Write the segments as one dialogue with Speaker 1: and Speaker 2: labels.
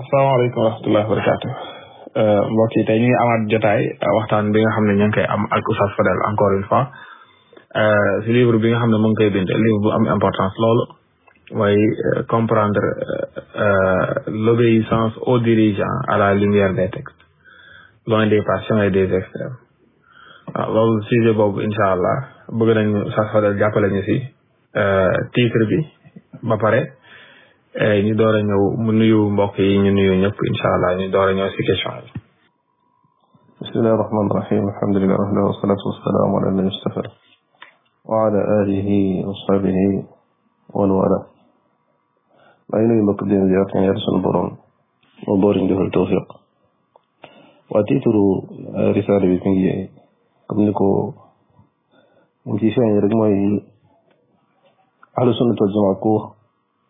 Speaker 1: asalaamaaleykum wa rahmatullahi wa barakaatu euh, mbokk yi tey ñu ngi amaat jotaay euh, waxtaan bi nga xam ne ñu ngi koy am ak Oustaz Fadel encore une fois si euh, livre bi nga xam ne mu ngi koy bind livre bu am importance loolu mooy comprendre l'obéissance aux dirigeants à la lumière des textes loin des passions et des extrêmes waaw loolu sujet boobu incha allah bëgg nañu Oustaz Fadel jàppale ñu si titre bi ba pare Eh, ñu door a ñëw mu nuyu mbokk yi ñu nuyu ñëpp incha allah ñu door a ñëw si question yi.
Speaker 2: bismillahi rahmaani rahim alhamdulilah wahdahu wasalatu wasalaamu ala man istafa wa ala alihi wa sahbihi wa man wala maa ngi nuyu mbokk dén ziar ñaan yàlla sunu borom moo boori ñu defal tawfiq waa tiituru risaale bi mi ngi comme ni ko mu ci feeñ rek mooy ahlu sunnat wal jamaa ku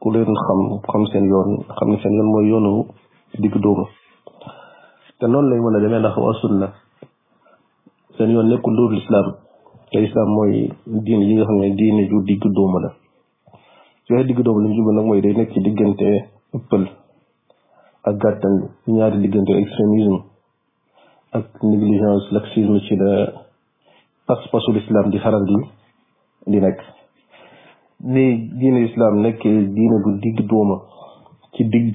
Speaker 2: ku leen xam xam seen yoon xam ne seen yoon mooy yoonu digg dóomu te noonu lay mën a demee ndax waa sunna seen yoon nekkul dóor lislaam te lislaam mooy diine yi nga xam ne diine ju digg dóomu la su waxee digg dóomu li ñu nag mooy day nekk diggante ëppal ak gàttal ñaari diggante extrémisme ak négligence laxisme ci la pas-pasu lislaam di faral di di nekk ni diine islam nekk diine bu digg dóoma ci digg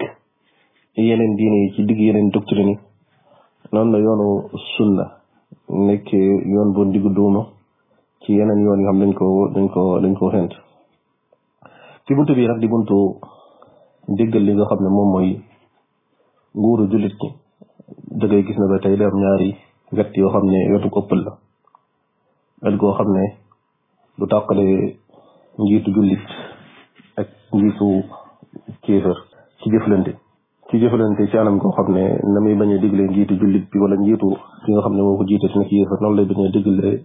Speaker 2: yeneen diine yi ci digg yeneen doctrine noonu la yoonu sunna nekk yoon bu digg dóoma ci yeneen yoon yoo xam dañ ko dañ ko dañ ko xent ci buntu bii nag di buntu déggal li nga xam ne moom mooy nguuru jullit ñi da gis na ba tey day am ñaari wet yoo xam ne wetu ëppal la wet goo xam ne du tàqale njiitu jullit ak njiitu kéefër ci jëflante ci jëflante ci anam ko xam ne na muy bañ a digle njiitu jullit bi wala njiitu xam ne moo ko jiite te nekk yéefër noonu lay bañ a digle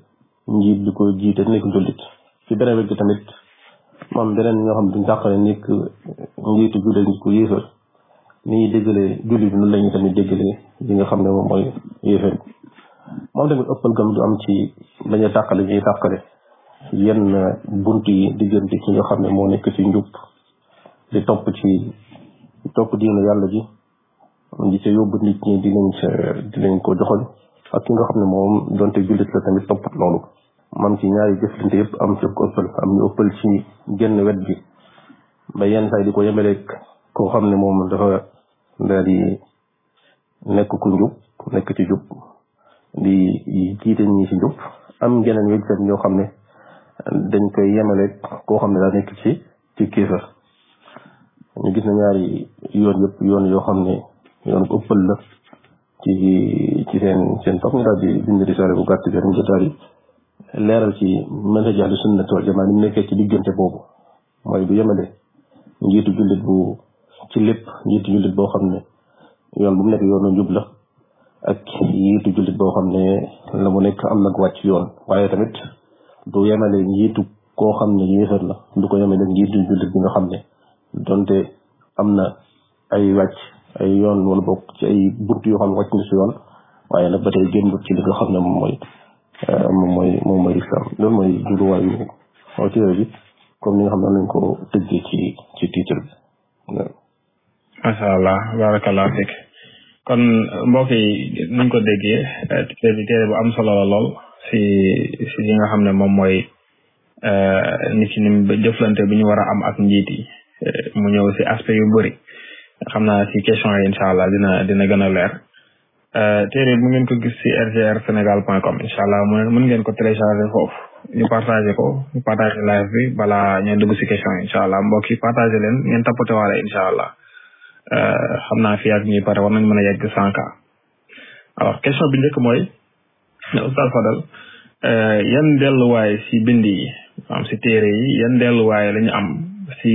Speaker 2: bi ko jiite te nekk jullit ci beneen wet bi tamit moom beneen xam duñ tàqale nekk njiitu jullit njiitu yéefër ni ñuy déggalee jullit bi noonu la ñuy tamit li nga xam ne moom mooy yéefër bi moom tamit ëppal gam ci bañ a tàqale ñuy tàqale yenn bunt yi diggante ki nga xam ne moo nekk ci njub di topp ci topp diinu yàlla ji di ca yóbbu nit ñi dinañ ca dinañ ko joxoñ ak ki nga xam ne moom donte jullit la tamit topput loolu man ci ñaari jëflante yëpp am ci ko am ñu ëppal ci genn wet di ko koo xam ne moom dafa daal di nekk ku njub nekk ci jub di jiite ñi ci njub am geneen wet tam ñoo xam ne dañ koy yemaleeg koo xam ne daa nekk ci ci kéefar ñu gis na ñaari yoon yëpp yoon yoo xam ne yoon bu ëppal la ci ci seen seen topp ñu daal bi rek ñu daal di leeral ci manhaj ahlu ci diggante jullit bu ci lépp njiitu jullit boo xam ne yoon bu mu nekk yoonu njub la ak njiitu jullit boo xam ne la mu nekk am nag wàcc yoon waaye tamit du le njiitu koo xam ne yéefar la du ko yemale njiitu jullit bi nga xam ne donte am na ay wàcc ay yoon wala bokk ci ay bunt yoo xam ne wàcc na yoon waaye nag ba tey génn ci li xam ne moom mooy euh, moom mooy moom mooy islam loolu mooy juluwaayu moo téere bi comme ni nga xam ne nañ ko tëggee ci ci titre bi
Speaker 1: macha allah barakallah fik kon mbokk yi nuñ ko déggee euh, am solo la lool si si nga xam ne moom mooy euh, nit ki nim jëflante bi ñu war a am ak njiit yi euh, mu ñëw si aspect yu bari xam naa si question yi incha allah dina dina gën a leer euh, téere mu ngeen ko gis si rgr sénégal point com incha allah mu mën ngeen ko télécharger foofu ñu partagé ko ñu partagé live bi balaa ñoo dugg si question yi incha allah mbokk yi partagé leen ngeen tapoté waale incha allah xam naa fi ak ñuy pare war nañ mën a yegg cent cas question bi njëkk mooy Oustaz Fadal eh, yan delluwaay si bind yi am si téere yi yan delluwaay la ñu am si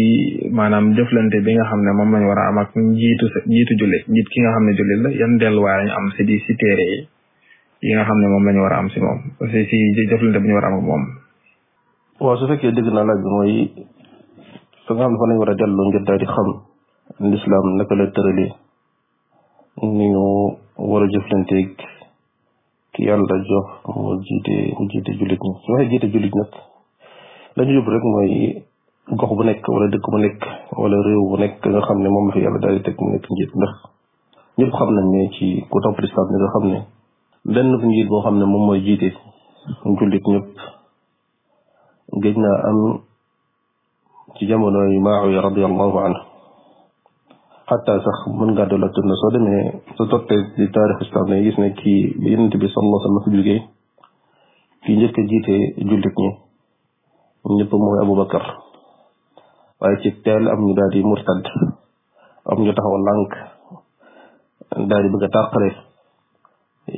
Speaker 1: maanaam bi nga xam ne moom lañu war a am ak njiitu njiitu jullit njiit ki nga xam ne jullit la yan delluwaay la am si di yi yi nga xam ne moom la ñu war a am si moom si si jëflante bi ñu war a am ak moom waaw su fekkee dëgg naa laaj bi
Speaker 2: ngir daal xam lislaam naka la tëralee ni ñu war a jëflanteeg ki yàlla jox mu jiite mu jiite jullit jiite jullit nag lañu yóbbu rek mooy gox bu nekk wala dëkk bu nekk wala réew bu nekk nga xam ne moom la fi yàlla daal di teg mu nekk njiit ndax ñëpp xam nañ ne ci ku topp lislaam ni nga xam ne benn njiit boo xam ne moom mooy jiite jullit ñëpp géej naa am ci jamonoy maawiya radiallahu anhu xataa sax mën ngaa doon la sunna soo demee soo toppee di taarix islam ne gis ne kii yonent bi sallallahu alayhi wa sallam fi jógee a jiite jullit ñi ñëpp mooy Aboubacar waaye ci teel am ñu daal murtad am ñu taxaw lànk daal di bëgg a tàqale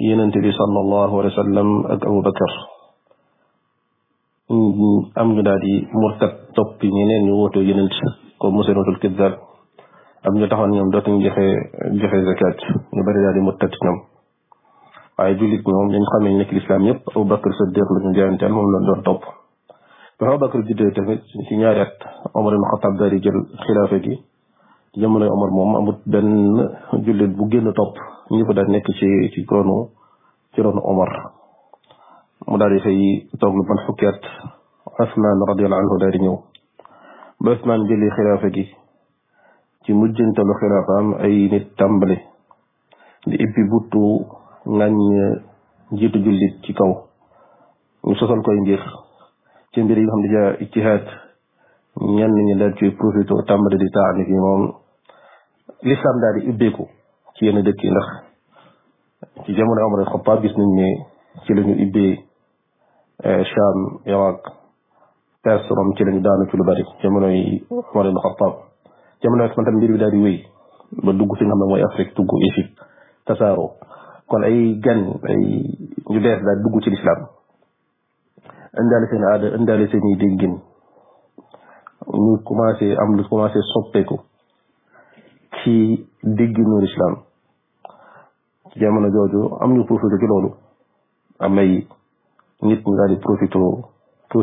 Speaker 2: yonent bi sallallahu alayhi wa sallam ak am ñu daal murtad topp ñeneen ñu wootoo yonent ko musaylimatul kaddaab am ñu taxoon ñoom dootuñu joxe joxe zakat ñu bari daal di mu tëdd ñoom waaye jullit ñoom dañ xamee nekk lislaam yëpp Abu Bakr Saddiq la ñu jaayanteel moom lañ doon topp ba Abu Bakr juddee tamit ci ñaari at Omar ibn Xattaab daal di jël xilaafa moom amut benn jullit bu génn topp ñëpp daal nekk ci ci ronu ci ronu Omar mu daal di fay toog lu ban fukki at Usmaan radiyallahu anhu daal di ñëw ba Usmaan jëli xilaafa gi ci mujjantalu xilaafaam ay nit tàmbali di ibbi buttu ngañ njiitu jullit ci kaw ñu sosal koy ngir ci mbir yi nga xam ne ja ijtihaad ñenn ñi daal ciy profité tàmbali di taani fi moom lislaam daal di ci yenn dëkk ndax ci jamono Omar gis nañ ne ci la ñu eh, Sham Iraq Perse ci la ñu daanu ci lu bari jamono yooyu man tam mbir bi daal di wéy ba dugg fi nga xam ne mooy Afrique dugg tasaaroo kon ay gan ay ñu bees daal dugg ci lislaam indaale seen am lu commencé soppeeku ci dégginu lislaam ci jamono jooju am ñu profité ci loolu am ay nit ñu daal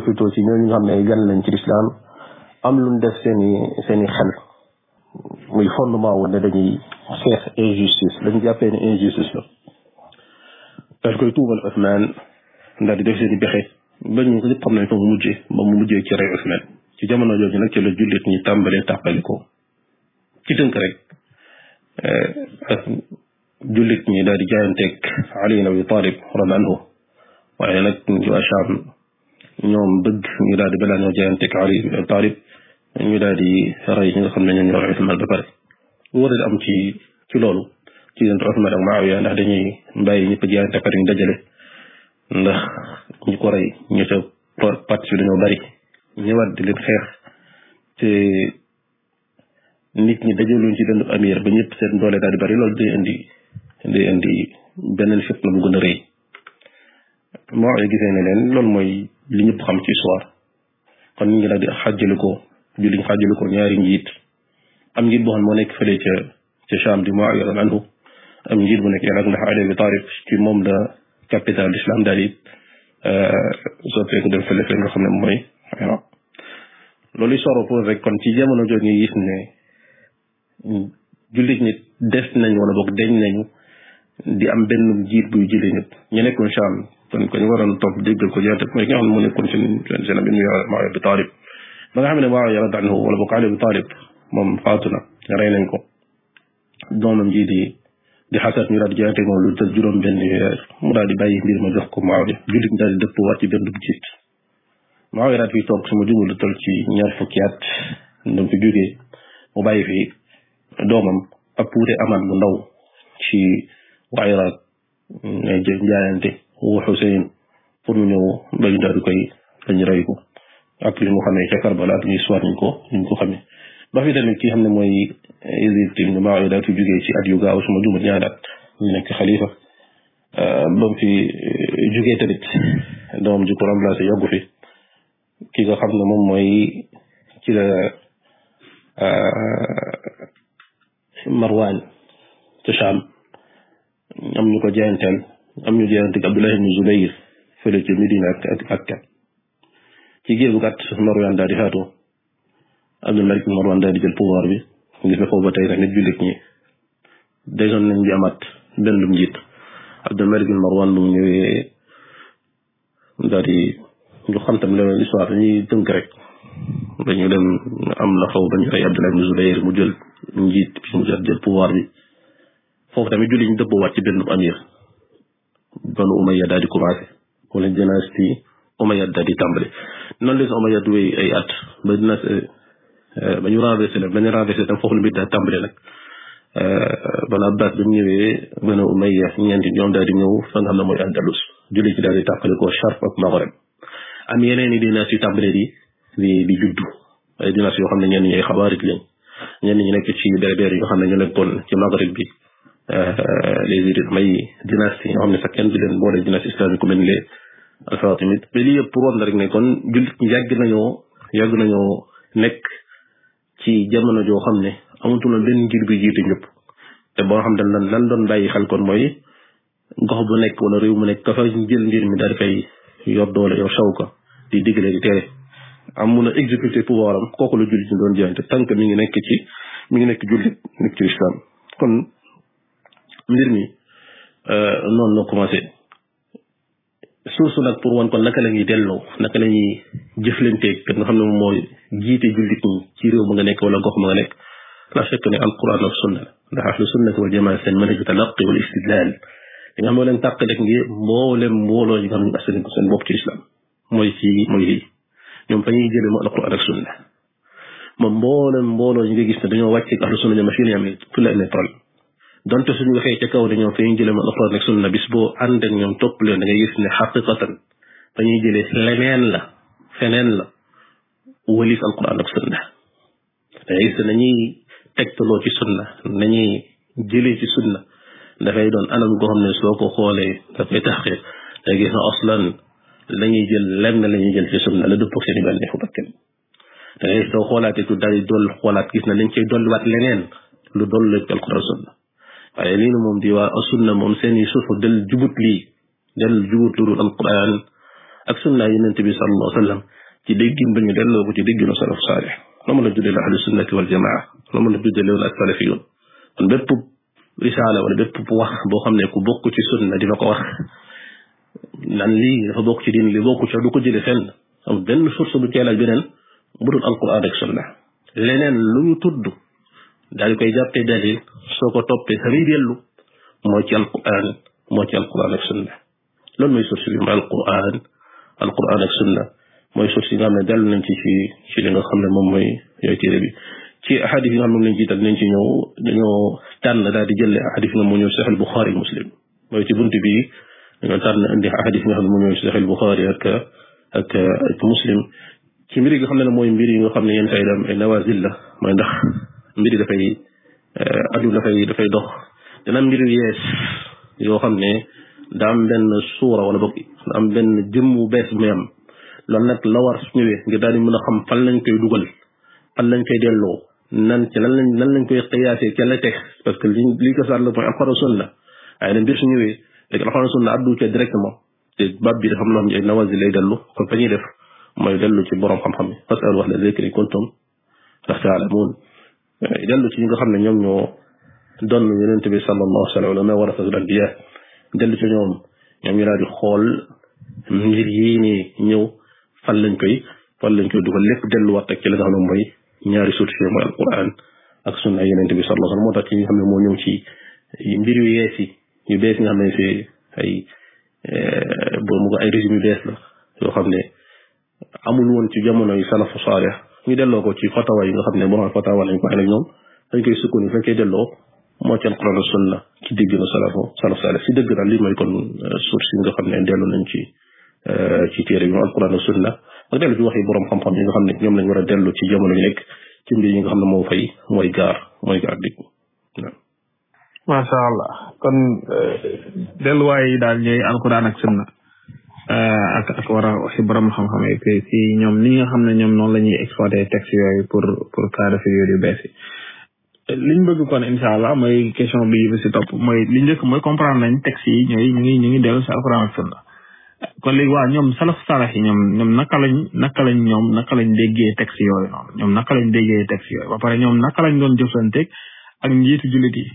Speaker 2: di ne ay gan lañ ci lislaam am luñ def seen i xel muy fondement wu ne dañuy xeex injustice dañu jàppee ne injustice la dañ koy tuumal Ousmane ndax di def seen i pexe ba ñu lépp xam nañ fa mu mujjee ba mu mujjee ci rey Ousmane ci jamono jooju nag ci la jullit ñi tàmbalee tàqalikoo ci tënk rek eh, jullit ñi daal di jaayanteeg Ali ibn Talib radiyallahu anhu waaye nag a Sham ñoom dëgg ñu daal di balaa ñoo jaayanteeg Ali ibn Talib ñu daal di rey ñi nga xam ne ñoom ba pare wóoreel ci ci loolu ci diggante Usmaan ak Muawiya ndax dañuy bàyyi ñëpp jaayante pare ñu dajale ko rey ñu ca parti bi dañoo bari ñëwaat di leen xeex te nit ñi dajaloon ci dënd amir ba ñëpp seen doole daal di bari loolu day indi day indi beneen fépp la mu gën a rëy Muawiya gisee ne leen loolu mooy li ñëpp xam ci histoire kon ñu ngi daal di xàjjale ko julliñ xaajale ko ñaari njiit am njiit boo xam moo nekk fële ca ca Cham di Muawiya anhu am njiit nekk Irak ndax Ali Abi Talib moom la capital d'islam daal di euh, soppeeku dem fële fële nga xam ne mooy Irak loolu soro pour rek kon ci jamono jooju ñu gis ne jullit ñi des nañ wala boog deñ nañu di am benn njiit buy jëlee ñëpp ñu nekkoon Cham kon ko ñu waroon topp déggal ko jaate mooy nga xam ne mu nekkoon seen seen seen bi Muawiya Abi Talib ba nga xam ne waaw yarad anhu wala boog bu Talib moom faatu na nañ ko doomam ji di di xasat ñu daal di jaayte moom mu daal ko Muawiya jullit ñu daal di dëpp ci benn dugg jiit Muawiya daal fi toog suma jumul lu toll ci ñaar fukki at fi jógee mu bàyyi fi doomam ab puute amaan bu ndaw ci waa Iraq jaayante wu Xuseyn pour mu ñëw ba ñu koy dañu rey ak li mu xamee ca Karbala ak soit ñu ko ñu ko xamee ba fi tamit ki xam ne mooy Yazid ibn Muawiya fi jógee ci yu gaaw suma juumat ñaari at ñu nekk xalifa euh, ba mu fi euh, jógee tamit doom ji ko remplacé yàggu fi ki xam ne moom mooy ci la euh, Marwaan ca am ñu ko jaayanteel am ñu jaayante ak Abdullah ibn Zubayr fële ca Medina ak ak ci giir bu gàtt Marwaan daal di faatu Abdul Malik Marwaan daal jël pouvoir bi gis na foofu ba tey rek nit ñi dajoon nañ bi benn lum njiit Abdul Malik Marwaan bu dañu dem am la xaw dañu rey njiit mu jël jël pouvoir bi foofu tamit jullit ñi dëppoo waat ci benn amir Banu Umayya daal di commencé wala dynastie Omeyyade daal di tàmbali noonu la si Omeyyade wéy at ba dina eh, eh, ba ñu renversé nag ba ñu renversé tam foofu la mbir daal tàmbali nag eh, bala Abbas bi mu ñëwee Banu Umayya ñeenti ñoom daal di ñëw fa na xam ne mooy Andalus julli ci daal di tàqalikoo Sharq ak Maghreb am yeneen i dinaas yu tàmbale di di di juddu ay dinaas yoo xam ne ñenn ñi ay xawaarit lañ ñenn ñi nekk ci berber xam ne ñu nekkoon ci Maghreb bi les Irid may dynastie yoo xam ne sax kenn du leen boole dynastie islamique ku mel ni alfatimit ba lii yëpp pour wax la rek ne kon jullit ñi yàgg nañoo yàgg nañoo nekk ci jamono joo xam ne amatul na benn ngir bi jiite ñëpp te boo xam dañ lan lan doon bàyyi xel kon mooy gox bu nekk wala réew mu nekk ka fa jël mbir mi daal di yor doole yow saw ko di digle di tere am mun a exécuter pouvoir am kooku la jullit ñi doon jëante tant que mi ngi nekk ci mi ngi nekk jullit nekk ci islam kon mbir mi euh, noonu la commencé source nag pour wan kon naka la ñuy delloo naka la ñuy jëflanteeg kat nga xam ne moom moo jiite jullit ñi ci réew ma nga nekk wala gox ma nga nekk la fekk ne alquran ak sunna ndax ahlu sunnati wal jamaa seen manhaju talaqi wal istidlal li nga xam ne leen tàqaleeg ngi mbooloo yi nga xam ne askan ko seen bopp ci islam mooy ñuy jëlee mooy alquran ak sunna gis ne dañoo wàcc ahlu sunna ñoom fii la ñu amee fi la amee toll donte suñu waxee ca kaw ne ñoom fi ñuy jëlee alxuraan ak sunna bis boo ànd ak ñoom topp leen da ngay gis ne xaqiqatan dañuy jëlee leneen la feneen la wëlis alxuraan ak sunna da ngay gis ne nañuy tegtaloo ci sunna nañuy jëlee ci sunna dafay doon anam goo xam ne soo ko xoolee dafay taxqiq da ngay gis ne aslan lañuy jël lenn la ñuy jël ci sunna la dëppoo seen i da ngay soo dool xoolaat gis na lañ cay dolliwaat leneen lu dolli alxuraan sunna waaye lii na moom di waa sunna moom seeni suufu del jubut lii del jubut lu dul alquran ak sunna yonente bi sallallahu alayhi wa sallam ci déggin ba ñu delloo ko ci dégginu salaf saalih noonu la juddee ahlu sunnati wal jamaa noonu la juddee loolu ak salafiyun kon bépp risaala wala bépp wax boo xam ne ku bokk ci sunna dina ko wax naan lii dafa bokk ci diin li bokk ca du ko jëlee fenn am benn source bu cee laaj beneen bu dul alquran ak sunna leneen lu ñu tudd daal di koy jàppee dalil soo ko toppee sa riir yellu moo ci alquran moo ci alquran ak sunna loolu mooy source bi mooy alquran alquran ak sunna mooy source yi nga xam ne dellu nañ ci ci li nga xam ne moom mooy yooyu téere bi ci ahadis yi nga xam ne moom lañ jiital nañ ci ñëw dañoo tànn daal di jëlee ahadis moo ñëw sax al buxaari muslim mooy ci bunt bi dañoo tànn indi ahadis yi nga xam ne moo ñëw sax al buxaari ak ak ak muslim ci mbir nga xam ne na mooy mbir yi nga xam ne yenn saa yi daam ay nawazil la mooy ndax mbiri dafay euh, addu dafay dafay dox dana am mbiru yees yoo xam ne da am benn suura wala boog da am benn jëmm bu bees bu muy am loolu nag la war su ñëwee ngir mën a xam fan lañ koy dugal fan nañ koy delloo nan ci lan lañ nan lañ koy xiyaasee ca la teg parce que li li ko saat la mooy alxuraan sunna waaye nag mbir su ñëwee léegi alxuraan sunna addu ca directement te baab bi dafa am loo xam ne ay nawasi lay dellu kon fa ñuy def mooy dellu ci borom xam-xam yi fasalu ahla zikri kuntum taalamuun Eh, dellu ci nga xam ne ñoom ñoo doon yonent bi sallallahu alayhi wa sallam wala ma warasatul anbiya dellu ci ñoom ñoom ñu daal di xool mbir yii nii ñëw fan lañ koy lañ koy dugal lépp delluwaat ak ci la nga xam mooy ñaari source mooy alquran ak sunna yonent bi sallallahu moo tax ci nga xam ne moo ñëw ci mbir yu yees yi yu bees yi nga xam ne eh, xam ne amul woon ci jamono yi salafu ñu delloo ko ci fatawa yi nga xam ne borom fatawa lañ ko xelal ñoom dañ koy sukkandiku fekkee delloo moo ci na salafu salaf salih si dëgg daal mooy kon euh, source yi nga xam ne dellu nañ ci euh, ci téere bi mu alquran sunna ak dellu ci waxi borom xam-xam yi nga xam ne ñoom lañ war a dellu ci jamono ñu nekk ci mbir yi nga xam ne moo fay mooy gaar mooy gaar di
Speaker 1: macha allah kon euh, delluwaay yi daal ñooy alquran ak sunna Euh, ak ak war a borom xam-xam yi si ñoom ni nga xam ne ñoom noonu la ñuy exploité texte yooyu pour pour cas de figure yu bees yi bëgg kon incha allah mooy question bi bi si topp mooy li njëkk mooy comprendre nañ texte yi ñooy ñu ngi ñu ngi dellu si alquran ak kon léegi waa ñoom salaf salax yi ñoom ñoom naka lañ naka lañ ñoom naka lañ déggee texte yooyu noonu ñoom naka lañ déggee texte yooyu ba pare ñoom naka lañ doon jëflanteeg ak njiitu jullit yi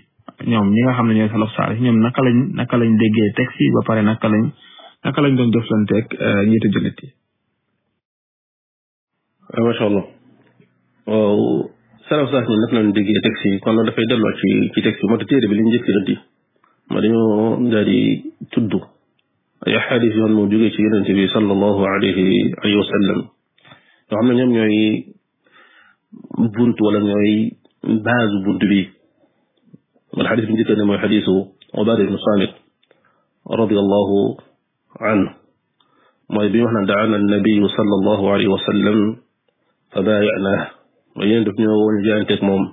Speaker 1: ñoom ñi nga xam ne ñooy salaf salax ñoom naka lañ naka lañ déggee texte yi ba pare naka lañ naka lañ doon jëflanteeg euh, njiitu jullit yi. Euh, macha allah
Speaker 2: waaw Salaf sax ñun naka lañ déggee texte yi kon loolu dafay delloo ci ci texte bi moo tax téere bi li ñu njëkk rëdd yi ma dañoo daal di tudd ay xadis yoon moo jógee ci yonente bi sallallahu alayhi wa sallam yoo xam ne ñoom ñooy bunt wala ñooy base bunt bi wala xadis bi njëkk ne mooy xadisu Ubaada ibnu Saamit radiyallahu anhu mooy bi wax na daana nabiyu sallallahu alayhi wa sallam fa baayanaa mooy yeneen daf ñoo woon jaayanteeg moom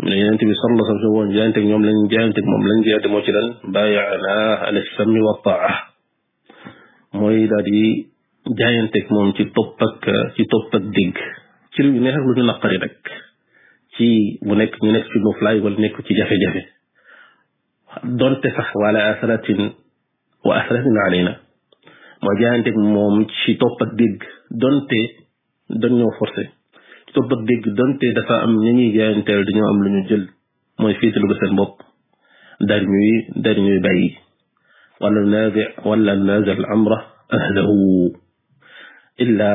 Speaker 2: mu ne yeneen bi sallallahu alayhi wa sallam woon jaayanteeg ñoom lañ jaayanteeg moom lañ jaayante moo ci lan baayanaa ala sammi wa taa mooy daal di jaayanteeg moom ci topp ak ci topp ak dégg ci lu neex ak lu ñu naqari rek ci bu nekk ñu nekk ci noflaay wala nekk ci jafe-jafe donte sax wala asaratin wa asrafna alayna mooy jaayanteeg moom ci topp ak dégg donte dañ ñoo forcé ci topp ak dégg donte dafa am ña ñuy jaayanteel dañoo am lu ñu jël mooy féetalu ko seen bopp dar ñuy dar ñuy bàyyi wala naazi wala naazi al amra ahlahu illa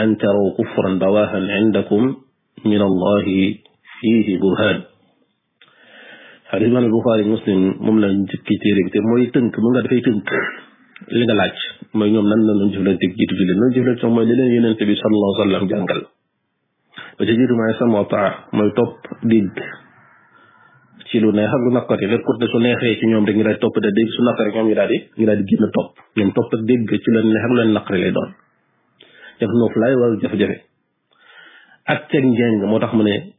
Speaker 2: an taraw kufran bawahan indakum min allahi fihi burhan xadis bi Buxaari Muslim moom la njëkk téere bi tënk mu nga dafay li nga laaj mooy ñoom nan la ñu jëflanteeg jiitu jullit noonu jëflante sax mooy li leen bi sallallahu alayhi wa sallam jàngal ba ca jiitu mooy sama paa mooy topp dégg ci lu neex lu naqari lekkut ne su ñoom rek ñu daal di topp da daal di ñu daal di génn topp ñoom topp ak dégg ci leen neex ak leen naqari lay doon def noofu laay wala jafe-jafe ak teg njeng moo tax mu ne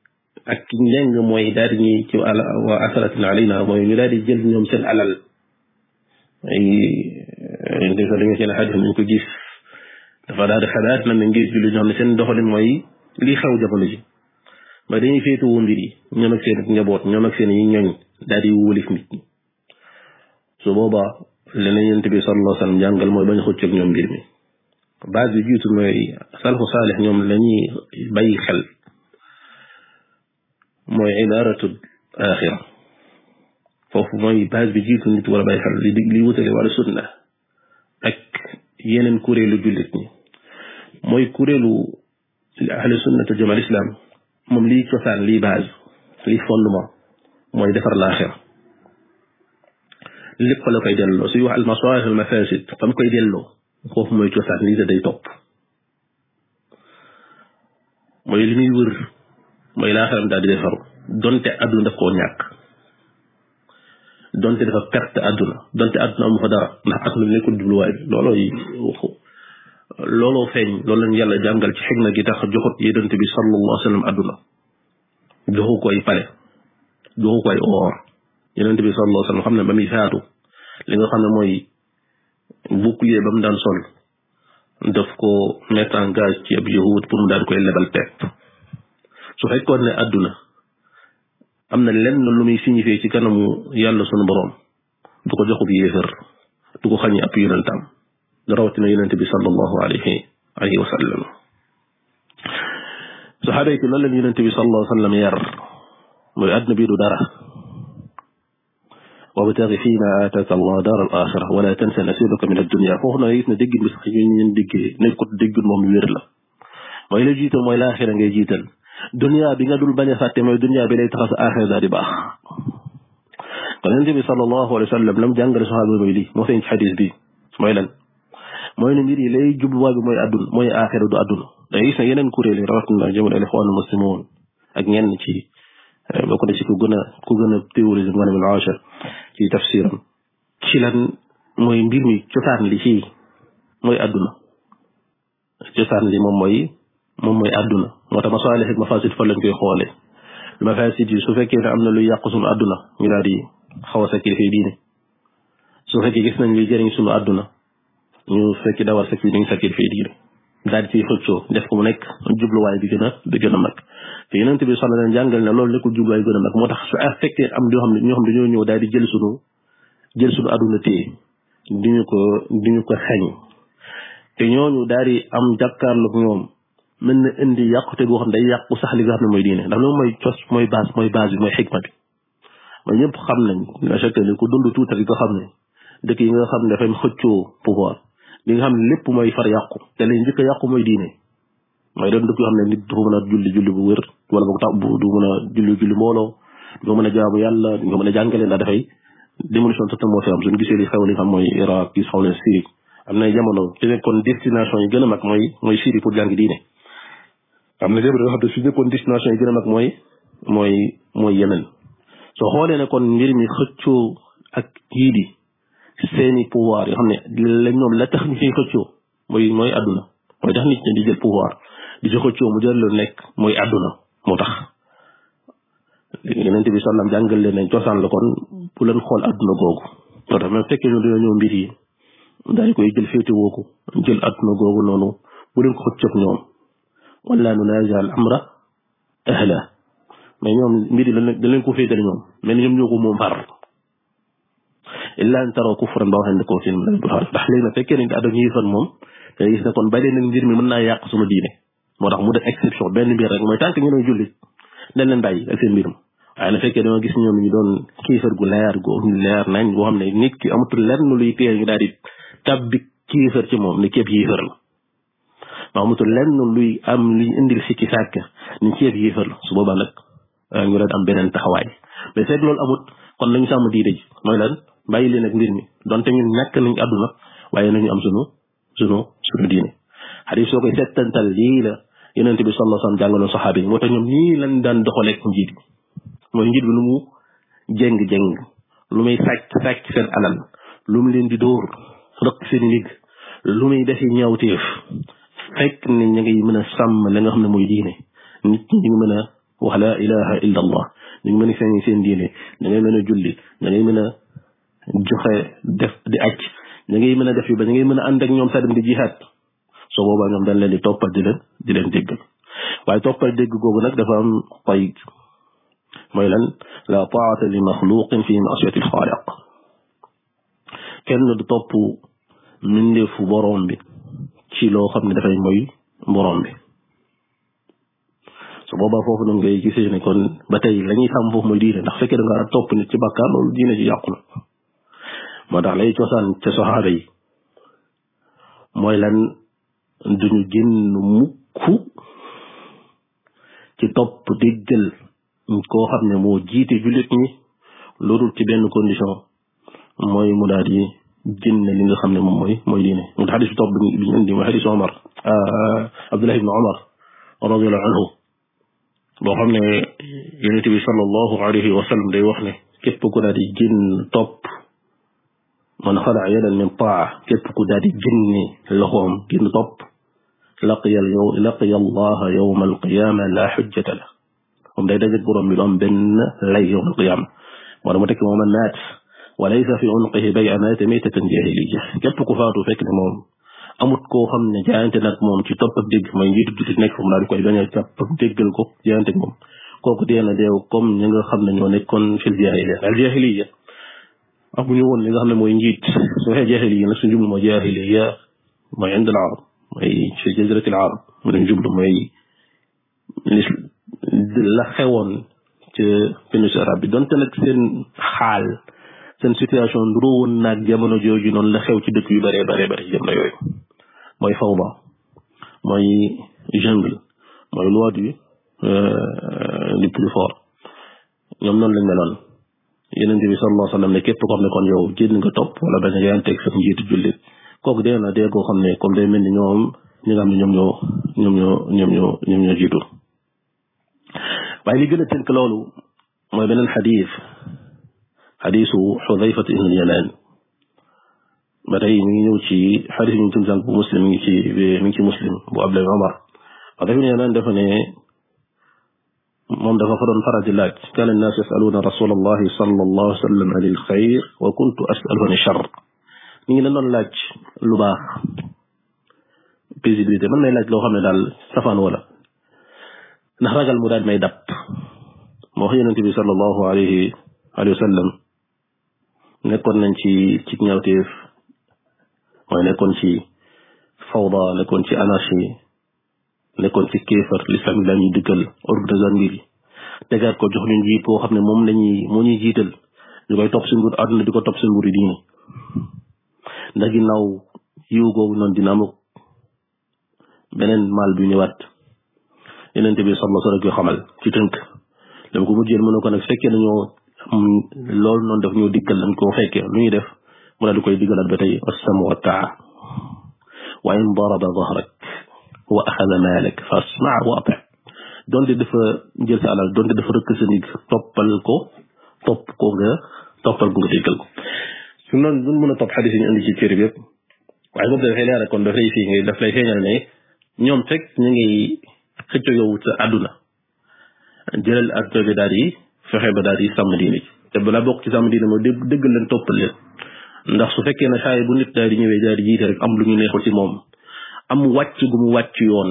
Speaker 2: ak njàng mooy daal di ñuy ci ala waa asaratin mooy ñu daal di jël ñoom seen alal ay yéen dañu ko dañoo seen xadis nañ ko gis dafa daal di xalaat na ne ngir julli ñoo ne seen doxalin mooy li xew jamono ji ba dañuy féetewoo mbir yi ñoom ak seen njaboot ñoom ak seen yi ñoñ daal di wóolif nit ñi su boobaa leneen yonent bi sallallahu alayhi wa sallam jàngal mooy bañ xëccoog ñoom mbir mi base bi jiitu mooy salfu saalix ñoom la ñuy xel. mooy idaaratul axira foofu mooy base bi jiitu nit war a bàyyi li dig li wutale wàllu ak yeneen kuréelu jullit ñi mooy kuréelu ahlu sunnata jamal islam moom li cosaan liy base liy fondement mooy defar laaxira lépp la koy delloo suy wax al masalih al mafasid fam koy delloo foofu mooy cosaan lii da day topp mooy li muy mooy laaxaram daal di donte àdduna daf koo ñàkk donte dafa perte àdduna donte àdduna amu fa dara ndax àdduna bi nekkul jubluwaay bi loolooy feeñ loolu lañ yàlla jàngal ci xikma gi tax joxut yonent bi sallallahu alayhi wa sallam àdduna joxu koy pale joxu koy oor yonent bi sallallahu alayhi wa xam ne ba muy faatu li nga xam ne mooy bouclier ba mu daan sol daf ko mettre en ci ab yahud pour mu daan koy lebal pepp su fekkoon ne àdduna am na lenn lu muy signifié ci kanamu yàlla sunu boroom du ko joxub yéefar du ko xañi ab yonentam rawatina yonent bi sallallahu alayhi alayhi wa sallam saxaaba yi ci loolu leen yonent bi sallallahu alayhi wa sallam yar mooy àdduna bii du dara wabtagi fiima aataaka allah daar al axira wala tansa nasiibaka min addunia foofu na gis ne déggin bi sax ñu ñeen déggee nekkut déggin moom wér la mooy la jiital mooy laaxira ngay jiital duniyaa bi nga dul bañ a fàtte mooy duniyaa bi lay tax sa aaxira daal di baax kon yonent bi sallallahu alayhi wa sallam lam jàngale saxaaba mooy lii moo feeñ bi mooy lan mooy ne mbir yi lay jubluwaay bi mooy àdduna mooy aaxira du àdduna day gis ne yeneen kuréel yi rawatina jëmale ixwaanul muslimoon ak ñenn ci eh, bokk na ci ku gën a ku gën a théorisme maanaam al-Aashir ci tafsiram ci lan mooy mbir mi cosaan li ci mooy àdduna cosaan li moom mooy moom mooy àdduna moo tax masaalih ak mafasid fa lañ koy xoolee mafasid yi su fekkee am na luy yàq àdduna ñu daal di xaw a sa kilifay diine su gis nañ luy jëriñ suñu àdduna ñu fekki dawar sa kii daal di ciy xëccoo def ko mu jubluwaay bi gën a bi a mag te yonent bi sala leen jàngal ne loolu nekkul jubluwaay bi gën a moo tax su fekkee am ñoo xam ne ñoo xam dañoo ñëw daal di jël suñu jël suñu àdduna téye duñu ko duñu ko xañ te ñooñu daal di am jàkkaarloog ñoom mën na indi yàqute goo xam ne day yàqu sax li nga xam ne mooy diine ndax loolu mooy mooy base mooy base bi mooy ma bi mooy ñëpp xam nañ achacte ni ku dund tuuti rek nga xam ne dëkk yi nga xam ne dafay xëccoo pouvoir li nga xam ne lépp mooy far yàqu te li njëkk a yàqu mooy diine mooy doon dëkk yoo xam ne nit du mën a julli julli bu wér wala boog tax bu du mën a julli julli mbooloo du mën a jaamu yàlla du mën a jàngale ndax dafay démolition totale moo fi am suñu gisee li xew li nga xam mooy Irak gis xaw ne Syrie am na jamono ci kon destination yi gën a mag mooy mooy Syrie pour jàngi diine am na léegi loo xam ne su a mag mooy mooy mooy Yemen soo xoolee ne kon mbir mi xëccoo ak yii di seeni pouvoir yoo xam ne la ñoom la tax ñu koy mooy mooy àdduna mooy jël pouvoir di ci xëccoo mu jël lu nekk mooy àdduna moo tax. yeneen bi sallam jàngal leen nañ cosaan la kon bu leen xool àdduna googu. moo tax même fekkee ñu dañoo ñëw mbir daal koy jël féete woo ko jël àdduna googu noonu bu leen ko xëccoog ñoom. wala nunaazi'a al-amra ahlahu mais ñoom mbir yi dañ leen ko féetale ñoom mais ñoom ñoo ko moom far illaa an taraw kufran ba wax ne ko fi mu ne ndax léegi nag fekkee nañ ko àdduna moom te gis na kon bari nag mbir mi mën naa yàq sunu diine moo tax mu def exception benn mbir rek mooy tànk ñu doon jullit dañ leen mbir mi waaye na fekkee ñoom ñu doon kéefar gu leer gu leer nañ boo xam ne nit ki amatul lenn luy téye ñu daal di tabbi kéefar ci moom ne képp yéefar la amatul lenn luy am luy indil si ci sàkk ñu ci yéefar la su boobaa nag a euh, doon am beneen taxawaay mais seeg loolu amut kon nañu sàmm diine ji mooy lan bàyyi leen ak mbir mi donte ñun ñàkk nañu àdduna waaye ñu am sunu sunu sunu diine xadis soo koy settantal lii la yonente bi sallallahu alayhi wasallam jàngaloon saxaaba yi moo tax ñoom nii lañ daan doxaleek njiit bi mooy njiit bi lu mu jéng-jéng lu muy sàcc sàcc seen alal lu mu leen di dóor rëkk seen ligg lu muy defi ñaawteef fekk ni ña ngay mën a sàmm la xam ne mooy diine nit ñu mën a wax laa ilaha ñu ngi mën a seen diine da mën a julli da ngay mën a joxe def di acc da ngay mën a def yu ba da ngay mën a ànd ak ñoom sax dem di jihaat soo ñoom dañ leen di toppal di leen di leen déggal waaye toppal dégg googu nag dafa am qayd mooy la taata li maxluqin fi maasiyati alxaaliq kenn du topp mbindeefu boroom bi ci loo xam ne dafay mooy borom bi su boobaa foofu nag ngay gisee ne kon ba tey la ñuy sàmm foofu mooy diine ndax fekkee da nga topp nit ci bàkkaar loolu diine ci yàqu na moo tax lay cosaan ca yi mooy lan mukk ci topp déggal koo xam ne moo jiite jullit ñi loolu ci benn condition mooy mu daal di génne li nga xam ne moom mooy mooy diine mun xadis bi topp bi ñu indi mooy xadisu Omar ah, Abdullahi ibn Omar radiallahu anhu boo xam ne yonente bi sallallahu alayhi wa sallam day wax ne képp ku daal di génn topp man xalaa yadan min taa képp ku daal di génne loxoom génn topp laqiya laqiya allaha yawma alqiyama la xujjata la moom day dajeeg borom bi du am benn lay yawma alqiyama moo dama tekki mooma naat walaysa fi unqihi bay'a maata maytatan jaahiliya képp ku faatu fekk ne moom amut koo xam ne jaayante nag moom ci topp ak dégg mooy njiitu jullit nekk fu mu daal di koy bañ a jàpp ak déggal ko jaayante moom kooku dee na deew comme ñi nga xam ne ñoo nekkoon fil jaahiliya al jaahiliya amuñu woon li nga xam ne mooy njiit su waxee jaahiliya nag suñu jublu mooy jaahiliya mooy indal arab mooy fi jaziratil arab mu ne jublu mooy li la xewoon ci péninsule arabe bi donte nag seen xaal seen situation nduroo woon naag jamono jooju noonu la xew ci dëkk yu bare bare bëri jamono yooyu mooy fawda mooy jungle mooy loi du euh, du plus fort ñoom noonu lañ meloon yeneen bi sallallahu alayhi wa sallam ne képp koo xam ne kon yow génn nga topp wala da nga yaanteeg sa njiitu jullit kooku dee na dee koo xam ne comme day mel ni ñoom ñi nga xam ne ñoom ñoo ñoom ñoo ñoom ñoo ñoom ñoo jiitu waaye li gën a tënk loolu mooy beneen xadiis xadiisu xudayfat ibn yamaan ba tey mi ngi ñëw ci xadis bi ñu tudd sànq bu muslim mi ngi ci mi ngi ci muslim bu Abdulaay Omar xudayfa ibn yamaan dafa ne moom dafa ko doon faral di laaj kaana annaas yasaluuna rasulallahi sallallahu alayhi wa sallam an alxayr wa kuntu asalu an achar mi ngi leen doon laaj lu baax paisibilité man may laaj loo xam ne daal safaan wala ndax ragal mu daal may dab moo wax yonente bi sallallahu alayhi wa sallam nekkoon nañ ci ci ñawteef mooy nekkoon ci fawda nekkoon ci anarchie nekkoon ci kéefar l'islam yi daañuy organiser mbir yi tegaat ko jox ñu njiit boo xam ne moom lañuy moo ñuy jiital ñu koy topp seen nguur àdduna di ko topp seen nguur yi diine ndax ginnaaw yiw googu noonu dina beneen maal bi ñëwaat yeneen bi sallallahu alayhi wa yoo xamal ci tënk dama ko mujjee mën na ko nag fekkee dañoo mu mm, loolu noonu daf ñoo dikkal ko koo fekkee lu ñuy def mu daal di koy diggalaat ba tey assamu wa taa wa in daraba dahrak a axada maalak fa asmaa wa ati donte dafa jël sa dafa rëkk sa ko topp ko nga toppal ko nga déggal ko su noonu duñ mën a topp xadis yi ñu indi ci téere bi yëpp waaye dafay leeral kon dafay daf lay feeñal ne ñoom fekk ñu ngay xëcco yow sa àdduna jëlal àdduna bi daal yi fexe ba daal di sàmm diine ci te bala bokk ci sàmm diine moo dégg déggal leen toppal ndax su fekkee na saay bu nit daal di ñëwee daal di jiite rek am lu ñu neexul ci moom am wàcc gu mu wàcc yoon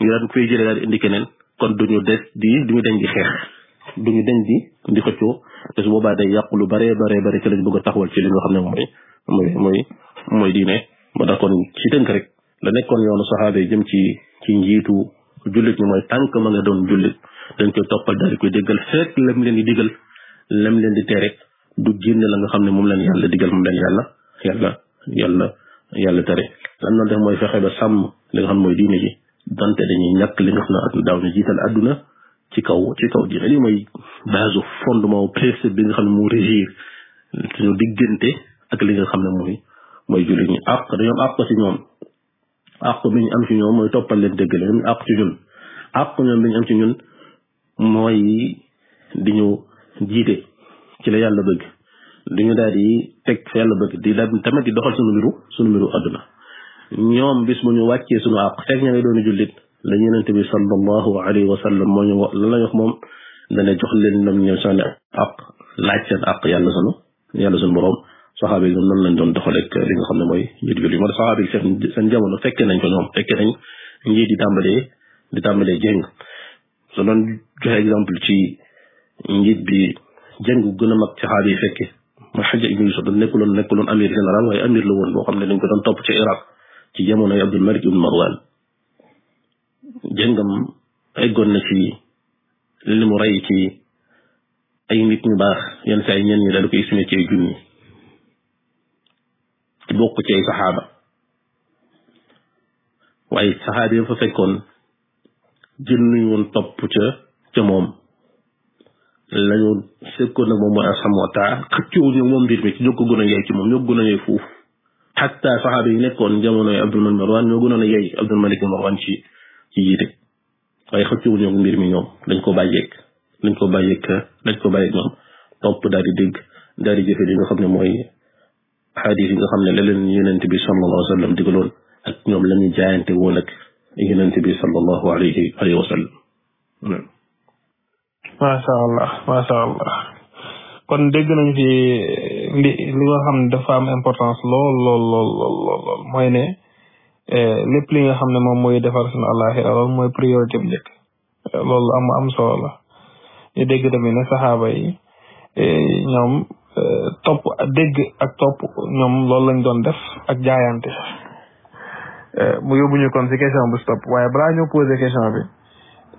Speaker 2: ñu daan koy jëlee daal di indi keneen kon duñu des di duñu deñ di xeex duñu deñ di di xëccoo te su boobaa day yàqu lu bare bare bare ci lañ bëgg a taxawal ci li nga xam ne mooy mooy mooy mooy diine moo tax kon ci tënk rek la nekkoon yoonu saxaaba jëm ci ci njiitu jullit ñi mooy tànk ma nga doon jullit dañ koy toppal daal di koy déggal fekk lam leen di digal lam leen di tere du génn la nga xam ne moom leen yàlla digal moom leen yàlla yàlla yàlla yàlla tere lan noonu def mooy fexe ba sàmm li xam mooy diine ji donte dañuy ñàkk li nga xam ne ak daaw ne jiital adduna ci kaw ci kaw diine li mooy base fondement principe bi nga xam ne moo régir suñu diggante ak li nga xam ne mooy mooy jullit ñi àq dañoo àq si ñoom àq bi ñu am ci ñoom mooy toppal leen dëgg leen àq ci ñun àq ñoom bi am ci ñun mooy di ñu jiite ci la yàlla bëgg di ñu daal di teg fa yàlla bëgg di daal tamit di doxal suñu mbiru suñu mbiru àdduna ñoom bis mu ñu wàccee suñu àq teg ña ngay doon jullit la yonent bi sallallahu alayhi wa sallam moo ñu wax lan la wax moom dana jox leen ñoom ñoom seen àq laaj seen àq yàlla sunu yàlla sunu borom saxaaba yi ñoom nan lañ doon doxaleeg li nga xam ne mooy njiit bi seen seen jamono fekkee nañ ko ñoom fekkee nañ njiit di tàmbalee di tàmbalee jéng su doon joxe exemple ci njiit bi jéng gën a mag saxaaba yi fekkee ma xaja ibnu yusuf dañ nekkuloon nekkuloon amir général waaye amir la woon boo xam ne dañ ko doon topp ci iraq ci jamonoy abdul malik ibnu marwan jéngam eggoon na ci li ci ay nit ñu baax yenn saa yi ñenn ñi daal di ko ay junni bokk ci ay saxaaba waaye saxaaba yi fa fekkoon jënnuñ woon topp ca ca moom lañu fekkoon nag moom mooy asam wa taa xëccoowuñu moom mbir mi ci ñoo ko gën a yey ci moom ñoo gën a yey fuuf saxaaba yi nekkoon jamono Abdul Malik Marwan ñoo gënoon a yey Abdul Malik Marwan ci ci yiite waaye xëccoowuñu mbir mi ñoom dañ ko bàyyeeg dañ ko bàyyeeg dañ ko bàyyeeg ñoom topp daal di daal di jëfe li nga xam ne mooy xadis yi nga xam ne la leen yonent bi sallallahu alayhi wa sallam digaloon ak ñoom la ñu jaayante woon ak yonent bi sallallahu alayhi alayhi wa
Speaker 1: sallam macha allah macha allah kon dégg nañ fi li li nga xam ne dafa am importance lool lool lool lool ne eh, lépp li nga xam ne moom mooy defar suñu àllaaxira lool mooy priorité bu njëkk loolu am am solo la ñu dégg tamit ne yi eh, ñoom top topp dégg ak topp ñoom loolu lañ doon def ak jaayante eh, mu ñu kon si question bu si topp waaye balaa ñoo posé question bi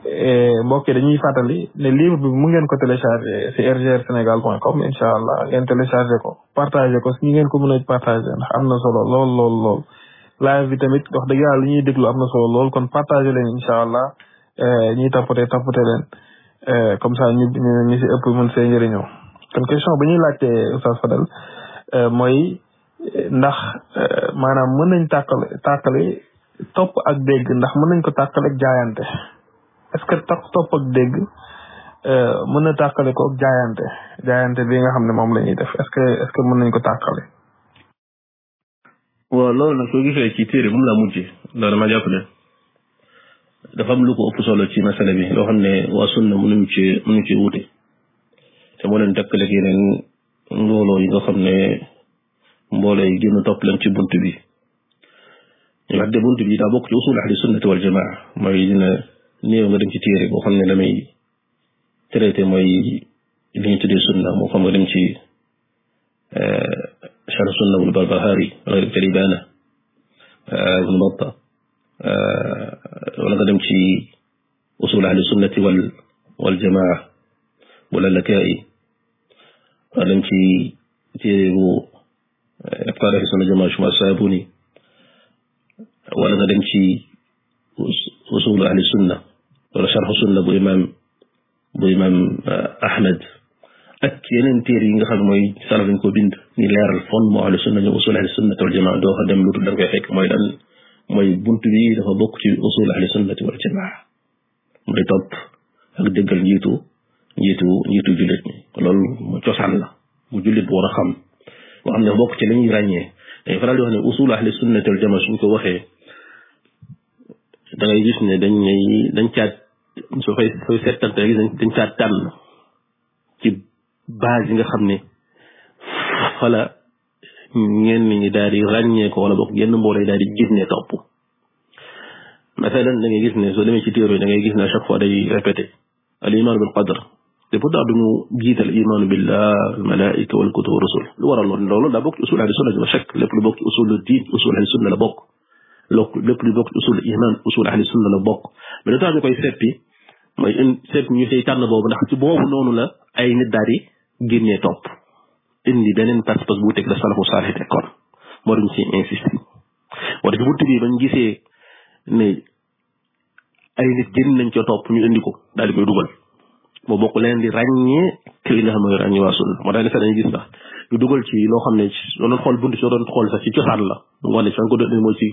Speaker 1: eh, mbokk yi dañuy fàttali ne livre bi mu ngeen ko téléchargé si rgr sénégal point com incha allah ngeen téléchargé ko partagé ko si ñi ngeen ko mën a partager ndax am na solo lool lool lool live bi tamit wax dëgg yàlla ñuy déglu am na solo lool kon partagé leen incha allah eh, ñuy tappate tappate leen comme ça ñu ñu si ëpp mën see njëriñoo kon question bu ñuy laajte Oustaz Fadel euh, mooy ndax euh, maanaam mën nañ tàqale tàqale topp ak dégg ndax mën nañ ko tàqale ak jaayante est-ce que tax topp ak dégg euh, mën na tàqale ko ak jaayante jaayante bi nga xam ne moom lañuy def est que mën nañ ko tàqale waaw
Speaker 2: loolu nag soo gisee ci téere moom laa mujj loolu ma jàpp ne dafa am lu ko ëpp solo ci na bi loo xam ne waa sunna mënuñ ci mënuñ ci wute te moo leen dëkkaleeg yeneen mbooloo nga xam ne mbooloo yi génn topp leen ci bunt bi ñu wax de bunt bi daa bokk ci usul ahli sunnati wal jamaa mooy dina néew nga dem ci téere boo xam ne damay traité mooy li ñu tuddee sunna moo xam nga dem ci eh, sharh sunna bul barbahari eh, eh, ci libaana ibn batta usul ahli sunnati wal wala laka'i waa dem ci téeréebu eh, afkaar fi sunu jamaa Chuma Saabuni wala nga dem ci usulu ahli sunna wala sharxu sunna bu imaam bu imaam eh, Ahmed ak yeneen téere yi nga xam mooy salaf lañ ko bind ni leeral fondement ahli sunna ñoom usul ahli sunna wal jamaa doo fa dem lu tudd da mooy lan mooy bunt bi dafa bokk ci usul ahli sunnati wal jamaa mooy topp ak déggal njiitu njiitu njiitu jullit loolu mu cosaan la mu jullit war xam ne bokk ci li ñuy ràññee dañuy faral di wax ne suñ ko waxee da ngay gis ne dañ dañ caat soo koy sooy settante gis nga xam ne fala ñenn ñi daal di ràññee wala bokk yenn mbooloo daal di gis ne topp masalan da gis ne soo demee ci téere da ngay gis ne à chaque fois day répété al bil qadr te pourtant duñu jiital imaanu billah almalaika wal kutub rusul lu waral loolu loolu daa bokk ci usul ahli sunna lu diin usul la bokk lok lépp lu bokk ci usul iman usul la bokk mais lu tax ñu koy seppi mooy ñu say tànn boobu ndax ci boobu noonu la ay nit daal di génnee topp indi beneen pas-pas bu teg la salafu saalih tekkoon moo duñ si insister moo tax bunt bi bañ gisee ne ay nit génn nañ ca topp ñu indi ko daal di koy dugal moo bokk leen di ràññee ak li nga xam mooy ràññee waa sunna moo tax defe dañuy gis sax loo xam ne soo doon xool buntu soo doon xool sax ci cosaan la nga ne fan ko doon mooy ci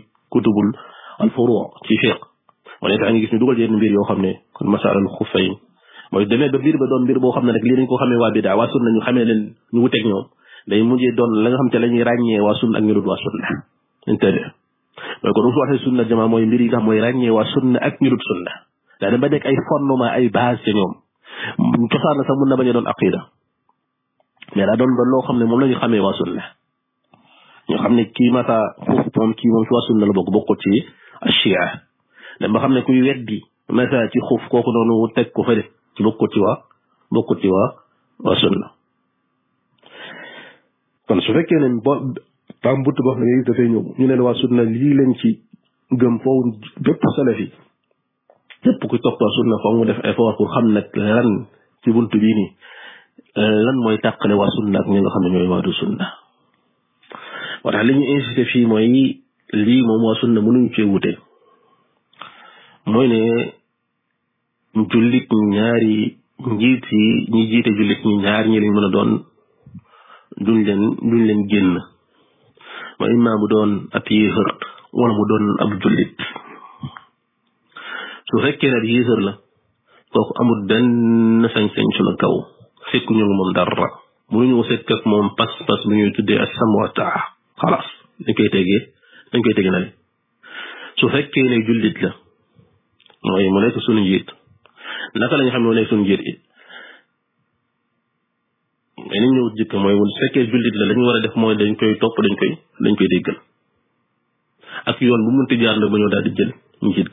Speaker 2: ngi gis ñu dugal ci yenn mbir yoo xam ne kon masalal xufayn mooy demee ba mbir ba mbir boo xam ne rek lii dañ ko xamee waa bidaa waa sunna ñu ñu wuteeg ñoom day mujjee doon la nga xam te la ñuy ràññee waa sunna ak ñu dul waa sunna intérêt mooy kon su waxee sunna jamaa mooy mbir yi nga mooy ràññee waa sunna ak ñu dul daa dem ba nekk ay fondement ay base ca ñoom cosaan la sax mun na bañ doon aqida mais daa doon doon loo xam ne moom la xamee waa sunna ñu xam ne kii mata foofu moom kii moom ci waa sunna la bokk bokkul ci xam ne kuy weddi mata ci xuuf kooku teg ko fële ci bokkul ci waa bokkul ci waa waa sunna kon su fekkee ne bo pam butt boo xam ne dafay ñëw ñu ne waa sunna lii lañ ci gëm foofu bépp salafi képp ku toppoo sunna foog mu def effort pour xam nag lan ci buntu bii nii lan mooy tàqale waa sunna ak ñi nga xam ne ñooy waadu sunna moo tax li ñu insisté fii mooy lii moom sunna mënuñu cee wute mooy ne jullit ñi ñaari njiit yi ñi jiite jullit ñi ñaar ñi lañ mën a doon duñ leen leen génn ma imma mu doon ab yéefar wala mu doon su fekkee ne yéesër la kooku amul benn sañ-sañ sunu kaw fekkuñu ngi moom dara mënuñu ko fekk ak moom pas-pas bu ñuy tuddee ak sam wa taa xalaas dañ koy tegee dañ koy tege na le su fekkee ne jullit la mooy mu nekk sunu njiit naka lañ xam ne mu nekk sunu njiit it mooy su fekkee jullit la lañu war a def mooy dañ koy topp dañ koy dañ koy déggal ak yoon bu munti jaar la ba ñëw daal di jël njiit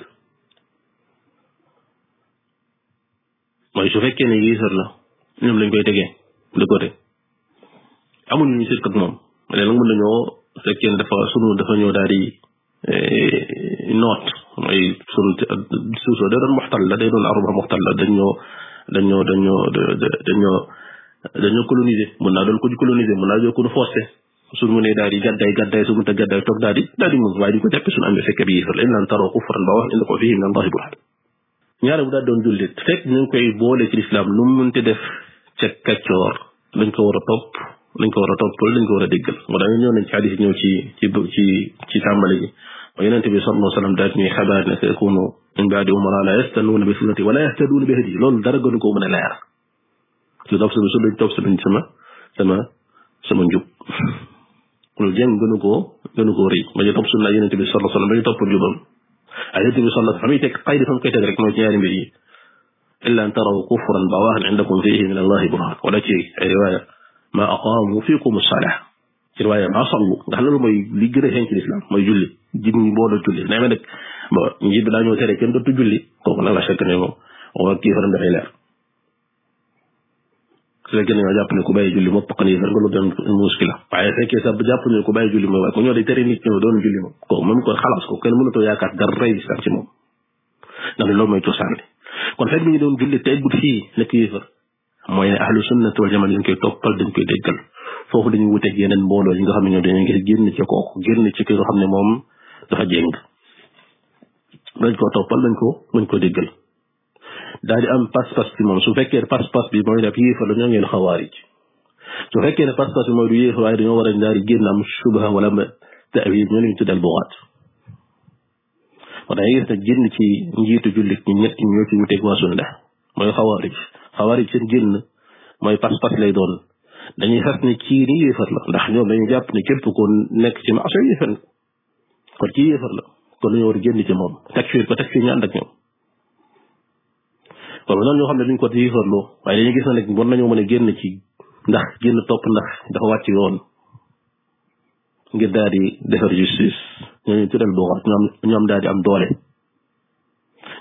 Speaker 2: mooy su fekkee ne yéefar la ñoom lañ koy tegee de côté amul ñu sirkat moom léegi nag mën nañoo fekkee ne dafa sunu dafa ñëw daal di eh, noot mooy sunu suuf soo day doon moxtal la day doon aruba moxtal la dañ ñoo dañ ñoo dañ ñoo dañ ñoo dañ ñoo coloniser mën naa doon ko coloniser mën naa doon ko forcé suñ mu ne daal di gàddaay gàddaay su mënta gàddaay toog daal di daal di moom waaye di ko jàppe suñu amee fekkee bi yéefar la in lam taraw kufran ba wax inda ko fii min allahi burhan ñaare bu daal doon jullit fekk ñu ngi koy boole ci lislaam lu mu te def ca kaccoor lañ ko war a topp lañ ko war a toppal lañ ko war a déggal moo tax ñëw nañ ci xadis ñëw ci ci ci ci tàmbali ji wa yonent bi sallallahu alayhi wa sallam daal ñuy xabaar ne sayakunu min baadi umara la yastanuuna bi sunnati wala yahtaduuna bi loolu dara gënu ko leer su topp sama su duñ topp sama sama sama sama njub loolu jëm gënu koo gënu koo rëy ba topp sunna yonent bi sallallahu alayhi wa sallam ba ñu topp njubam a yonent bi sallallahu alayhi wa sallam fa muy teg xaydi fa mu koy teg rek mooy ci ñaari mbir yi illa an taraw kufran bawaaxan indakum fihi min allahi burhan wala ci ay riwaaya ma aqaamu fiikum salaah ci riwaaya ma sallu nga xam loolu mooy li gën a xeeñ ci lislaam mooy julli jib ñi boo doon julli nee ma nag bon njiit bi daa ñëw tere kenn dootu julli kooku nag la chekk ne moom wa kii faram dafay leer su fekkee ne nga jàpp ne ku bàyyi julli moom paq nii sax nga lu doon muskila waaye fekkee sax jàpp ne ku bàyyi julli moom waaye ko ñoo day tere nit ñoo doon julli moom ko moom ko xalaas ko kenn mënatoo yaakaar dara rey kon fekk mi ngi doon julli tey bu fii nekk yéefar mooy ne ahlu tool wal jamaa dañ koy toppal dañ koy déggal foofu dañuy wuteeg yeneen mbooloo yi nga xam ne ñoo dañuy gis génn ci kooku génn ci xam ne moom dafa jéng dañ ko toppal dañ ko dañ ko déggal daal di am pas-pas ci moom su fekkee pas bi mooy def yéefar ñoo ngeen xawaarij su fekkee ne pas-pas bi mooy du yéefar waaye dañoo war a daal di génn am subha wala tawil ñoo leen tuddal buxaat kon da ngay gis nag génn ci njiitu jullit ñi ci wuteeg waa sunna mooy xawaarij lay doon dañuy xas ne kii ni yéefar la ndax ñoom dañuy jàpp ne képp ko nekk ci maasoo yéefar kon kii yéefar war a ci moom takfir ko ñaan ñu ànd ñoom loolu noonu ñoo xam ne duñ ko yéexoonloo waaye dañuy gis na nag war nañoo mën a génn ci ndax génn topp ndax dafa wàcc yoon ngir daal di defar justice ñooñu tuddal doxaat ñoom ñoom daal di am doole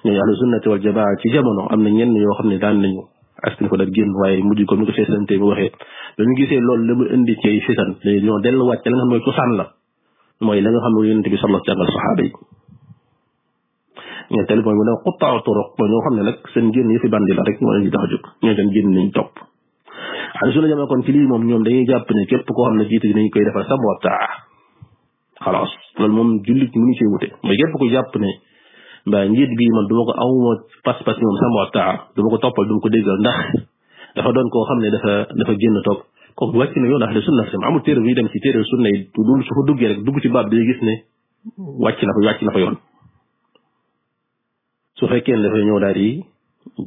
Speaker 2: ñooñu ahlu sunnati wal jamaa ci jamono am na ñenn yoo xam ne daan nañu askan ko daf génn waaye mujj ko ni ko feesante bi waxee dañu gisee loolu la mu indi ci ay fitan dañoo delluwaat ci la nga xam mooy cosaan la mooy la nga xam ne yonent bi sallallahu jàngal saxaaba yi ñetteel mooy mu ne xuttaa turuq mooy ñoo xam ne nag seen génn yi fi bandi la rek moo leen di tax a la jamee kon ci lii moom ñoom dañuy jàpp ne képp koo xam ne koy defal sab wataa xalaas loolu moom jullit mënu ci wute mooy képp ko jàpp ne mbaa njiit bii man duma ko awma pas-pas moom sab wataa du ma ko toppal du ma ko déggal ndax dafa doon koo xam ne dafa dafa génn topp kooku wàcc na yoon ahli sunna sam amul téere bi dem ci téere sunna yi dul su fa duggee rek dugg ci baab bi gis ne wàcc na fa wàcc na fa yoon su fekkee ne dafay ñëw daal di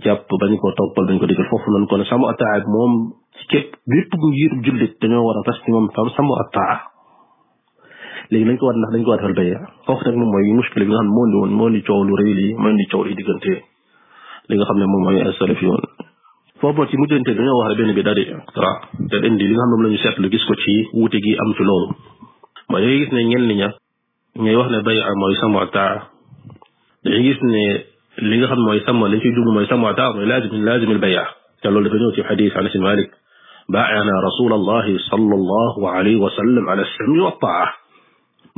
Speaker 2: jàpp bañ ko toppal bañ ko digal foofu lañ ko ne samu ataa moom ci képp bépp ngir jullit dañoo war a tas ci moom sam samu ataa léegi dañ ko war ndax dañ ko war defal béyee foofu nag a mooy muskil moo indi moo indi coow lu rëy lii moo diggante li nga xam ne moom mooy salaf yoon foofu ci mujjante dañoo wax rek benn bi daal di tra te indi ñu gis ko ci wuute gi am ci loolu mooy dañuy gis ne ña ñooy wax ne béy mooy samu ataa dañuy gis ne li nga xam mooy sama li ciy jublu mooy sama taa mooy laazim laazimil bay'a te loolu dafa ñëw ci xadis Anas bin Malik baana rasulallahi sallallahu alayhi wa sallam ala sami wa taa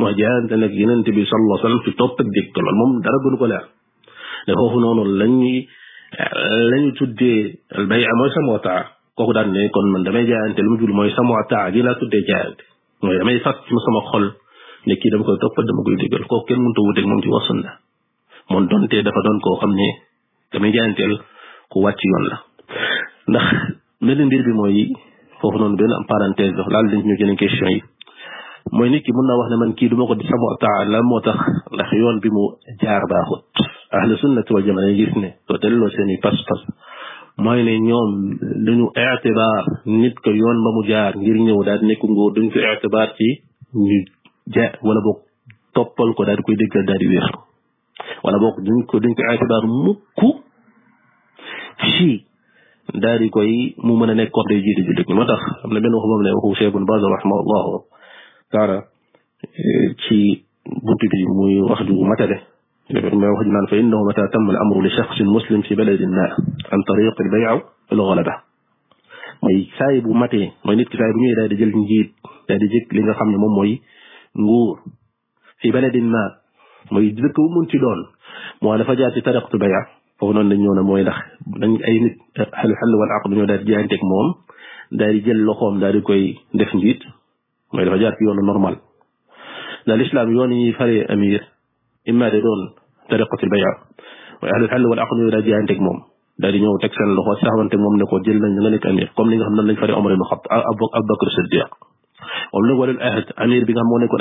Speaker 2: mooy jaayante nag yenente bi sallallahu alayhi wa sallam ci topp ak dégg loolu moom dara gënu ko leer ne foofu noonu lañuy lañu tuddee al bay'a mooy sama taa kooku daan ne kon man damay jaayante lu mu jublu mooy sama taa gi laa tuddee jaayante mooy damay fas ci sama xol ne kii dama koy topp dama koy déggal kooku kenn mënut a wuteeg moom ci wasunna moom donte dafa doon koo xam ne damay jaayanteel ku wàcc yoon la ndax benn mbir bi mooy foofu noonu benn am parenthèse la laal dañ ñu jëlee question yi mooy nit ki mën na wax ne man kii du ma ko di sama taala moo tax ndax yoon bi mu jaar baaxut ahlu sunnati wal jamaa gis ne soo delloo seen i pas-pas mooy ne ñoom dañu itibaar nit ko yoon ba mu jaar ngir ñëw daal di nekk ngóor duñ ko itibaar ci ñu wala boog toppal ko daal di koy déggal daal di wér wala boog duñ ko duñ ko itibaar mukk fii daal di koy mu mën a nekk koo xam day jiite jullit ñi moo tax am na benn wax moom ne waxu Cheikh Ibn Baz rahimahullahu taala ci wax ju matale mooy wax ju naan fa innahu mata tamma al amru li shaxsin muslim fi baladin ma an tariq al bay' al ghalaba mooy saay bu matee mooy nit ki saay bu ñëwee jël njiit daal jëkk li nga xam ne moom mooy nguur fi baladin ma mooy dëkk bu ci doon mooy fa jaar ci tariqatu bay'a foofu noonu lañ ñëw ne mooy ndax na ay nit xelu xel wal aqd dañoo daal di moom daal di jël loxoom daal di koy def njiit mooy dafa jaar yoonu normal ndax lislaam yoon yi faree amir imma de doon tariqatul bay'a waaye ahlul xel wal aqd ñoo daal di moom daal di ñëw teg seen loxo si xamante moom ne ko jël nañ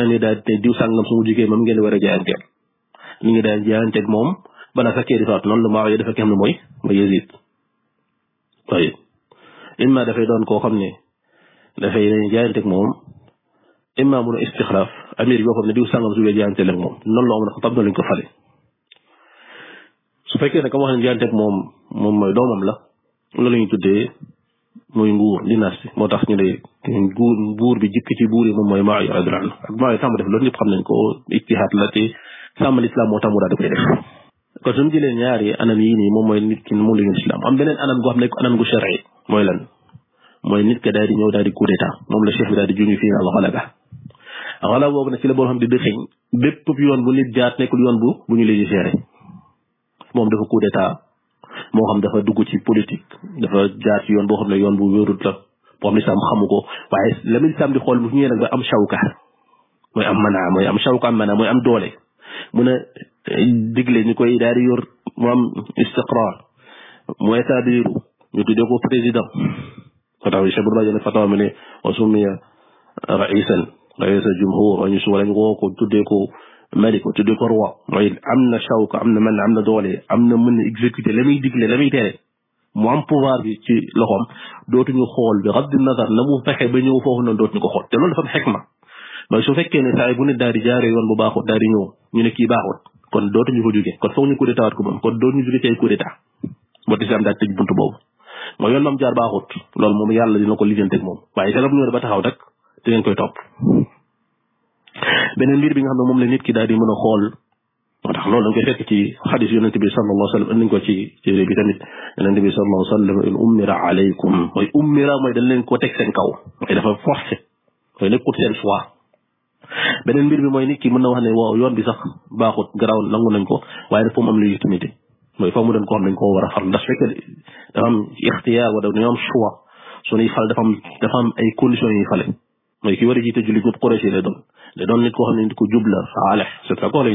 Speaker 2: ne diw sàngam ngeen war a jaayanteel ñu ngi daan jaayanteeg moom balaa fekkee di faatu noonu la Muawiya dafa kenn mooy mooy Yazid tayib imma dafay doon koo xam ne dafay jaayanteeg moom imma mun a istixlaaf amir yoo xam ne diw sàngam su dee jaayante leen moom noonu la Omar Xattaab noonu lañ ko fale su fekkee ne comme wax ne jaayanteeg moom moom mooy doomam la loolu la ñuy tuddee muy nguur dynastie moo tax ñu lay te buur bi jëkk ci buur yi moom mooy Maawiya radiyallahu anhu ak Maawiya tax mu def loolu ñëpp xam nañ ko ijtihaad la te sàmmal islam moo tax mu daal di koy def kon suñu jëlee ñaari anam yii nii moom mooy nit ki moom la ñu islam xam ne anam gu mooy lan mooy nit ka daal ñëw daal di coup moom la cheikh bi daal di boobu nag ci boo xam di dëxëñ bépp yoon bu nit jaat nekkul bu bu ñu légiféré moom dafa coup d'état moo xam dafa dugg ci politique dafa jaar ci yoon boo xam ne yoon bu wérut la moom lislaam xamu ko waaye la muy di xool bu ñëwee nag mooy am shawka mooy am manaa mooy am shawka am manaa mooy am doole mun a eh, digle ñu koy daal di yor mu am istiqraar mu état di ñu tuddee ko président fataw Cheikh Bourba Dieng fataw mi ne wa summiya raisan raisa jumhur wa wala ko tuddee ko malik tuddee ko am na shawka am na man am na doole am na mën a exécuter digle la tere mu am pouvoir bi ci loxoom dootuñu xool bi rabdi nazar na mu fexe ba ñëw foofu doot dootuñu ko xool te loolu dafa am xekma mooy su fekkee ne saa bu nit daal di jaaree yoon bu baaxut daal di ñëw ñu ne kii baaxut kon dootuñu ko jóge kon foog ñu coup d'état waat ko moom kon dootuñu jóge ci ay coup d'état ba di si daal tëj buntu boobu mooy yoon maam jaar baaxut lool moom yàlla dina ko lijjante ak moom waaye garab ñëw ba taxaw rek dinañ koy topp beneen mbir bi nga xam ne moom la nit ki daal di mën a xool moo tax loolu dañ koy fekk ci xadis yonente bi sallallahu ko ci téere bi tamit yonente bi sallallahu alayhi in ummira alaykum mooy ummira mooy dañ leen ko teg seen kaw mooy dafa forcé mooy nekkut seen choix beneen mbir mi mooy nit ki mën na wax ne o yoon bi sax baaxut garaawul nangu nañ ko waaye dafa mu am légitimité mooy faaw mu doon ko dañ ko war a fal ndax am ixtiyaar wala dañoo am choix suñuy fal dafa am dafa am ay conditions yuy fale mooy ki war a jiite jullit ñëpp Quraysh lay doon lay doon nit koo xam ne nit ko jub la saalix c'est ça koo lay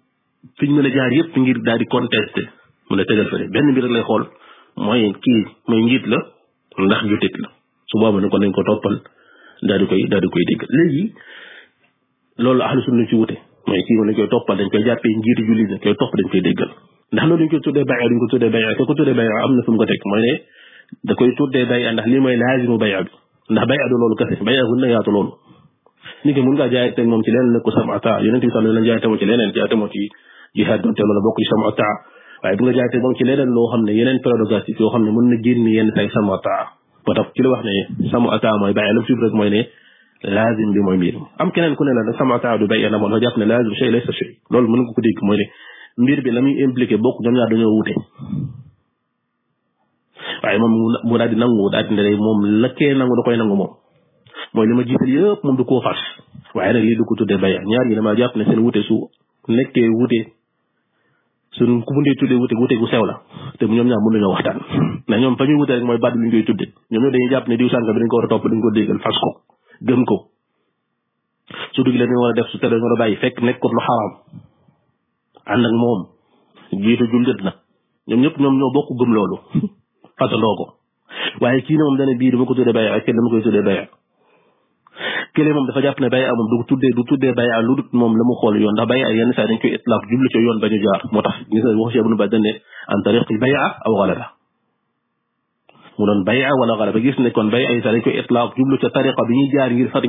Speaker 2: fi ma mën a jaar yëpp ngir daal di contester mu ne tegal fële benn bi rek lay xool mooy kii mooy njiit la ndax jotit la su booba ne ko nañ ko toppal daal di koy daal di koy dégg léegi loolu ahlu sunna ci wute mooy kii moom dañ koy toppal dañ koy jàppee njiitu jullit dañ koy topp dañ koy déggal ndax loolu dañ koy ko tuddee bay'a te ko tuddee bay'a am na fu mu ko bay'a ndax lii mooy laazimu loolu kese bay'a bu ne yaatu loolu nit ki mën ngaa jaayanteeg moom ci leneen nekku sama taa yonent bi sallallahu alayhi wasallam jaayante moom ci leneen jaayante moom ci jihaad donte loolu bokk ci xam ne yeneen ne mën na génn yenn say sama taa ba tax ci la wax ne mooy bàyyi la fi rek mooy ne laazim bi mooy mbir am keneen ku ne la sama taa du bàyyi la moom dafa jàpp ne laazim shay laysa shay loolu mën nga ko dégg mooy ne mbir bi la muy impliqué bokk ñoom ñaar dañoo wute waaye moom mu daal di nangu daal di ne moom la kee nangu da koy nangu moom mooy li ma jiital yëpp moom du koo xas waaye nag lii du ko tuddee bay ñaar yi damaa jàpp ne seen wute su nekkee wute suñ ku mundee tuddee wute wute gu sew la te ñoom ñaar mën nañoo waxtaan na ñoom fa mooy baat bi ñu ñoom dañuy jàpp ne diw sànq bi dañ ko war a topp dañ ko déggal fas gëm ko su dugg la dañ def su tere war a bàyyi fekk nekkut lu xaraam ànd ak moom jiitu jullit la ñoom ñëpp ñoom ñoo bokk gëm loolu fasandoo ko waaye kii ne moom dana bii dama ko tuddee bay kenn dama koy tuddee bay kële moom dafa jàpp ne bay a moom du tuddee du bay a lu dut moom la mu xool yoon ndax bay a yenn saa dañ koy itlaaq jublu ci yoon ba ñu jaar moo tax gis nga wax Ibnu Baaz bay a aw galaba mu gis ne bay a yi sax dañ koy itlaaq jublu jaar ngir far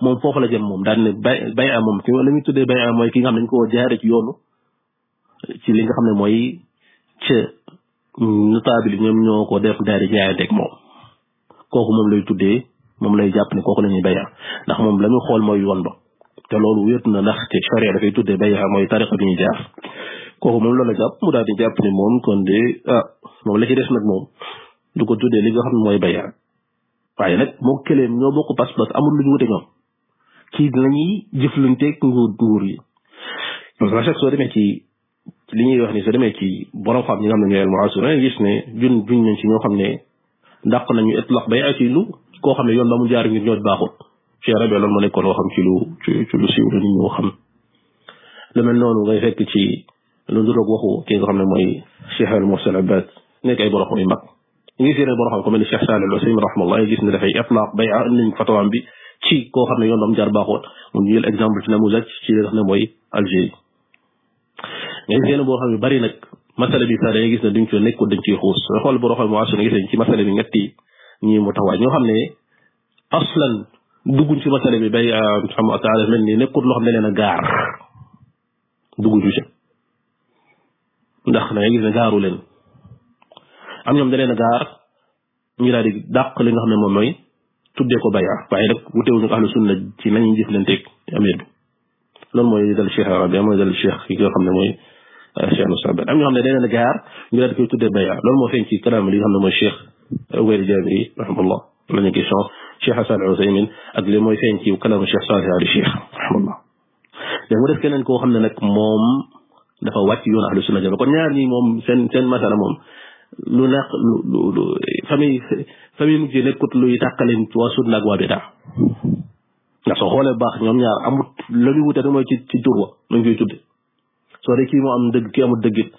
Speaker 2: moom foofu la jëm moom daal ne bay bay a moom ki la muy tuddee bay a mooy ki nga xam ne dañ koo jaare ci yoonu ci li nga xam ne mooy ca notable yi ñoom ñoo ko def daal di jaayante ak moom kooku moom lay tuddee moom lay jàpp ne kooku la ñuy béyaa ndax moom la muy xool mooy yoon ba te loolu wéet na ndax ci charia dafay tuddee béyaa mooy tariqa bi ñuy jaar kooku moom loolu la jàpp mu jàpp ne moom kon de ah, la ci des nag moom du ko tuddee li nga xam ne mooy béyaa waaye nag moo ñoo bokk pas-pas amul lu ñu wute ñoom ci lañuy jëflanteeg nguur nguur yi parce que chaque soo demee ci li ñuy wax ni soo demee ci borom xam ñi nga ne gis ne jun juñ nañ ci ñoo xam ne dàq nañu itlaq bay ci lu koo xam ne yoon ba mu jaar ngir ñooñ baaxul ci arabe loolu mu nekkoon xam lu ci lu la nit ñoo noonu ngay fekk ci lu duroog waxu ki nga xam ne mooy Cheikh al Mursal Abbad nekk ay boroxam yu mag ngi si ne boroxam ko mel ni Cheikh Salih al Usaymin rahmallah gis ne dafay itlaq bay a nañ fatawam bi ci koo xam ne yoon ba mu jaar baaxoon mu ñu jël exemple ci Namuzaj ci li nga xam ne mooy Algérie ngay seen boo xam ne bari nag masala bi sax dañuy gis ne duñ ci nekkul dañ ciy xuus xool boroxam mu asuna gis nañ ci masala bi ñetti ñii mu tawaay ñoo xam ne aslan dugguñ ci masala bi bay xam euh, taala mel ni nekkut loo xam ne leen a gaar dugguñ ci ndax da ngay gis ne gaaru leen am ñoom da leen a gaar ñu daal di dàq li nga xam ne moom mooy tuddee ko bayaa waaye nag wutewuñu ahlu sunna ci nañuy jëflanteeg amir bi loolu mooy dal cheikh arabia mooy dal cheikh yi nga xam ne mooy Ah, Cheikh Moussa Ben am ñoo xam ne gaar ñu daal koy tuddee béya loolu moo feeñ ci kalaam li nga xam ne mooy Cheikh a Jamiri rahimahullah la ñu question Cheikh Hassan Ousaymin ak li mooy feeñ ci kalaamu Cheikh Salih Ali Cheikh rahimahullah léegi mu def keneen koo xam ne nag moom dafa wàcc yoon ahlu sunna jaba kon ñaar ñi moom seen seen masala moom lu naq lu lu famille famille mujj nekkut luy tàqaleen waa sunna ak waa bidaa ndax soo xoolee baax ñoom ñaar am la ñu wute mooy ci ci wa lañ koy tudde soo dee kii moo am dëgg kii amul dëggit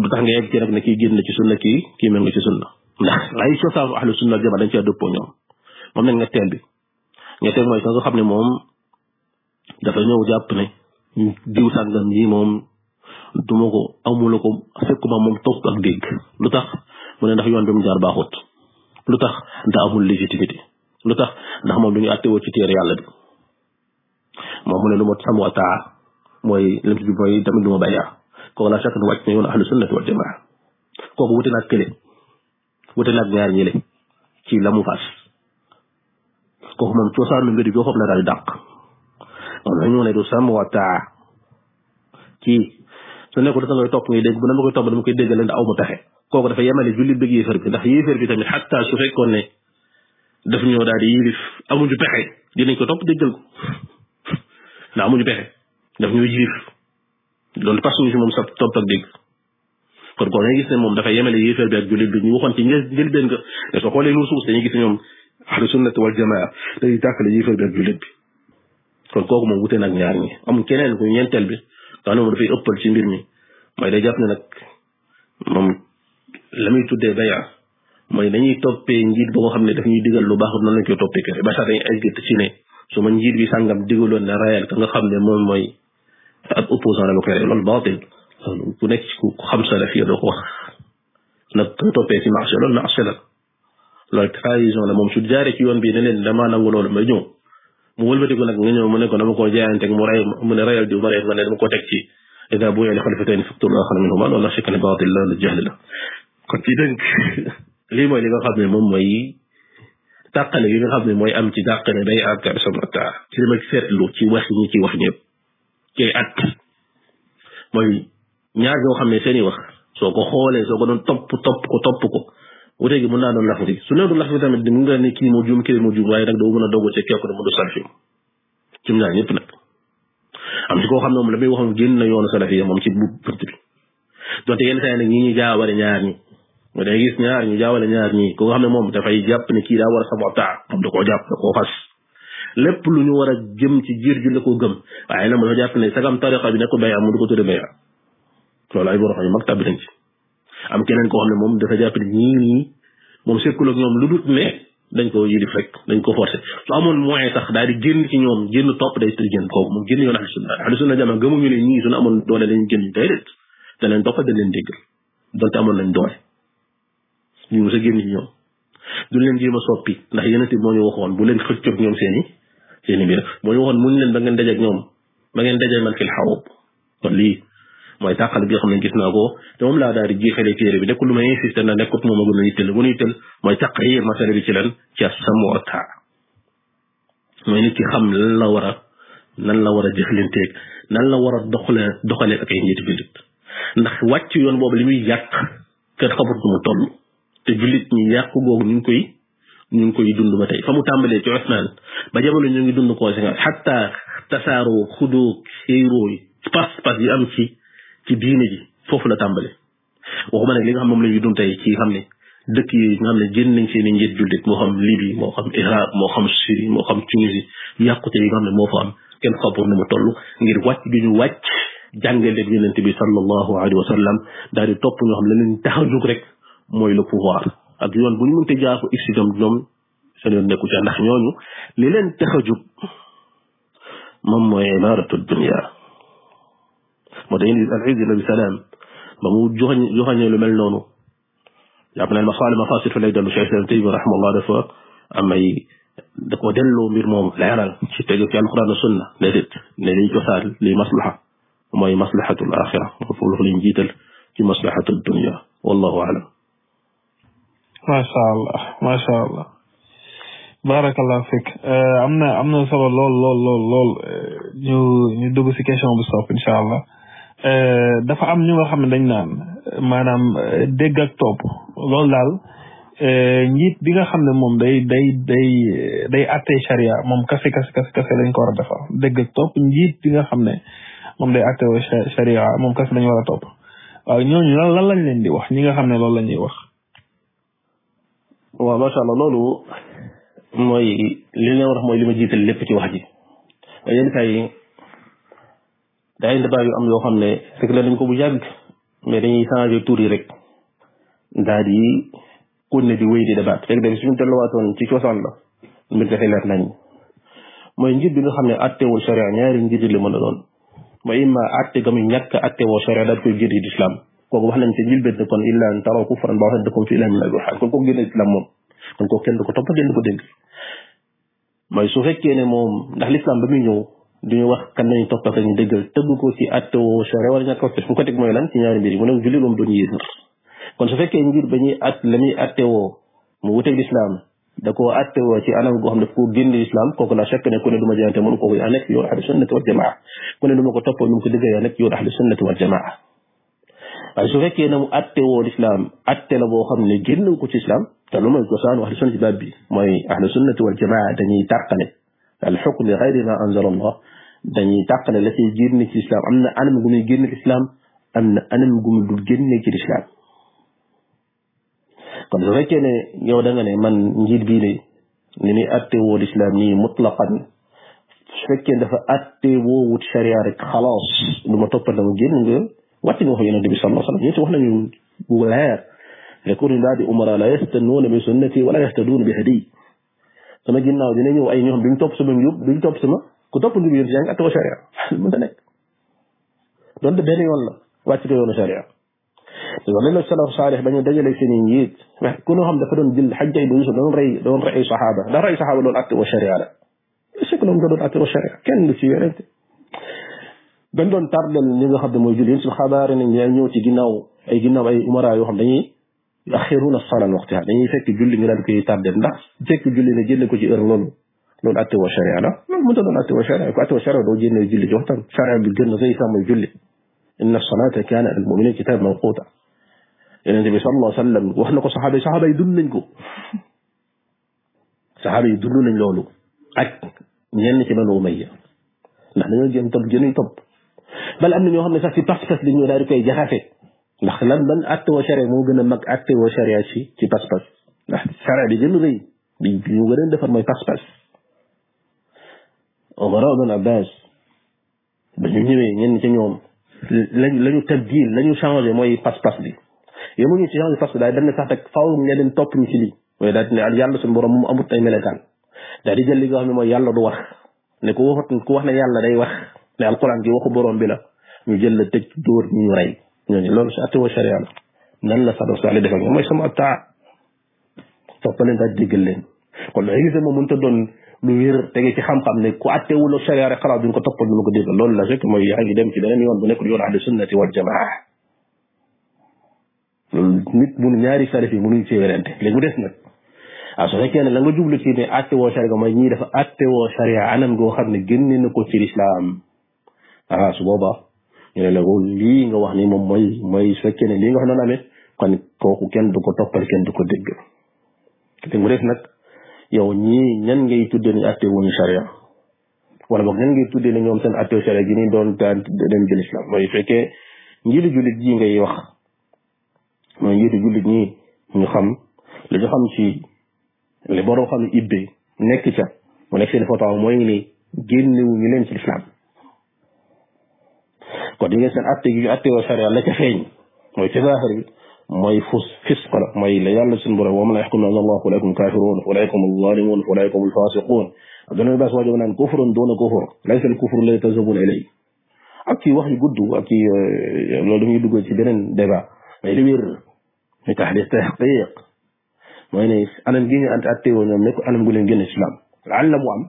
Speaker 2: du tax nga yegg ci nag ne kii génn ci sunna kii kii mel nga ci sunna ndax lay cosaan ahlu sunna jamaa dañ cee dëppoo ñoom moom nag ñetteel bi ñetteel mooy ka nga xam ne moom dafa ñëw jàpp ne diw sàngam yi moom du ko amula ko fekkuma moom toog ak dégg lu tax mu ne ndax yoon bi mu jaar baaxut lu tax ndax amul légitimité lu tax ndax moom du ñu àttewoo ci téere yàlla bi moom mu ne lu mot sam wataa mooy lim ci jub mooy tamit du ma bayya ah. kooku laa chaque ne wàcc na yoon ahlu sunnati jamaa kooku wute naag kële wute naag ñaar ñi le ci la mu fas kooku moom coosaanu mbir joo xam la daal di dàq moom la ñu ne du sàmm wa taa kii su nekkul da ngay topp ngay dégg bu ne ma koy topp pexe bi ndax yéefar bi tamit xatta su fekkoon daf ñëw daal di dinañ ko topp déggal ko ndax amuñu pexe daf ñuy jiif loolu pasu si moom sa topp ak dégg kon kon dañuy gis ne moom dafa yemale yéeféer bi ak jullit bi ñu waxoon ci njëlbéen nga ne soo xoolee lu suus dañuy gis ne ñoom ahlu sunnati wal jamaa dañuy bi ak jullit bi kon kooku moom wute nag ñaar ñi amul keneen ku ñeenteel bi nga xam ne ëppal ci mbir mi mooy day jàpp ne nag moom la muy tuddee baya dañuy toppee njiit ba xam ne daf ñuy digal lu baaxut noonu lañ koy toppee kër ba sax dañuy ay ci ne su ma njiit bi na rayal ka nga xam ne moom mooy ak opposant dama koy rey loolu baatil bu nekk ku xam salafiya doo ko wax nag toppee ci marché loolu marché la loolu trahison la moom su jaaree ci yoon bii ne leen damaa nangu loolu may ñëw mu wëlbatiku nag nga ñëw mu ne ko dama koo mu rey mu ne reyal diw ma rey nga ne dama ko teg ci ida bu yeele xalifatayni faqtul axara minhuma loolu la fekk ne baatil la lu jahl la kon ci dënk lii mooy li nga xam ne moom mooy tàqale yi nga xam ne mooy am ci dàqale day ak subhanahu wa taala ci li ma seetlu ci wax ñi ci wax ñëpp cey at mooy ñaar yoo xam ne seeni wax soo ko xoolee soo ko doon topp topp ko topp ko wute gi mën naa doon lafati su nee du lafati tamit di mu nga ne kii moo waaye nag doo mën a dogu ci kekku ne mu du salfi cim am ci koo xam ne moom la muy waxoon génn na yoonu salafiya moom ci bu bunt bi donte yenn saa yi nag ñi ñu jaawale ñaar ñi nga day gis ñaar ñu jaawale ñaar ñi ko nga xam ne moom dafay jàpp ne kii daa war a sabota moom da koo jàpp da koo fas lépp lu ñu war a jëm ci jiir ji la ko gëm waaye nag dafa jàpp ne sagam tariqa bi ne ko béya mu du ko tudde béya loolu ay boroxam yu mag tàbbi nañ ci keneen koo xam ne moom dafa jàpp nii moom sekkul ak ñoom lu dut ne dañ ko yilif rek dañ ko forcé su amoon moyen sax daal di génn ci ñoom génn topp day tëj génn kooku moom génn yoon ahlu sunna ahlu sunna jama gëmuñu ne ñii amoon doole dañ génn déedéet da leen topp leen déggal donte amoon nañ doole ñu mos a génn ci ñoom du leen jéem a soppi ndax yeneen moo ñu waxoon bu leen xëccoog ñoom seen i seen i mbir moo ñu waxoon muñ leen ba ngeen dajeeg ñoom ba ngeen dajeeg man fil xawub kon lii mooy tàqale bi nga xam ne gis naa ko te moom laa daal di jeexale téere bi nekkul lu may insisté na nekkut moom a gën a yitteel bu ñu yitteel mooy taqrir bi ci lan ci as-samu wa taa mooy nit ki xam lan la war a nan la war a jëflanteeg nan la war a doxalee doxalee ak ay njiitu jullit ndax wàcc yoon boobu li muy yàq kenn xamut mu toll te jullit ñi yàq googu ñu koy ñu ngi koy dund ba tey tàmbalee ci Ousmane ba jamono ñu ngi dund conséquence xatta tasaaroo xudoo xéyroo yi pas-pas yi am ci ci diine ji foofu la tàmbalee waxuma nag li nga xam moom la ñuy dund tey ci xam ne dëkk yi nga xam ne génn nañ seen i njiit jullit moo xam Libye moo xam Iraq moo xam Syrie moo xam Tunisie yàqute yi nga xam ne moo fa am kenn xamul nu mu toll ngir wàcc gi ñu wàcc jàngaleeg yonent bi sallallahu alayhi wa sallam daal di topp ñoo xam ne leen tax a jóg rek mooy le pouvoir ak yoon bu ñu mënti jaar ko x itam ñoom seen yoon nekku ca ndax ñooñu li leen tax a jub moom mooy imaratu dunia moo tax indi al izina bi salaam ba mu joxañ joxañee lu mel noonu jàpp naa ma xaale ma fasit fa lay dellu Cheikh Islam Taymiyya rahimahullah dafa am ay da ko delloo mbir moom leeral ci tegu ci alquran sunna déedéet ne liy cosaan liy maslaxa mooy maslaxatul axira foofu lañ jiital ci maslaxatul dunia wallahu alam
Speaker 1: macha allah macha allah barakallah fik eh, am na am na solo lool lool lool eh, ñu ñu dugg si question bu sopp incha eh, dafa am ñu nga xam ne dañ naan maanaam dégg ak topp loolu daal njiit bi nga xam ne moom day day day day àttee charia moom kase kase kase kase lañ ko war a defal topp njiit bi nga xam ne moom day àttee charia moom kase lañ war a topp waaw ñooñu lan lan lañ leen di wax ñi nga xam ne loolu la ñuy wax. waaw macha allah loolu
Speaker 2: mooy li leen mooy li ma jiital lépp ci wax ji yenn saa yi day ay débat yu am yoo xam ne fekk la dañ ko bu yàgg mais dañuy changer tur yi rek daal di continuer di wéy di débat fekk dañ suñu delluwaatoon ci cosaan la mbir dafay leer nañ mooy njiit bi nga xam ne attewul sharia ñaari njiit la mën a doon mooy imma atte ga muy ñàkk attewoo sharia daal koy jëri d'islam kooku wax nañ ca njëlbéen kon ko fi ilahi min al-burhan kon kooku génne islam moom kon kenn du ko topp kenn du ko dégg mooy su fekkee ne moom ndax l'islam ba muy ñëw duñu wax kan nañu topp rek ñu déggal tëgg ko ci attewoo choré wala ñàkk wax ko teg mooy lan ci ñaari mbir yi mu ne kon su fekkee ngir ba ñuy at la ñuy attewoo mu wuteeg l'islam da koo attewoo ko génn la chaque ne ku ne du ma jaante mënu kooku ko toppoo ñu ko dëgg yoon ahlu sunnati wal jamaa waaye su fekkee na mu atte woo lislaam atte la boo xam ne génn ko ci islam te lu mooy cosaan ahlu sunna ci baab bi mooy ahlu sunnati wal jamaa dañuy tàqale al xukm bi xayri ma anzala dañuy tàqale la cay islam am na anam gu muy génn ci islam am na anam gu mu dul génne ci islam kon su fekkee ne yow da nga ne man njiit bii de ni muy atte woo lislaam nii mutlaqan su fekkee dafa atte woowut sharia rek xalaas lu ma toppal dama génn nga wàcc nga wax yonente bi sallallahu alayhi wasallam ñu ci wax nañu bu leer yakunu min ba'di umara la yastannuuna bi sunnati wala yahtaduuna bi hadiyi sama ginnaaw dina ñëw ay ñoo xam duñ topp sama njub duñ topp sama ku topp njub yéen si yaa ngi attoo sharia mën na nekk donte benn yoon la wàcc ko yoonu sharia wax nañ la salaf saalih dañu dajale seen i njiit wax ku noo xam dafa doon jël xajjay bu yusuf doon rey doon rey saxaaba ndax rey saxaaba loolu attoo sharia la c'est que loolu nga doon attoo sharia kenn du ci yonente dañ doon tardel ñi nga xam ne mooy julli yéen suñu xabaare nañ yaa ñëw ci ginnaaw ay ginnaaw ay umara yoo xam dañuy axiruuna salaan waxtiha dañuy fekk julli ñu daal koy tardel ndax fekk julli ne jëlle ko ci heure loolu loolu atte wa charia la loolu mënta doon atte wa charia ko atte wa charia doo jénne julli ci waxtaan charia bi gën na say sàmm julli inna salata kaana al muminin kitab mawquta yonente bi sallallahu alayhi wa sallam wax na ko saxaaba yi saxaaba yi dund nañ ko saxaaba yi dund nañ loolu ak ñenn ci banu umayya ndax dañoo jëm topp jënuy topp bal am na ñoo xam ne sax ci pas-pas li ñu daal di koy jaxase ndax lan ban àtte woo charia moo gën a mag àtte woo charia ci ci pas-pas ndax charia bi gën a rëy bi ñu gën a defar mooy pas-pas Omar bin Abbas ba ñu ñëwee ñenn ci ñoom lañu lañu tabdil lañu changé mooy pas-pas bi yemuñu ci changé pas-pas daal dañ ne sax rek faaw ngeen dem topp ñu ci lii mooy daal di ne yàlla suñu borom moom amut ay melekaan daal di jël li nga xam ne mooy yàlla du wax ne ku waxut ku wax ne yàlla day wax mais alquran gi waxu borom bi la ñu jël la teg dóor ñu rey ñooñu loolu si attewa sharia la nan la Sadou Sall def ak moom mooy sama taa toppaleen ak déggal leen da ngay gis ne doon lu wér tege ci xam-xam ne ku attewul sharia rek xalaat duñ ko toppal duñ ko déggal loolu la rek mooy yaa ngi dem ci beneen yoon bu nekkul yoon ahlu sunnati wal jamaa ñaari salif yi ci werante léegi mu des nag ah ne la nga jublu ci ne attewoo sharia mooy ñii dafa attewoo sharia anam goo ne génne ko ci lislaam ah su boobaa ñu ne lii nga wax ni moom mooy mooy su fekkee ne lii nga wax noonu amee kon kooku kenn du ko toppal kenn du ko dégg mu def nag yow ñii ñan ngay tuddee ni atte wuñu charia wala boog ñan ngay tuddee ne ñoom seen atte charia gi ni doon daan dem jël islam mooy fekkee njiitu jullit ji ngay wax mooy njiitu jullit xam li ñu xam ci li borom xam ibbe nekk ca mu nekk seen foto mooy ni génnewuñu leen ci islam kon di nga seen atte gi atte woo charia la ca feeñ mooy ci zaaxir bi mooy fus fisq la mooy la yàlla suñu borom wa man yaxkum an allah fa ulaykum kaafiruun fa ulaykum alzalimuun fa ulaykum alfasiquun abdullah bas waajo naan kufrun doona kufur laysa alkufru la tasabun ilay ak ci wax yu gudd ak ci euh, loolu dañuy dugg ci beneen débat mais li wér ñu taxdis tahqiq mooy ne anam gi nga ant atte woo ñoom nekk anam gu leen génn islam laal la mu am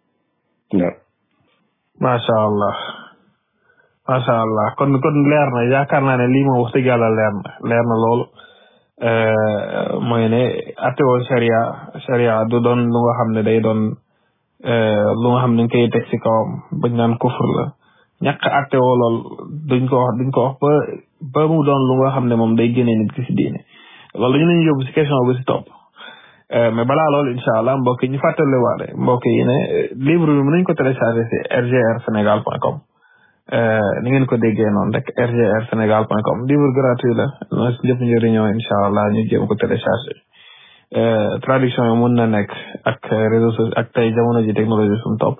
Speaker 2: waaw.
Speaker 1: macha allah macha allah kon kon leer na yaakaar naa ne lii moom wax dëgg yàlla leer leer na lool eh, mooy ne atewol sharia sharia du doon lu xam ne day doon eh, lu nga xam ne dañ koy teg si kawam bañ naan kufur la ñàkk atewoo lool duñ ko wax duñ ko wax ba ba mu doon lu nga xam ne moom day génnee nit ki si diine loolu dañu leen yóbbu si question Eh, mais bala lool incha allah mbokk yi ñu fàttaliwaale mbokk yi ne eh, livre bi mën nañu ko télécharger ci rgrsenegal.com eh, ni ngeen ko déggee noonu rek rgrsenegal.com livre gratuit la na si ñëpp njëriñoo incha allah ñu jéem ko télécharger traduction yi mën na nekk ak réseaux sociaux ak tey jamono ji technologie fu mu topp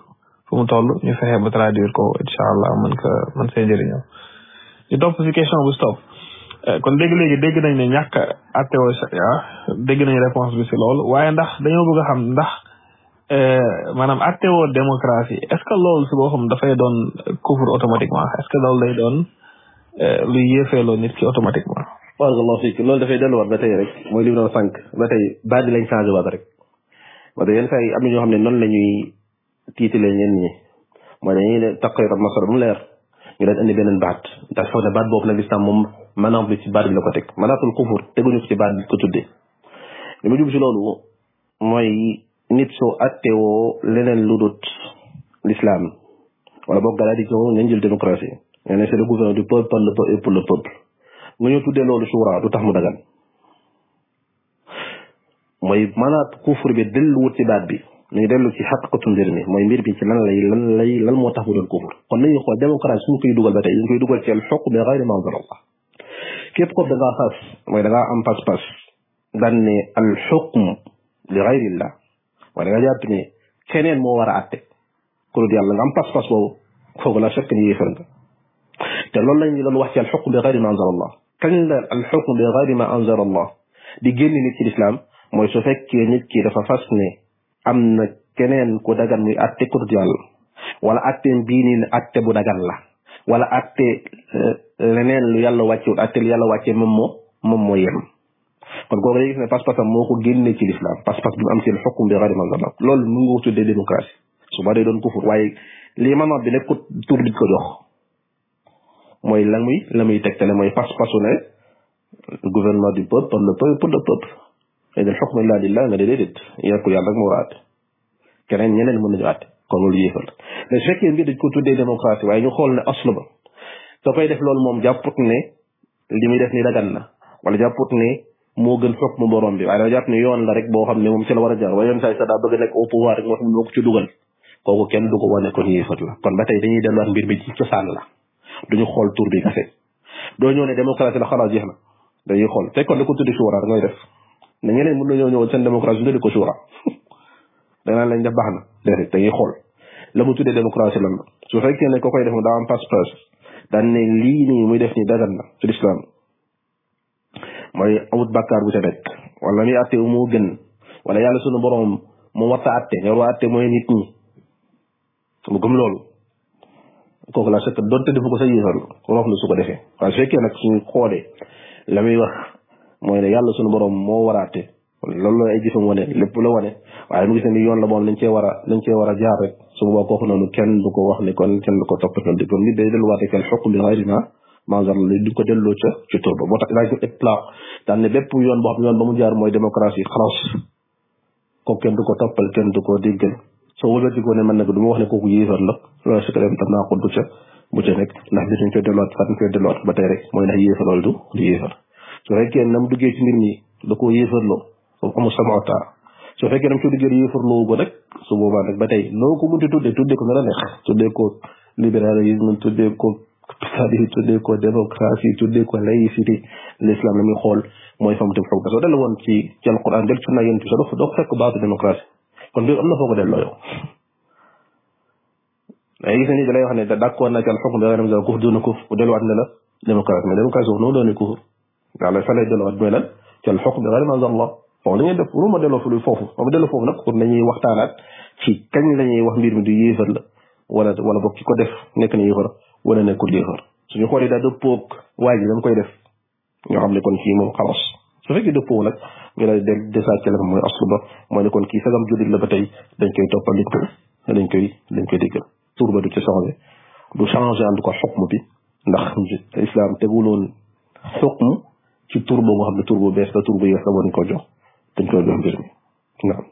Speaker 1: fu mu toll ñu fexe ba traduire ko incha allah mën ko mën see njëriñoo ñu topp stop Euh, kon dégg-léegi dégg nañ ne ñàkk atteo sharia dégg nañ réponse bi si waaye ndax dañoo bëgg a xam ndax euh, maanaam atteo démocratie est-ce que loolu si boo xam dafay doon kufur automatiquement est-ce que loolu day doon euh, luy yéefeeloo nit ki automatiquement
Speaker 2: barakallahu fiik loolu dafay delluwaat ba tey rek mooy li mu doon sànq ba tey baat bi lañ changé waat rek parce que yenn saa yi am na ñoo xam ne noonu la ñuy tiitale ñenn ñi mooy dañuy taqriir al masdar bu mu leer ñu daan indi beneen baat ndax foog ne baat boobu nag lislaam moom maanaam bi ci baat ko teg manaatul kufur teguñu ko ci baat bi ko tuddee li ma jub si mooy nit soo attewoo leneen lu dut l'islam wala boog galaa di ñëw nañ jël démocratie du peuple par le peuple et pour le peuple nga tuddee loolu suuraa du tax mu dagan mooy manaat kufur bi delluwut ci baat bi mu ngi dellu ci xaqiqatu mbir mi mooy mbir bi ci lan lay lan lay moo tax mu doon kufur kon nañu xool démocratie suñ koy dugal ba tey ñu koy dugal ci al xuq bi allah képp ko da ngaa xas mooy da ngaa am pas-pas daan ne al xukm li xayrillah mooy da nga jàpp ne keneen moo war a àtte ku dul yàlla am pas-pas boobu kooku la fekk ni yéefar nga te loolu lañ ñu doon wax ci al xukm bi xayri ma anzal allah kañ la al xukm bi xayri ma anzal allah di génn nit mooy su fekkee nit ki dafa fas ne am na keneen ku dagan muy àtte ku dul yàlla wala àtteem bii nii bu dagan la wala àtte leneen lu yàlla wàccewut ak te lu yàlla wàccee moom moo moom moo yem kon kooku day gis ne pas-pasam moo ko génnee ci lislaam pas-pas bi mu am ci xukum bi xari mazalak loolu mu ngi tuddee démocratie su ba day doon kufur waaye lii maanaam bi nekkut tur bi ko jox mooy la muy la muy tegtale mooy pas-pasu ne gouvernement du peuple par le peuple pour le peuple xëy na xukmu illaa lillah nga déedéet yàqu yàlla rek moo waat keneen ñeneen mën nañu àtte kon loolu yéefal mais su fekkee mbir dañ ko tuddee démocratie waaye ñu xool ne aslu ba soo koy def loolu moom jàpput ne li muy def ni dagan na wala jàpput ne moo gën sopp mu borom bi waaye dafa jàpp ne yoon la rek boo xam ne moom ci la war a jaar waaye yoon saay sa daa bëgg nekk au pouvoir rek kenn du ko wane kon yéefat la kon ba tey dañuy delluwaat mbir bi ci cosaan la duñu xool tur doo ñëw ne démocratie la xalaat jeex na dañuy xool fekkoon da ko tuddi shura rek ngay def ne ñeneen mën nañoo ñëwoon seen démocratie tuddi ko shura da naan lañ def baax na déedéet dañuy xool la mu tuddee démocratie lan la su fekkee ne ko koy def mu daa am passe passe daan ne lii nii muy def ni dagan na ci lislaam mooy amut bàkkaar bu ca nekk wala muy atte moo gën wala yàlla sunu boroom mu war a atte ñor waa atte mooy nit ñi mu gëm loolu kooku la sekk donte defu ko sa yéefal roof na su defee waaye su fekkee nag suñu xoolee la muy wax mooy ne yàlla sunu boroom moo war a atte loolu la ay jëfam wane lépp la wane waaye mu gis ne ni yoon la moom lañ cee war a lañ cee war a jaar rek su boobaa kooku noonu kenn du ko wax ne kon kenn du ko toppatoo di kon nit ko delloo ca ci kenn du ko toppal kenn du ko déggal soo ma wax ne kooku ko dem tam naa ko du ca bu ca nekk ndax bi dañ loolu du du yéefar su nam duggee ci mbir mi da koo yéefarloo kooku amul samata su fekkee nam ci duggee yéefarloo ko su boobaa nag ba tey noo ko munti tuddee tuddee ko nga la neex tuddee ko libéralisme tuddee ko c'est-à-dire ko démocratie tuddee ko laïcité l'islam la muy xool mooy fa mu xool foofu soo dellu woon ci ci alquran del sunna yonent sa dox dox fekk baatu démocratie kon biir am na foo ko delloo yow ay gis ni dalay wax ne d'accord naa ci alxukm da dem nga kufr duna kufr bu delluwaat ne la démocratie mais démocratie wax noo doone kufr yàlla fa lay delluwaat mooy lan ci alxukm bi gayri ma Allah bon li ngeen def pour ma delloo fi foofu ma delloo foofu nag pour nañuy waxtaanaat ci kañ la ñuy wax mbir mi du yéefar la wala wala boog ki ko def nekk na yéefar wala nekkul yéefar suñu xoolee daal dëppoog waa ji dama koy def ñoo xam ne kon kii moom xalas su fekkee dëppoo nag ñu ne del desaat la ba mooy ne kon kii sagam jullit la ba tey dañ koy toppal liñ ko dañ koy dañ koy déggal tur ba du ci changé du changé en tout bi ndax islam teguloon xukm ci tur boo xam ne tur bu bees la tur bu yees la jox dañ koy jox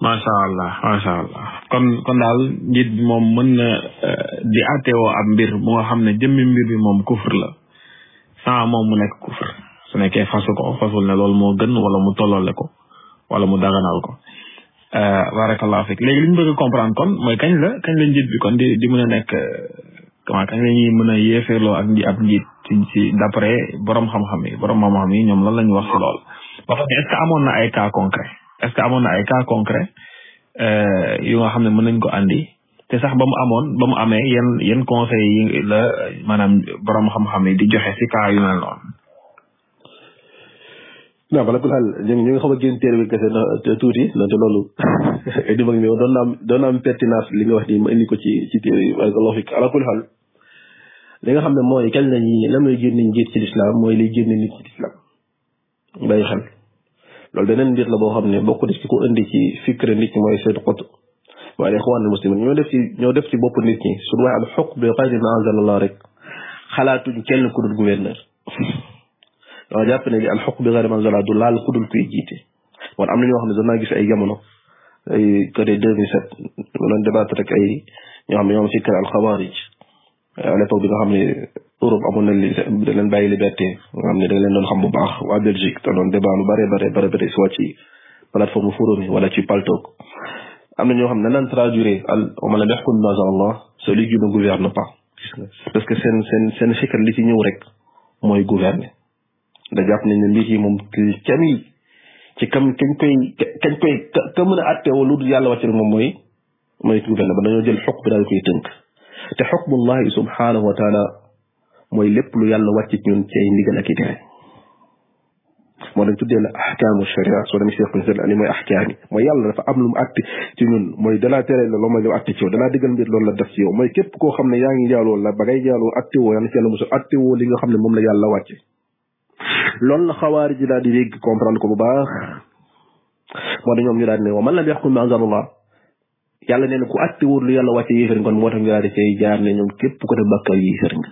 Speaker 1: allah macha allah kon kon daal njiit bi moom mën na eh, di àtteewoo ab mbir bu nga xam ne jëmmi mbir bi moom kufur la sans moom mu nekk kufur su nekkee fasu ko fasul ne loolu moo gën wala mu tolloole ko wala mu daganal ko. Eh, barakallahu fik léegi li ñu bëgg comprendre kon mooy kañ la kañ la njiit kon di mën a nekk eh, comment kañ la ñuy mën a yeefeeloo ak nji ab njiit. ci ci d'après borom xam-xam yi borom xam-xam yi ñoom lan la ñu wax si lool. ba xam que amoon na ay cas concret est que amoon na ay cas concret euh, yu nga xam ne mën nañ ko andi te sax ba mu amoon ba mu amee yan yan conseils yi la maanaam borom xam-xam yi di joxe si cas yu mel noonu.
Speaker 2: non bala ku xal ñu a génn tuuti donte loolu di mag ñëw doon doon na li nga wax nii ma indi ko ci ci xal li nga xam ne mooy kañ lañuy lan mooy génne njiit ci lislaam mooy liy génne nit ci lislaam loolu beneen mbir la boo xam ne bokk na ci ko indi ci fikre nit ñi mooy seen xot waaye ne ixwaanul muslimin ñoo def def ci bopp nit ñi suñu waxee al xoq bi xayri ma kenn ku dul gouverneur dama jàpp ne li bi ma anzalallah laal ku am na ñoo xam ne danaa gis ay jamono ay côté 2007 mu doon débattre rek ñoo xam ne ñoom fikre al xawaarij Euh, à l'époque bi nga xam ne Europe amoon na li da leen bàyyi liberté nga xam ne da leen doon xam bu baax waa Belgique te doon débat lu bare bare bare bare soit ci plateforme forum yi wala ci paltook am na ñoo xam ne nan traduire al ma la yaxkum nas Allah celui qui ne gouverne pas parce que seen seen seen fikir li ci ñëw rek mooy gouverner da jàpp nañ ne mbir yi moom kami ci kam kañ koy kañ koy ka mën a àtteewoo lu dul yàlla wàcc rek moom mooy mooy gouverner ba dañoo jël xoq bi daal koy tënk te xukmullahi subhaanahu wa taala mooy lépp lu yàlla wàcc ci ñun ci ay ndigal ak i tere moo dañ tuddee la ahkaamu sharia soo demee Cheikh Moussa Ali mooy ahkaam yi mooy yàlla dafa am lu mu àtte ci ñun mooy dalaa tere la loo ma ñëw àtte ci yow dalaa digal mbir loolu la def ci yow mooy képp koo xam ne yaa ngi jaaloo la ba ngay jaaloo àtte woo yàlla ci yàlla mosul àtte woo li nga xam ne moom la yàlla wàcce loolu la xawaari ji daal di dégg comprendre ko bu baax moo da ñoom ñu daal ne wa man lam yaxkum ma anzalallah yàlla nee na ku àtte wóor lu yàlla wàcce yéefar nga kon moo tax ñu daal di say jaar ne képp ko def bàkkaar yéefar nga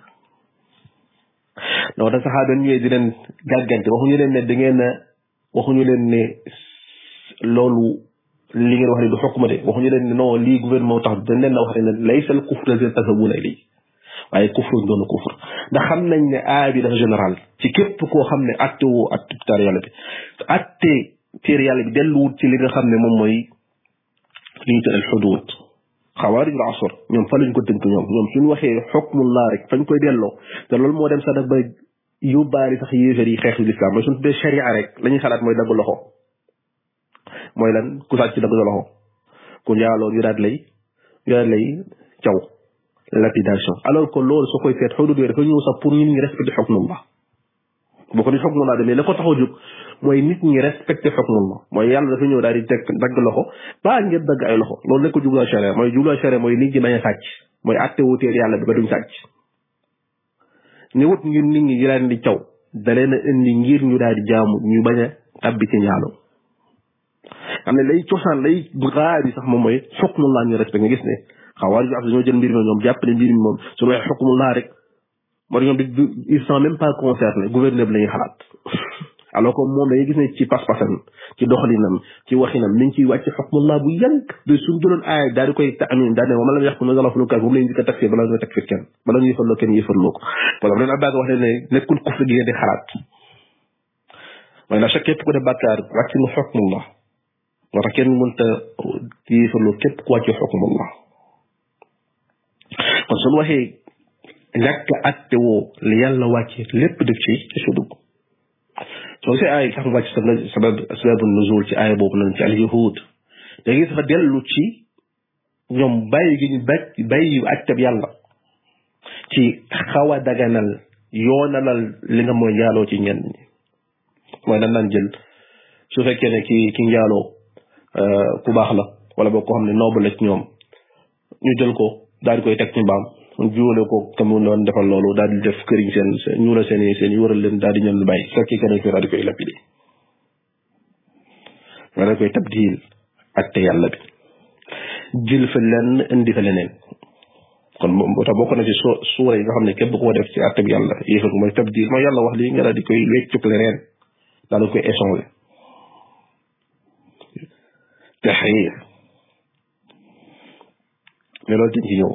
Speaker 2: noo tax saxaaba ñëwee di waxuñu leen ne da ngeen waxuñu leen ne loolu li ngeen wax ne du xukma de waxuñu leen ne non li gouvernement tax dañ leen a wax ne laysal kufru lazina tasawwuna ilayhi waaye kufru ñu doon ndax xam nañ ne aaya bi dafa général ci képp koo xam ne atte woo atte téere yàlla bi atte téere yàlla bi delluwut ci li nga xam ne moom mooy li ñu tuddee xuduut xawaarij asr ñoom fa lañ ko tënk ñoom ñoom suñ waxee xukmu laa rek fañ koy delloo te loolu moo dem sax daf ba yóbbaale sax yéefar yi xeexu lislaam mooy suñ tuddee sharia rek la ñuy xalaat mooy dagg loxo mooy lan ku sàcc dagg sa loxo ku njaaloo ñu daal lay ñu daal lay caw lapidation alors que loolu soo koy seet xuduut yooyu dafa ñëw sax pour ñun ñu respecté xukmu la boo ko ni xukmu laa demee la ko tax a mooy nit ñi respecté xukmullah mooy yàlla dafa ñëw daal di teg dagg loxo ba ngir dagg ay loxo loolu nekk jubla sharia mooy jubla sharia mooy nit ñi bañ a sàcc mooy atte wuteer yàlla bi ba duñ sàcc ni wut ngir ñu di caw da leen a ngir ñu daal di jaamu ñu baña a tabbi ci njaaloo xam ne lay cosaan lay raa bi sax moom mooy xukmullah ñu respecté nga gis ne xawaar bi ak dañoo jël mbir mi ñoom jàpp ne mbir mi moom suñu waxee xukmullah rek mooy ñoom ils sont même pas concernés gouverneur bi lañuy ñuy xalaat alors que moom la dañuy gis ne ci pas-pasam ci doxalinam ci waxinam mi ngi ciy wàcc xukmullah bu yàgg de suñ jëloon aaya daal di koy taamim daal ne wa man lam yaxkum nazala moom lañu njëkk a takfir bala ñoo takfir kenn bala ñu yëfarloo kenn yëfarloo ko wax ne ne nekkul kufr gi ngeen di xalaat mooy chaque képp ku def bàkkaar wàcc nga xukmullah moo tax kenn mënta yëfarloo képp ku wàcc xukmullah kon suñu waxee ñàkk atte woo li yàlla wàcce lépp soo see aay tax mu wàcc sabab sababu nuzul ci aay boobu noonu ci al yahud léegi dafa dellu ci ñoom bàyyi gi ñu bàyyi bàyyi àttab yàlla ci xaw a daganal yoonalal li nga mooy njaaloo ci ñenn ñi mooy dañ naan jël su fekkee ne ki ki njaaloo euh, ku baax la wala boo ko ne noobu ñoom ñu jël ko daal koy teg ci mbaam jiwale ko te mu doon defal loolu daal di def këriñ seen ñu la seen yi waral leen daal di ñëw di bàyyi fekk keneen fi daal di koy lapide nga da koy tabdiil ak te yàlla bi nga xam ne képp koo def ci àtte bi yàlla yéefar mooy tabdiil mooy yàlla wax lii nga daal di koy wéccuk leneen daal di koy échanger taxriir mais loolu dañ ci ñëw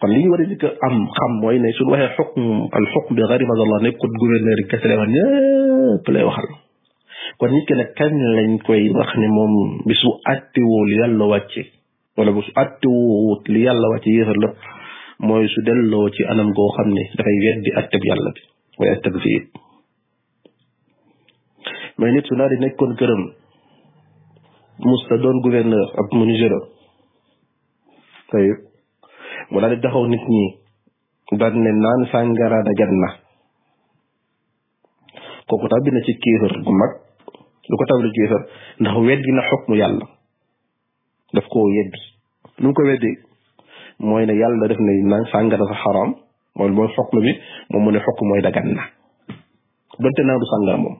Speaker 2: kon li ñu war a am xam mooy ne suñu waxee xukm al xukm bi gari mazallah nekkut gouverneur yi kese lay wax ñëpp lay waxal kon nit ki kañ lañ koy wax ni moom bi su àttewoo li yàlla wàcce wala bu su àttewoo li yàlla wàcce yéefar la mooy su delloo ci anam goo xam ne dafay weddi atteb yàlla bi mooy atteb fii mais nit su naa di nekkoon këram musta doon gouverneur ab menuisier la mu daal di taxaw nit ñi daal ne naan sàngara dagan na kooku tàbbi na ci kéefër gu mag lu ko tàbbi ci kéefër ndax weddi na xukmu yàlla daf koo weddi lu mu ko weddi mooy ne yàlla def na naan ne xukm mooy dagan na donte naa du moom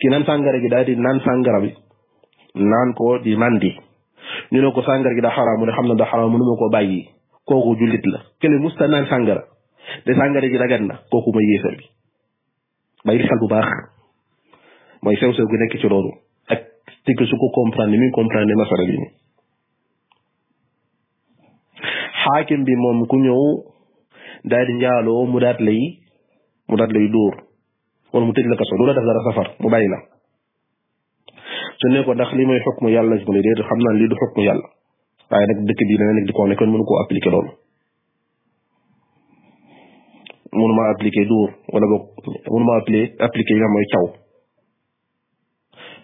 Speaker 2: ki naan sàngara gi daal naan sàngara bi naan ko di ñu ne ko sàngara gi daa xaraam mu ne xam na daa xaraam mënu ma koo bàyyi kooku jullit la kële musta naan sàngara te sàngara gi dagan na kooku mooy yéefar bi bàyyi bu baax mooy sew-sew gi nekk ci loolu ak te su ko comprendre ni muy comprendre masara bi nii xaakim bi moom ku ñëw daal di njaaloo mu daat lay mu daat lay dóor wala mu tëj la kaso a la def dara safar mu bàyyi la su ne ko ndax li mooy xukmu yàlla mu ne déet xam naa lii du xukmu yàlla waaye nag dëkk bii dana nekk di ko ne kon mënu koo appliquer loolu mënuma appliquer duur wala boog mënuma appliquer appliquer yi nga xam mooy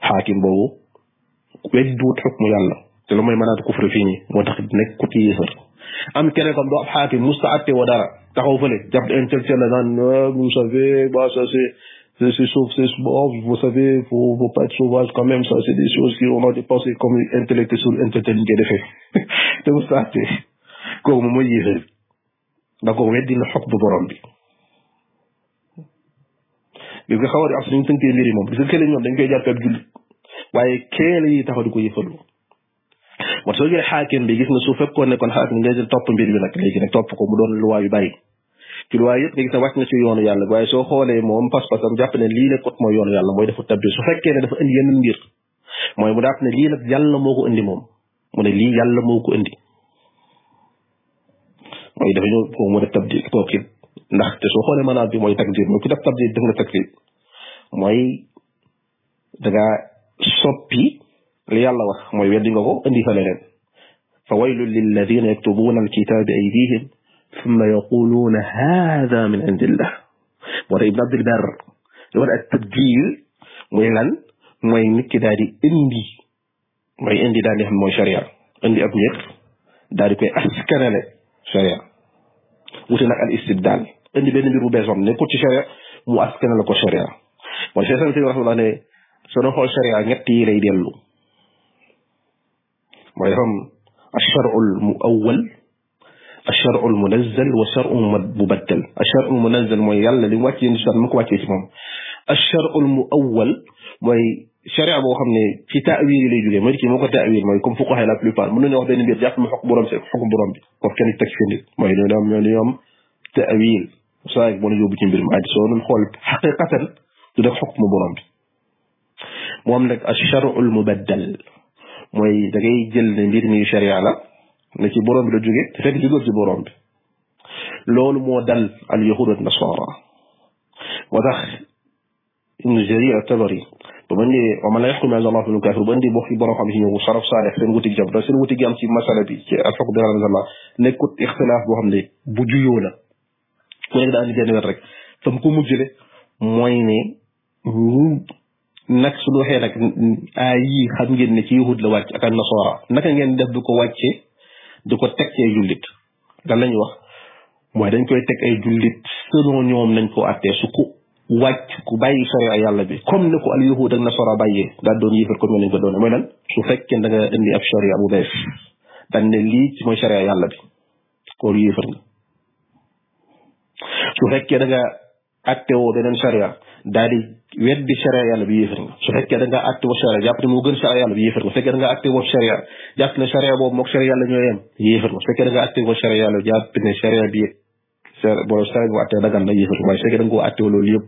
Speaker 2: xaakim boobu wet duut xukmu yàlla te lu mooy mënaat moo tax nekk ku ci am keneen comme doo ab xaakim musta atte woo dara taxaw fële jàpp intellectuel la naan ah, vous savez ba ça c'est sauf, c'est bon, vous savez, faut, faut pas être sauvage quand même, ça, c'est des choses qu'on a dépensé comme intellectuel sur intellectuel de fait. te mu saate kooku moom mooy yéeféer bi ko weddi na bu borom bi bi nga xawaar yi ak suñu mbiri moom gis nga kële ñoom dañ koy jàppee ab jullit waaye keele yi taxaw di ko yëfaloo wat soo jëlee xaakim bi gis nga su fekkoon ne kon xaakim ngay jël topp mbir bi nag léegi nag topp ko mu doon luwaa yu bàyyi ci luwaay yëpp nga na ci yoonu yàlla waaye soo xoolee moom pas-pasam jàpp ne lii nag kot mooy yoonu yàlla mooy dafa tabbi su fekkee ne dafa indi yenn mbir mooy mu daat ne lii nag yàlla moo ko indi moom mu ne lii yàlla moo ko indi mooy dafa ñëw foofu mu def tabdi tawxid ndax te soo xoolee maanaam bi mooy takdir mooy ku def tabdi def nga takdir mooy dangaa soppi li yàlla wax mooy weddi nga ko indi fa leneen fa waylun lilladina yaktubuuna alkitaaba bi aydihim ثم يقولون هذا من عند الله moo tax Ibn Abdul Barr li war ak tabdil mooy lan mooy nit ki daal di indi mooy indi daal di xam mooy charia indi ab daal koy askanale charia wute nag al istibdal indi benn mbir bu bees moom nekkul ci charia mu askanale ko charia mooy Cheikh Sane Sëñ Raxmatullah ne soo doon xool charia ñett yi lay dellu mooy xam al charu al muawwal ash-shar'u al-munazzal wa shar'u mubaddal ash-shar'u al-munazzal mooy yàlla li mu wàcc yéen shar'u ma ko wàccee ci moom ash-shar'u al-mu'awwal mooy sharia boo xam ne ci ta'wil yi lay jógee mooy kii moo ko ta'wil mooy comme fuqaha la plupart mën nañu wax benn mbir jàpp ma xokk borom si xokk borom bi kooku kenn teg fi nit mooy ñoo ñoom ñoo ñoom ta'wil saa yi mën a yóbbu ci mbir mi aj soo doon xool xaqiqatan du def xokk mu borom bi moom nag ash-shar'u al-mubaddal mooy da ngay jël ne mbir mi sharia la ne ci borom la jóge te loolu moo dal al yahud ak nasara moo tax ibnu jarir tabari ba ma ñëwee wa man la yaxkum inda ba indi bokk ci borom xam si ñëw saraf saaleh seen wuti jam bi ci alfaq nekkut ixtilaaf boo xam ne bu la ku nekk daa indi benn rek fa mu ko mujjale mooy ne ñu nag su waxee nag aay yii xam ngeen ne ci yahud la wàcc ak al naka ngeen def bi ko wàccee di ko teg ci ay jullit lan lañu wax mooy dañ koy teg ay jullit selon noom nañ ko attee su ku wàcc ku bàyyi sore ay yàlla bi comme ne ko al yahud ak nasara bàyyee daal doon yéefar comme lañ ko doone mooy lan su fekkee da nga indi ab sharia bu bees dañ ne lii ci mooy sharia yàlla bi kooru yéefar nga su fekkee da nga daal di weddi sharia yàlla bi yéefar nga su fekkee da nga àtte woon sharia jàpp ne moo gën sharia yàlla bi yéefar nga su fekkee da nga àtte woon sharia jàpp ne sharia boobu moog sharia yàlla ñoo yem yéefar nga su fekkee da nga àtte woon sharia yàlla jàpp ne sharia bi boo sharia bu àttee dagan la yéefar waaye su fekkee da nga koo àtte loolu yëpp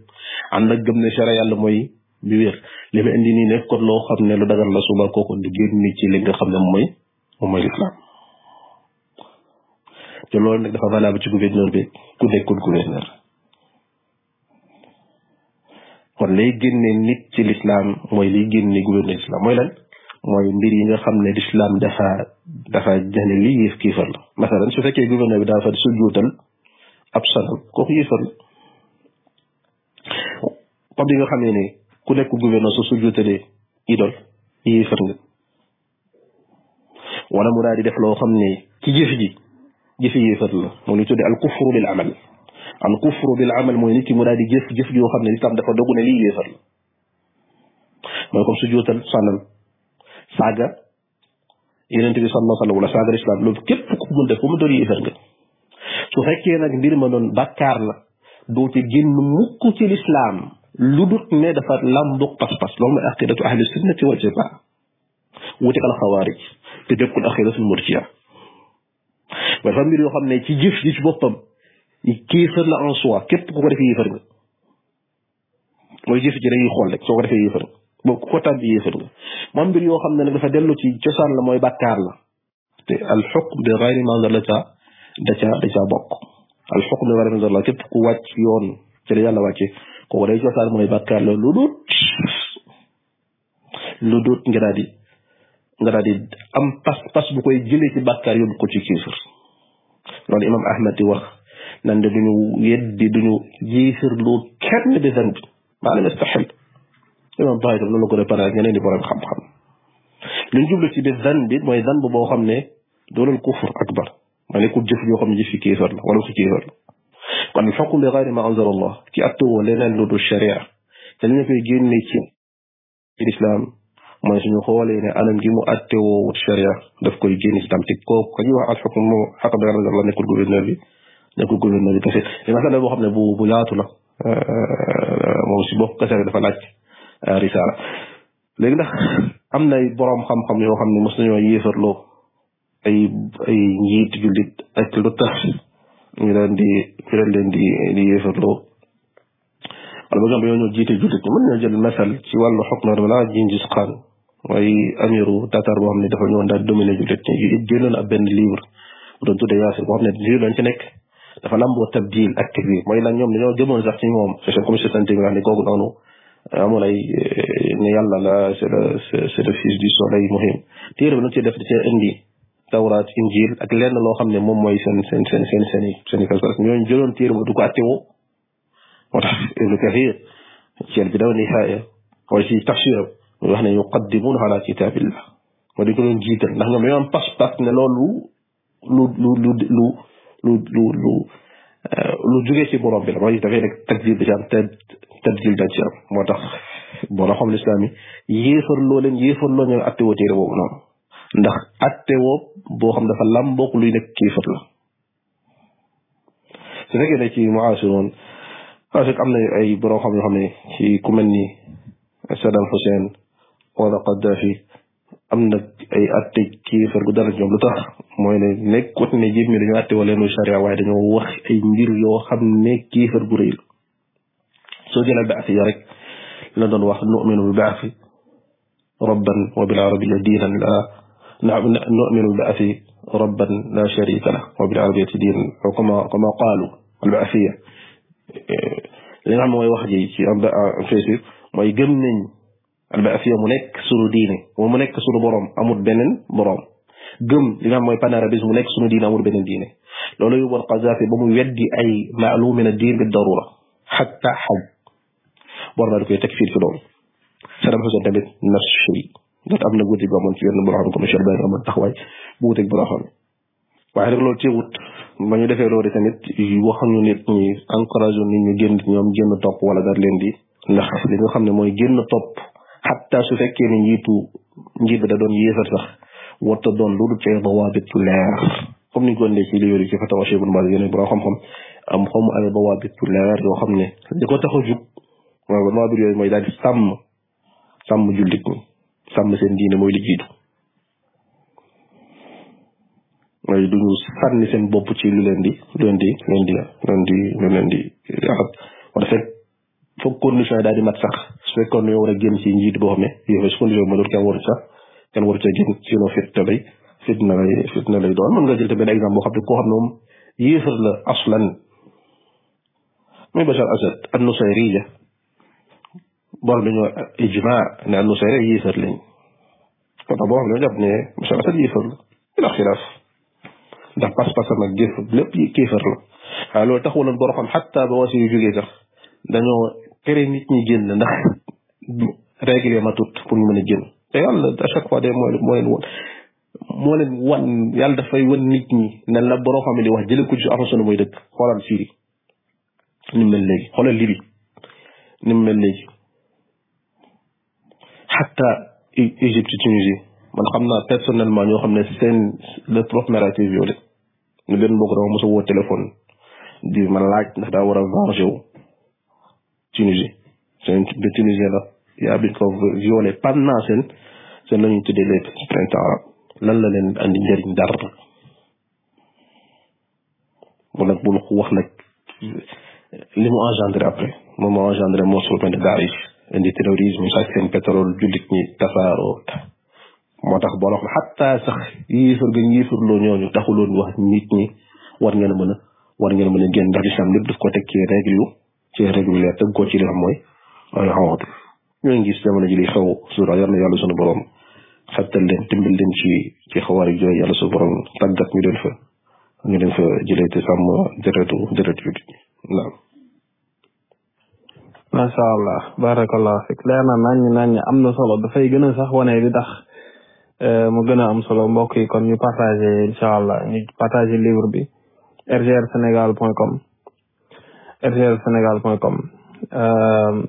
Speaker 2: ànd ak gëm ne sharia yàlla mooy bi wér li ma indi nii nekk kon loo xam ne lu dagan la suba kooku du génn ci li nga xam ne mooy moom mooy lislaam te loolu nag dafa valable ci gouverneur bi ku nekkul gouverneur kon lay génne nit ci lislaam mooy liy génne gouverneur lislaam mooy lan mooy mbir yi nga xam ne lislaam dafa dafa jane lii yëf kiifar la masalan su fekkee gouverneur bi daa fa su juutal ab sanam kooku yëfar yi xam ku nekk gouverneur su su idol yëfar nga wala mu def loo xam ne ci jëf ji jëfi yëfar la mu ngi tuddee al kufru amal al kufru bil amal mooy nit ki mu daal di jëf jëf joo xam ne lislaam dafa dogu ne lii yéefar la mooy comme sujjóotal sànnal saaga yonent bi sallallahu alayhi wa sallam wala saaga lislaam loolu képp ku mun def ba mu doon yéefar nga su fekkee nag mbir ma doon bàkkaar la doo ci génn mukk ci lislaam lu dut ne dafa làmbuk pas-pas loolu mooy aqidatu ahli sunnati wal jamaa al xawaarij te dëkkul aqidatul murjiya dafa mbir yoo xam ne ci jëf ji ci boppam kéefër la en soi képp ku ko defee yéefër nga mooy jëf ji dañuy xool rek soo ko defee yéefër nga boobu ko tàbbi yéefër nga moom mbir yoo xam ne nag dafa dellu ci cosaan la mooy bàkkaar la te al xukm bi gayri manzar la bokk al xukm bi gayri manzar la képp ku wàcc yoon ci yàlla wàcce kooku day cosaan mooy bàkkaar la lu dut lu dut nga daal di nga daal am pas bu koy jëlee ci bàkkaar yóbbu ko ci kiifir loolu imam ahmad di wax nan da duñu yeddi duñu jiifirloo kenn bi zan bi maanaam istaxil imam Baay loolu la ko réparé ñeneen di borom xam-xam luñ ci bi zan bi mooy zan bu boo xam ne doolal kufur akbar ma nekkul jëf yoo xam ne jëf yi kéefar la wala su kéefar la kon al xukm bi gayri ma anzala Allah ci attewoo leneen lu dul sharia te li ñu koy génne ci lislaam mooy suñu xoolee ne anam gi mu attewoo sharia daf koy génne tam te kooku ka ñuy wax al xukm mu xaq bi nekkul gouverneur nekkul gouverneur bi kese li nga xam ne boo xam ne bu bu yaatu la euh, euh, moom dafa laaj euh, risaala léegi ndax am na ay boroom xam-xam yoo xam ne mos nañoo yéefarloo ay ay njiit jullit ak lu tax ñu leen di ñu leen leen di di yéefarloo wala ba nga xam ne ñoo jiite jullit ñu mën nañoo jël masal ci wàllu xukm wala Gengis Khan bo amiru xam ne dafa ñëwoon daal dominer jullit ñu génnoon benn livre bu doon tuddee Yaasir boo xam ne jullit lañ ci nekk dafa lamboo tabdil ak takdir mooy lan ñoom a jëmoon sax ci moom c'est comme ne kooku noonu euh, amoon ay euh, ne yàlla la c'est le c'est le fils muhim téere bi nu ci def di cee indi tawraat injil ak lenn loo xam ne moom mooy seen sen seen seen seen i seen i kas ñooñu jëloon téere ko attewoo moo tax ibnu kathir ci al bidaw nihaaya wala ci tafsiram muy wax ne yuqaddimuuna ñoom dañoo ne loolu lu lu lu lu lu lu jugee ci borom bi la mooy dafay nekk tabdil da ci moo tax boona xam lislaam yi yéefar loo leen yéefar loo ñoo atte woo téere boobu ndax atte woo boo xam dafa làmbook luy nekk kéefar la su fekkee ne ci muasiroon asek am na ay borom xam yoo xam ne ci ku mel ni Saddam Hussein wala Qaddafi am na ay atte kéefar gu dara ñoom lu tax mooy ne nekkut ne jiif ñi dañoo àttewoo leenu charia waaye dañoo wax ay mbir xam ne kéefar bu rëy la soo jëlee baasi ya rek doon wax numinu bi baasi rabban wa bil arabia diinan la na numinu bi baasi rabban la sharika la wa o kama kama qaalu al baasiya li mooy wax ji ci am fesi mooy gëm nañ al baasiya mu nekk sunu diine wa mu nekk sunu boroom amut beneen boroom gëm li mooy panarabisme bu nekk suñu diine amul beneen diine loolu yóbboon Qazafi ba mu weddi ay maalumina ne bi darura xatta xaj bor naa di koy takfiir ci loolu Saddam Hussein tamit nas yi ndax am na guddi gu amoon ci yenn boo xam ne monsieur Baye amoon taxawaay bu wuteeg boo xam waaye rek loolu teewut ba ñu defee loolu tamit waxuñu nit ñi encouragé nit ñu génn ñoom génn topp wala daal leen di ndax li nga xam ne mooy génn topp xatta su fekkee ne njiitu njiit bi da doon yéefar sax warta doon lu dul ci ay dawaabit leer comme ni ñu ko indee ci li yori ci fatawa Cheikh Ibn Baz yeneen borom xam-xam am xam ay dawaabit leer yoo xam ne li ko tax a jug mooy ba dawaabit mooy daal di sàmm sàmm jullit ñi sàmm seen diine mooy li jiitu mooy du ñu sànni seen lu leen di lu leen di lu leen di lu leen di axat wala fekk foog condition yi daal di mat sax su fekkoon yow war a génn ci njiit boo xam ne su condition bi ma doon kenn waru sax kenn waru ca génn sinon fitna lay fitna lay fitna lay doon mën nga jël tamit exemple boo xam ne koo xam ne moom yéefar la aslan muy Bashar Asad an-Nusayriya borom dañoo ijma ne tax boo xam ne jàpp ne Bashar Asad yéefar la ila ndax pas-pasam ak jëf lépp yi kéefar la waaye loolu taxul woon boo xam xataa ba waa si sax dañoo tere nit ñi génn ndax règle matut pour ñu mën a génn te yàlla à chaque fois day mooy moo leen woon moo leen wan yàlla dafay wan nit ñi ne la xam ne di wax jëlee ko ci Arsenal mooy dëkk xoolal Syrie ni mu mel léegi xoolal mel léegi xatta Égypte Tunisie man xam naa personnellement ñoo xam ne seen le prof narrative violé ñu benn mbokk dama mos a woo téléphone di laaj ndax daa war venger wu Tunisie seen de yaa biñ ko violé pendant seen seen la ñuy tuddee les printemps arabes lan leen andi njëriñ dara mu nag bul wax nag li mu engendré après moom moo engendré moo surpent de Daesh indi terrorisme sax pétrole jullit ñi tasaaroo moo tax boo wax xataa sax yéefar gañ yéefarloo ñooñu taxuloon wax nit ñi war ngeen a mën a war ngeen a mën a génn ndax lislaam lépp daf ko teg ci règle yu ci règle teg ko ci li xam mooy ay xawatu ñoo ngi gis jamono ji li xew suura yal na yàlla sunu borom xettal leen dimbal leen ci ci xawaar yi yooyu yàlla sunu borom ñu leen fa ñu leen fa jëlee te sàmm dërëtu dërët yu naam.
Speaker 1: macha allah barakallah fik leer na naññ naññ am na solo dafay gën a sax wane li tax euh, mu gën a am solo mbokk yi kon ñu partagé incha allah ñu partagé livre bi rgrsenegal point com rgrsenegal point com. Euh,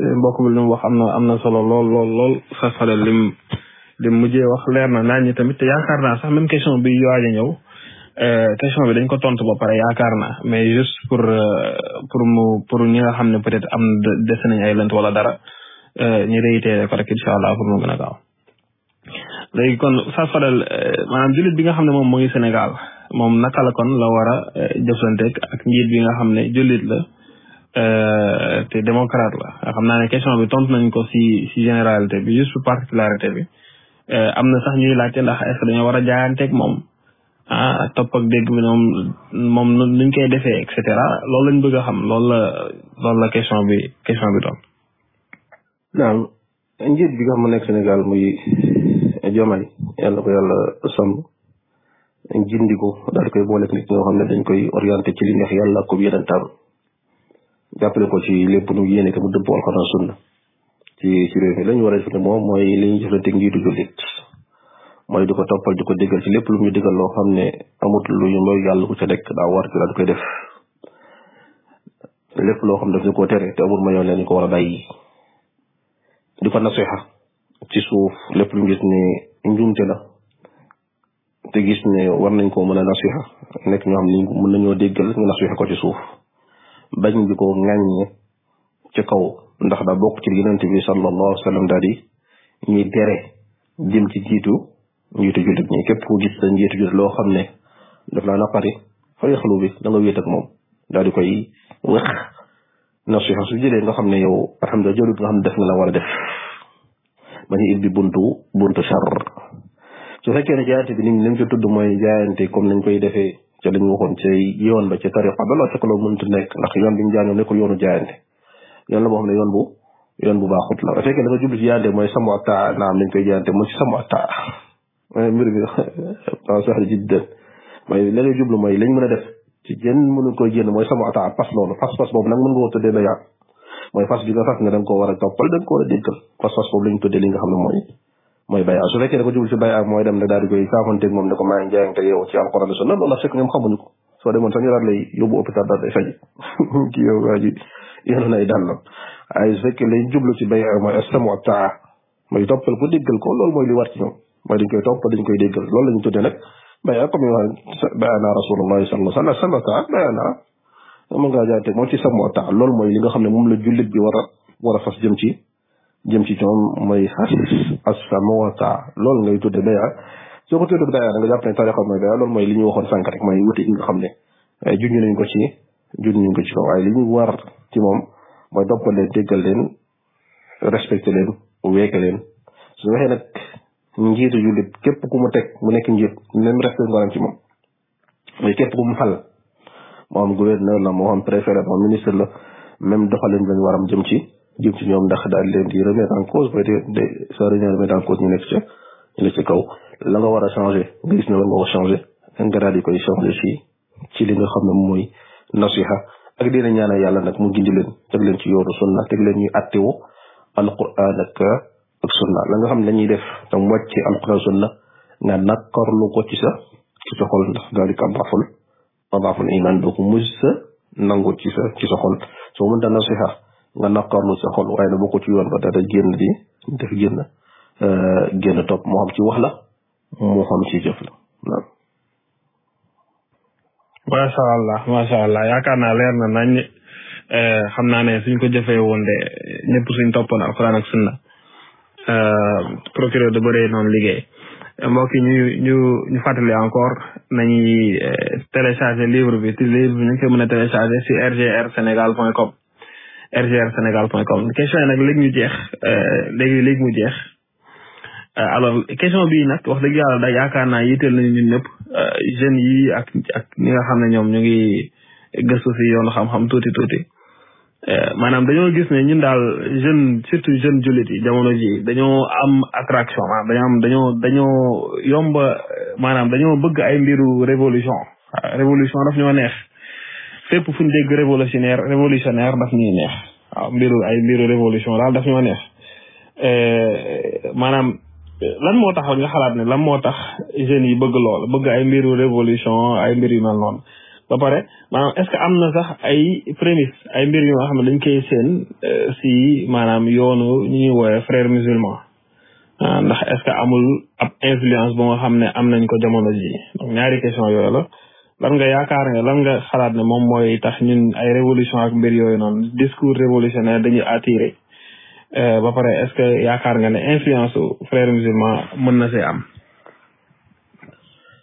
Speaker 1: te mbokk bi li mu wax am na am na solo lool lool lool sa sale lim lim mujjee wax leer na naa ñi tamit te yaakaar naa sax même question bi waaj a ñëw euh, question bi dañ ko tontu ba pare yaakaar na mais juste pour euh, pour mu pour ñi nga xam ne peut-être am des nañ ay lënt wala dara euh, ñu réitéré ko rek incha allah pour mu gën a gaaw léegi kon sa maanaam jullit bi nga xam ne moom moo Sénégal moom naka la kon la war a jëflanteeg ak njiit bi nga xam ne jullit la Euh, te démocrate la xam naa ne question bi tontu nañ ko si si généralité bi juste particularité bi euh, am na sax ñuy laajte ndax est-ce que dañoo war a jaayanteeg moom ah topp ak dégg bi moom moom nuñ koy defee et lool lañ bëgg xam lool la loolu la question bi question bi doon.
Speaker 2: naam njiit bi nga xam mu nekk Sénégal muy Diomaye yàlla ko yàlla sàmm jindi ko daal koy booleeg nit ñoo xam ne dañ koy orienté ci li neex yàlla ko yéenantaam jàppale ko ci lépp lu yéene te mu dëppoo alxuraan sunna ci war a def ne moom mooy li ñuy jëflante njiitu mooy di toppal di ko déggal ci lépp lu ñu déggal loo xam ne amut lu ñu mooy yàlla ko ca nekk daa war ci daal koy def lépp loo xam ne daf koo tere te amul ma leen ñu ko war a bàyyi di ko nasiha ci suuf lépp lu gis ne njuumte la te gis ne war nañ koo mën a nasiha nekk ñoo xam ne ñoo nañoo déggal ñu nasiha ko ci suuf bañ di ko ŋàññe ci kaw ndax da bokk ci yonente bi sallallahu alayhi wa sallam daal di ñuy dere jëm ci jiitu njiitu jullit ñi loo xam ne daf laa naqari fay xalu bi da nga moom daal di koy wax a su jëlee nga xam ne yow alhamdulilah jëlut nga xam def nga la war a def bañu ibbi buntu buntu char su fekkee ne jaayante bi nit ñi lañ ko tudd mooy jaayante comme nañ koy defee ca li ñu waxoon ca yoon ba ca tariqa loo tekaloo nekk ndax yoon bi ñu jaañoo nekkul jaayante yoon la boo xam ne yoon bu yoon bu baaxut la bu fekkee dafa jaayante mooy samu ak taa naam dañ koy jaayante mooy ci samu taa mooy mbir bi a soxla ci dën mooy la ñuy lañ mën a def ci jën mënuñ koy jënd mooy samu ak taa pas loolu pas pas boobu nag mën nga ko tuddee mooy fas bi fas ne da nga ko war a toppal da nga ko war a déggal fas fas boobu lañ tuddee li nga xam ne mooy mooy bay a su fekkee da ko jublu ci bay a mooy dem ne daal di koy saafanteeg moom ne ko maa ngi jaayante yow ci alxuraan sunna loolu la xamuñu ko soo demoon sax ñu daal lay yóbbu hôpital daal lay faj kii a mooy astamu taa mooy toppal ko déggal ko loolu mooy li war ci ñoom mooy dañ koy topp dañ koy déggal loolu la ñu tuddee nag bay a comme wax bay ana rasulullahi sallallahu alayhi wasallam sama taa bay ana mën moom ci samu ak taa loolu mooy li nga xam ne moom la jullit bi war a war a fas jëm ci jëm ci ñoom mooy xas as-samawata loolu ngay tudde baya soo ko tudde baya da nga jàpp ne tariqa mooy li ñu waxoon sànq rek mooy wute gi xam ne eh, junj nañ ko ci junj ñu ko ci kaw waaye li ñu war ci moom mooy doppal leen déggal leen respecté leen weeke leen su waxee nag njiitu jullit képp ku mu teg mu nekk njiit même respect nga am ci moom mooy képp ku mu fal moo am la moo am préfet la moo ministre la même doxalin lañ waram jëm ci jëm ci ñoom ndax daal leen di en cause ba de de soo remettre en cause ñu nekk ca ñu kaw la nga war a changer nga gis ne war nga ko changer nga daal di koy changer li nga xam ne mooy nasiha ak dina ñaanal yàlla nag mu gindi leen teg leen ci yoonu sunna teg leen ñuy attewoo alquran ak ak sunna la nga xam ne dañuy def tam wàcc alquran sunna nga naqarlu ko ci sa ci sa xol ndax daal di ko daaful daaful iman doo ko sa nangu ci sa ci sa xol soo mënta nasiha nga naqarlu sa xol waaye ne boo ko ci yoon ba dara génn di def génn euh, génn topp moo xam ci wax la moo xam ci jëf la
Speaker 1: waaw. allah macha allah yaakaar naa leer na nañ euh, xam naa ne suñ ko jëfee woon de ñëpp suñ toppoon alxuraan ak na euh, procureur de bëree noonu liggéey mbokk yi ñu ñu ñu fàttali encore nañuy télécharger livre bi te livre bi ñu ngi mën a télécharger si rgrsenegal point com rgrsenegal.com question yi nag léegi ñu jeex euh, léegi léegi mu jeex euh, alors question bii nag wax dëgg yàlla da yaakaar naa yitteel nañu ñun ñëpp euh, jeunes yi ak ak ñi nga xam ne ñoom ñu ngi gëstu si yoonu xam-xam tuuti tuuti maanaam dañoo gis ne ñun daal jeune surtout jeune jullit yi jamono ji dañoo am attraction maanaam dañoo am dañoo dañoo yomba maanaam dañoo bëgg ay mbiru révolution révolution daf ñoo neex fépp fu ñu dégg révolutionnaire révolutionnaire daf ñuy neex waaw mbiru ay mbiru révolution daal daf ñoo neex euh, maanaam lan moo tax nga xalaat ne lan moo tax jeunes yi bëgg lool bëgg ay mbiru révolution ay mbir yu mel noonu ba pare maanaam est-ce que am na sax ay prémisse ay mbir yu nga xam ne dañ koy seen euh, si maanaam yoonu ñu ñuy woowee frère musulman ah, ndax est-ce que amul ab influence ba nga xam ne am nañ ko jamono ji donc ñaari question yooyu la lan nga yaakaar ne lan nga xalaat ne moom mooy tax ñun ay révolution ak mbir yooyu noonu discours révolutionnaire dañuy attiré euh, ba pare est-ce que yaakaar nga ne influence frère musulman mën na see am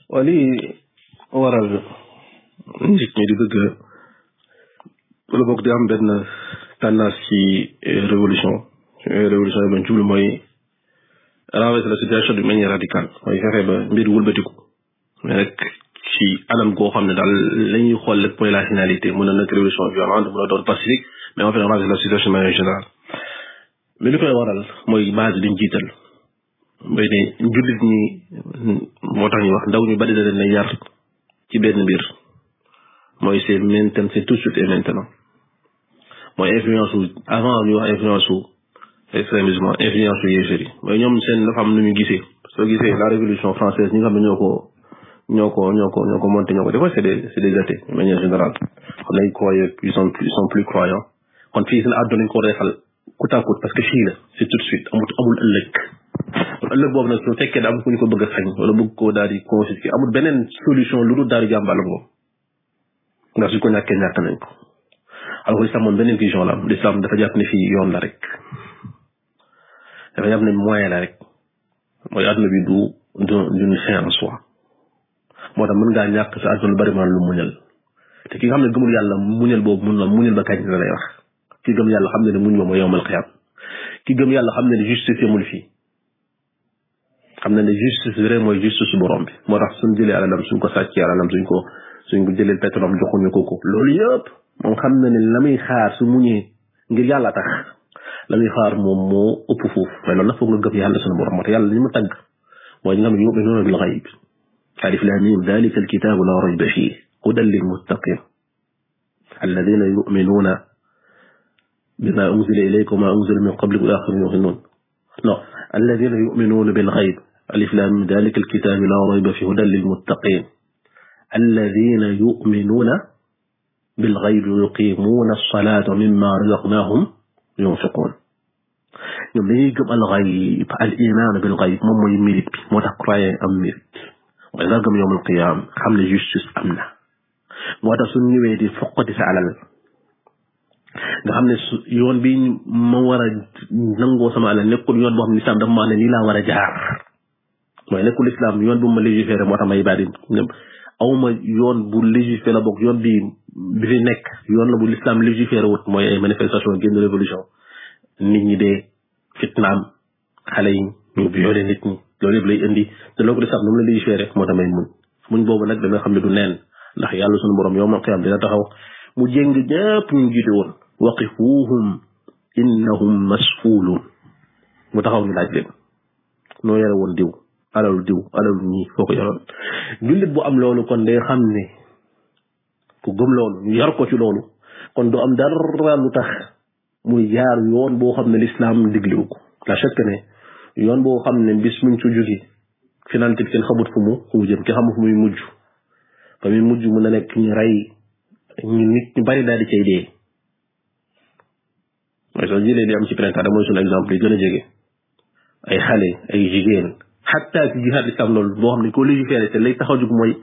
Speaker 1: waa lii waral nit
Speaker 2: ñi di bëgg boog di am benn tendance ci euh, révolution euh, révolution yi mooy renverser la situation d'une manière radicale mooy fexe ba mbir wëlbatiku mais rek ci anam goo xam ne daal la ñuy xool rek mooy la finalité mën na nekk révolution violente mën na doon pacifique mais en fait ravir li koy waral mooy base bi ñu jiital mooy ne jullit ñi moo tax ñuy wax ndaw ñu bari da leen yar ci benn mbir mooy c'est maintenant c'est tout de suite et maintenant mooy influence wu avant ñu wax influence wu extrémisme influence wu yéeféer yi mooy ñoom seen dafa nu ñu gisee soo gisee la révolution française ñi nga xam ne ñoo ko ñoo ko ñoo ko ñoo ko monté ñoo ko defal c'est des c'est des athées de manière générale xam nañ croyants ils sont plus ils sont plus croyants kon fii seen àdduna ñu ko reefal coûte à coûte parce que fii la c'est tout de suite amul amul ëllëg ëllëg boobu nag su fekkee da am ko bëgg a wala bëgg koo daal di confisquer amul beneen solution lu dul daal di jàmbaale moom ndax suñ ko ñàkkee ñàkk nañ ko alors l'islam moom beneen vision la am l'islam dafa jàpp ne fii yoon la rek dafa jàpp ne moyen la rek mooy àdduna bi du du d'une fin moo tax mën ngaa ñàkk sa àdduna lu bari ki nga xam ne gëmul yàlla muñal boobu mun na muñal ba kañ la yàlla xam ne ne muñ moom mooy yowmal xiyaam ki gëm yàlla xam ne ne justice yamul fii xam ne ne justice vrai mooy justice borom bi moo tax suñ jëlee alalam suñ ko sàccee alalam suñ ko suñ ko jëlee pétrole joxuñu ko ko loolu yëpp moom xam na ne la muy xaar su muñee ngir yàlla tax la muy xaar moom moo ëpp foofu mais loolu nag foog nga gëm yàlla suñu borom moo tax yàlla li mu tagg mooy ñi xam ne yu'minuuna bil gayb ألف لاميم ذلك الكتاب لا ريب فيه هدى للمتقين الذين يؤمنون بما أنزل إليك وما أنزل من قبلك والآخر يؤمنون لا الذين يؤمنون بالغيب ألف لام ذلك الكتاب لا ريب فيه هدى للمتقين الذين يؤمنون بالغيب ويقيمون الصلاة مما رزقناهم ينفقون ñoom dañuy gëm al gayb al iman bil gayb moom mooy mérite bi moo tax croyant am mérite mooy nga gëm yowmal qiyaam xam ne justice am na moo tax suñ ñëwee di foqati sa alal nga xam ne yoon bi ma wara a nangoo sama alal nekkul yoon boo xam war jaar mooy nekkul lislaam yoon bu ma légiféré moo tax may baat yi yoon bu légiféré la bokk yoon bi bi yoon la bu lislaam légiféré wut mooy ay manifestation génn révolution nit ñi dee fitnaam xale yi ñu violé nit ñi loolu yëpp lay indi te loo ko la légiféré moo tamay muñ muñ boobu nag danga xam ne ndax yàlla suñu borom yow ma xiyaam dina taxaw mu jéng ñëpp ñu jiite woon waqifuhum innahum taxaw ñu laaj leen noo yore woon diw alalu bu am loolu kon la xam ne ku gëm loolu ci loolu kon am dara lu tax muy jaar yoon boo xam ne lislaam digliwu ko la chaque ne yoon boo xam ne bis muñ ci jógee finalité bi kenn xamut fu mu fu mu jëm ki fu muy mujj fa muy mujj mën a nekk ñu rey ñu nit ñu bari daal di cay dee mooy soo am ci printemps mooy suñu exemple yi gën a jege ay xale ay jigéen xatta ci jihaad islam boo xam ne ko légiféré te lay tax a jug mooy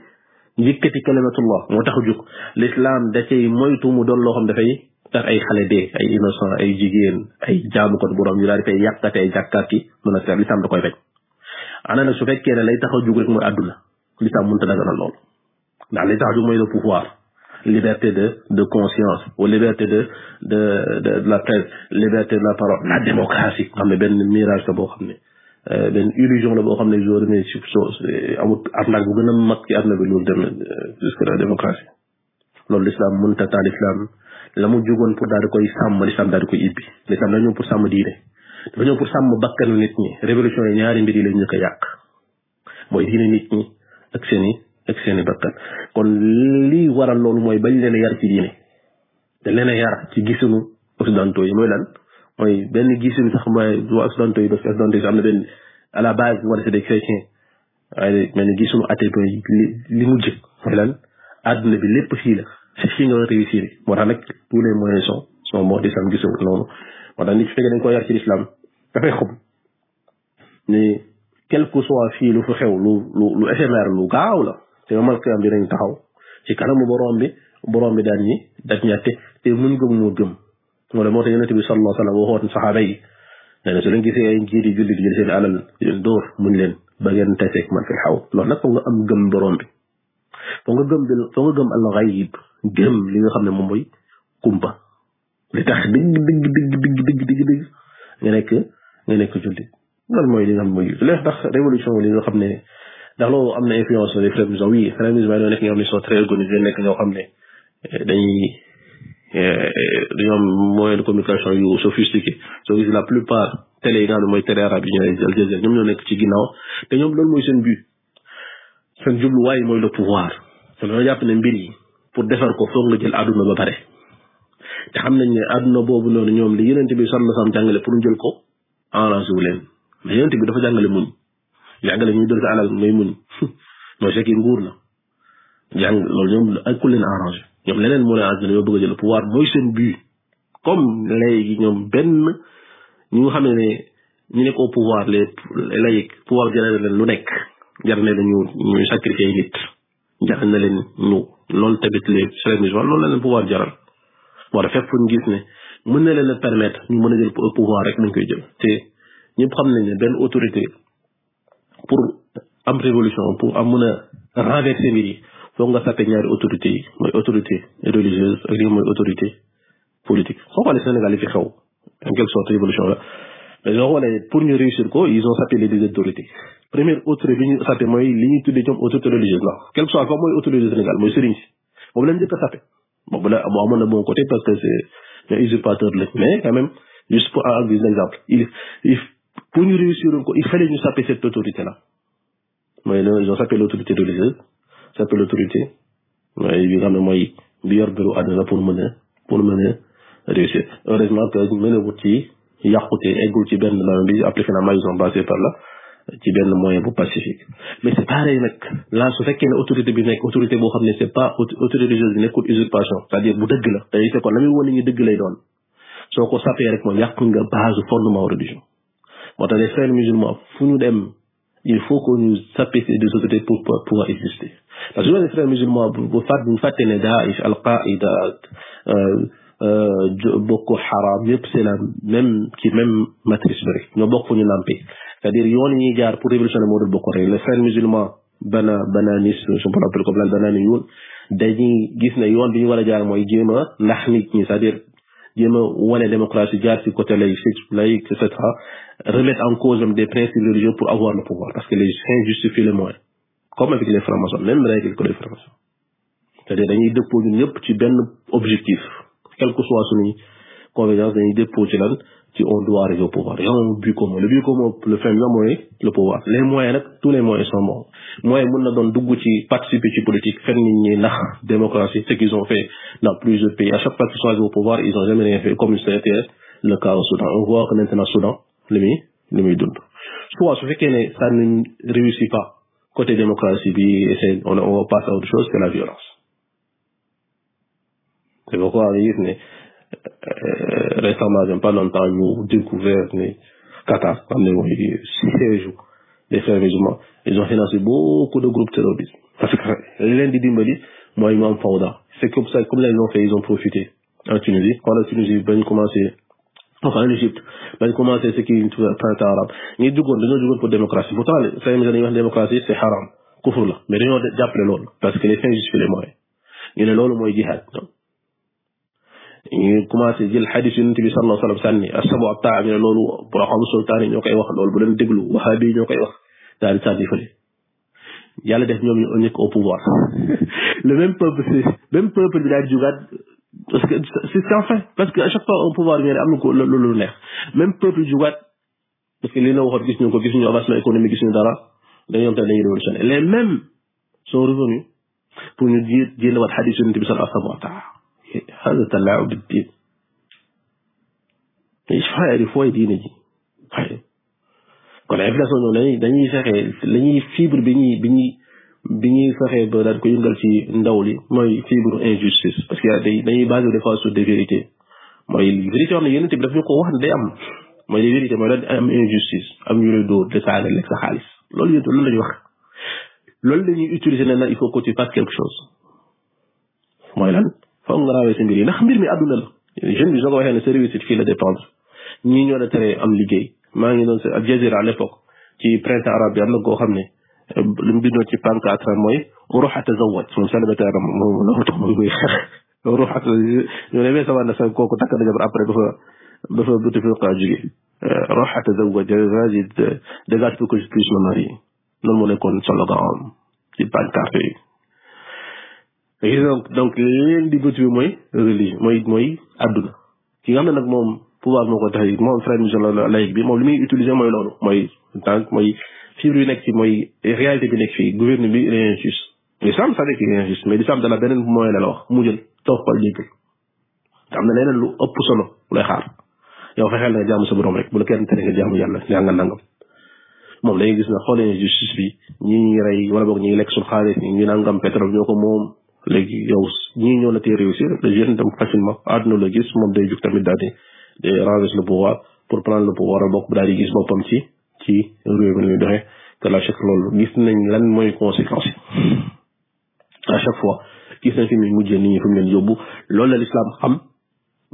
Speaker 2: yëkkati kalimatullah moo tax a jug l'islam da cay moytu mu doon loo xam dafay ak ay xale beeg ay innocent ay jigéen ay jaamu ko borom ñu daal di fay yàqate ay jàkkaat yi mën a seet lislaam da koy bañ ana nag su fekkee ne lay tax a jug rek mooy àdduna lislaam mënta daganal loolu ndax lay tax a jug mooy le pouvoir liberté de de conscience ou liberté de de de la presse liberté de la parole la démocratie xam ne benn mirage la boo xam ne euh, benn la boo xam ne jour ne si amul arnaque bu gën a mag ci àdduna bi loolu dem euh, jusque la démocratie loolu lislaam mënta taal lislaam la mu jógoon pour daal di koy sàmm lislaam daal di koy ibbi lislaam dañoo pour sàmm diine dafa ñëw nit ñi révolution yi ñaari mbir yi lañu koy yàq mooy diine nit ñi ak seen i kon lii waral loolu mooy bañ leen a yar ci diine yar ci gisunu occidentaux yi mooy lan mooy benn gisunu sax mooy waa yi parce que occidentaux yi sax am na benn à la base war a c'est des chrétiens waaye mel ni gisunu athée li mujj mooy lan àdduna bi lépp fii la c'est fii nga war a réussir moo tax nag tous les moyens sont sont bons l'islam gisul noonu moo tax nit fekkee dañ ko yar ci l'islam dafay xob ne quel soit fii lu fi xew lu lu lu gaaw la te yomal qiyaam dinañ taxaw ci kanamu borom bi borom bi daan ñi daj ñatte te mun gëm moo gëm moo la moo tax yonente bi sallallahu alayhi wa sallam waxoon saxaaba yi nee na su leen gisee ay njiit yi jullit seen alal di muñ leen ba ngeen teseeg man fi xaw loolu nag foog nga am gëm borom bi foog nga gëm bil gëm li nga xam ne moom mooy kumpa li tax dëgg dëgg dëgg dëgg dëgg dëgg dëgg nga nekk nga nekk jullit loolu mooy li nga xam ne mooy leex ndax révolution li nga xam ne ndax loolu am ne influence des frères musulmans oui frères musulmans ñoo nekk ñoo xam ne sont très ñoo xam ne euh, dañuy euh, dañoo am moyen de communication yu sophistiqué soo gis la plupart télé yi nga xam ne mooy télé arabe yi ñooy Al ñoom ñoo nekk ci ginnaaw te ñoom loolu mooy seen but seen jubluwaay mooy le pouvoir te dañoo jàpp ne mbir yi pour defar ko foog nga jël àdduna ba pare te xam nañ ne àdduna boobu noonu ñoom li yonent bi sallallahu alayhi wasallam jàngale pour ñu ko arrangé wu leen mais yonent bi dafa jàngale muñ jàngale ñu jël sa alal mooy fekk nguur la jàng loolu ñoom ak ku leen arrangé ñoom leneen moo leen arrangé a jël pouvoir mooy seen but comme léegi ñoom benn ñu nga xam ne ñu nekk au pouvoir les laïcs pouvoir jëlee leen lu nekk jar ne dañu ñuy sacrifier nit jaral na leen ñu loolu tamit les frères musulmans loolu la leen pouvoir jaral moo tax fépp fu ñu gis ne mën na leen a permettre ñu mën a jël pouvoir rek nañ koy jël te ñëpp xam nañ ne benn autorité pour am révolution pour am mën a renverser mbir yi foog nga sàppe ñaari autorités yi mooy autorité religieuse ak lii mooy autorité politique soo xoolee Sénégal yi fi xew en quelque sorte révolution la dañoo wane pour ñu réussir ko ils ont sapé les deux autorités première autorité bi ñu sapé mooy li ñuy tuddee ñoom autorité religieuse la quel que soit comme Sénégal mooy sëriñ si moom lañ njëkk a sapé boobu amoon na bon côté parce que c'est ñooy usurpateur mais quand même juste pour en pour ñu réussir ko il fallait ñu sapé cette autorité là mooy ils ont sapé l'autorité religieuse sapé l'autorité mooy bi nga xam ne pour mën pour mën a réussir heureusement que yàqute eggul ci benn la bi appliqué la maison par la ci benn moyen bu pacifique mais c'est pareil nag là su fekkee ne autorité bi nekk autorité boo xam ne c'est pas autorité religieuse bi nekkul usurpation c'est-à-dire bu dëgg la dañuy fekkoon na muy wane ñu dëgg lay doon soo ko sapee rek mooy yàq nga base fondement religion moo tax les frères musulmans fu ñu dem il faut que ñu sapee ces deux autorités pour pouvoir exister parce que les frères musulmans bu fàtt bu fàtte ne Daesh al-Qaïda euh, Euh, bokk xaraam yëpp c'est la même ci même matrice bi rek ñoo bokk fu ñu nàmpee c'est-à-dire yoon yi ñuy jaar pour révolutionner moo dul bokk rek les frères musulmans bana bananiste je me rappelle comme lan bananiyuun dañuy gis na yoon bi ñu war a jaar mooy jéem ndax nit ñi c'est-à-dire jéem a wane démocratie jaar ci côté lay laïque et cetera remettre en cause même des principes religieux pour avoir le pouvoir parce que les fins justifient les moyens comme avec les francs-maçons même règle dëppoo ñëpp ci benn objectif quelle que soit suñuy convergence dañuy dépôt ci lan ci on doit arriver au pouvoir y a un but commun le but commun le fin bi le pouvoir les moyens nag tous les moyens sont bons moyens mën na doon dugg ci participer ci politique fenn nit ñi ndax démocratie ce qu'ils ont fait dans plusieurs pays à chaque fois qu'ils sont arrivés au pouvoir ils ont jamais comme ça a été le cas au Soudan on voit que maintenant Soudan li muy li muy dund soit su fekkee ne ça ne réussit pas côté démocratie bi c'est on on Tego Huawei, niin eh, récemment, pas longtemps, nous découvert les Qatar, les sièges des frères musulmans. Ils ont financé beaucoup de groupes terroristes. Parce que lundi, dimanche, moi, ils m'ont Fauda. C'est comme ça, comme là, ils ont fait, ils ont profité. En Tunisie, quand la Tunisie, ben, commencé, enfin, en Égypte, ben, commencé ce qui est printemps arabe. Ni du coup, nous, du coup, pour démocratie. Pourtant, démocratie, c'est haram. Kufr là. Mais rien d'appelé l'autre. Parce que les fins justifient les moyens. Il y a l'autre, moi, il ñu commencé jël xadis yonente bi sallallahu alayhi wa sallam loolu borom sultaan ñoo koy wax loolu bu leen déglu wahabi yi ñoo koy wax daal di sànni fële yàlla def ñoom ñu nekk au pouvoir le même peuple même peuple bi daal di parce que chaque fois au pouvoir ñu am na ko lu neex même peuple jugaat parce que li na waxoon gis ñu ko gis ñu avancement économique gis ñu dara dañoo am tamit dañuy révolutionné les pour ñu jéem a waat xadis yonente bi sallallahu alayhi wa sallam hada talaawu bi diin il faut ji kon inflation ñoom dañuy dañuy fexe lañuy fibre bi ñuy bi ñuy bi ñuy fexe ba daan ko yëngal ci ndaw li mooy fibre injustice parce que day dañuy basé des fois sur des vérités mooy vérité yoo xam ne yeneen ko wax ne day am mooy des vérités mooy daan am injustice am ñu lay dóor de saaga lekk sa xaalis loolu yëpp loolu la ñuy wax loolu la ñuy utiliser ne na il faut que tu fasses quelque chose mooy lan faaw nga raawee sa mbir yi ndax mbir mi àdduna la jeune bi soo ko waxee fii la dépendre ñii ñoo la teree am liggéey maa ngi doon Al Jazeera à l'époque ci printemps arabe bi am na koo xam ne euh, lu mu bindoon ci pancarte mooy ruux atazawaj moom célibataire ta moom la tax muy muy xeex ruux at ñoo ne mais samaan na sa kooku takk na jabar après dafa dafa dafa jóge euh, ruux atazawaj vas-y dégage pour que je puisse me marier loolu moo nekkoon slogan am ci pancarte yi léegi donc donc leen di motivé mooy religion mooy mooy adduna ki nga xam ne nag moom pouvoir moo ko tax it moom frère musulman laïque bi moom li muy utiliser mooy nekk ci mooy bi nekk fii gouvernement bi il est injuste l'islam ça nekk il est mooy la wax mu toog xol jéggal am na leneen lu ëpp solo lay xaar yow fexeel na nga jaamu sa borom rek bu la kenn tere nga jaamu yàlla a nga nangam moom dañuy gis na xool injustice bi ñi rey wala boog ñi lekk suñu xaalis ñi ngi nangam pétrole ñoo ko moom léegi yow ñii ñoo la tee réussir le facilement àdduna la gis moom de jug tamit daal di day renverser le pouvoir pour prendre le pouvoir a bokk daal di gis boppam ci ci réew mi ñuy te la chaque loolu gis nañ lan mooy conséquence yi à chaque fois gis nañ fi muy mujjee nit ñi fi mu leen la lislaam xam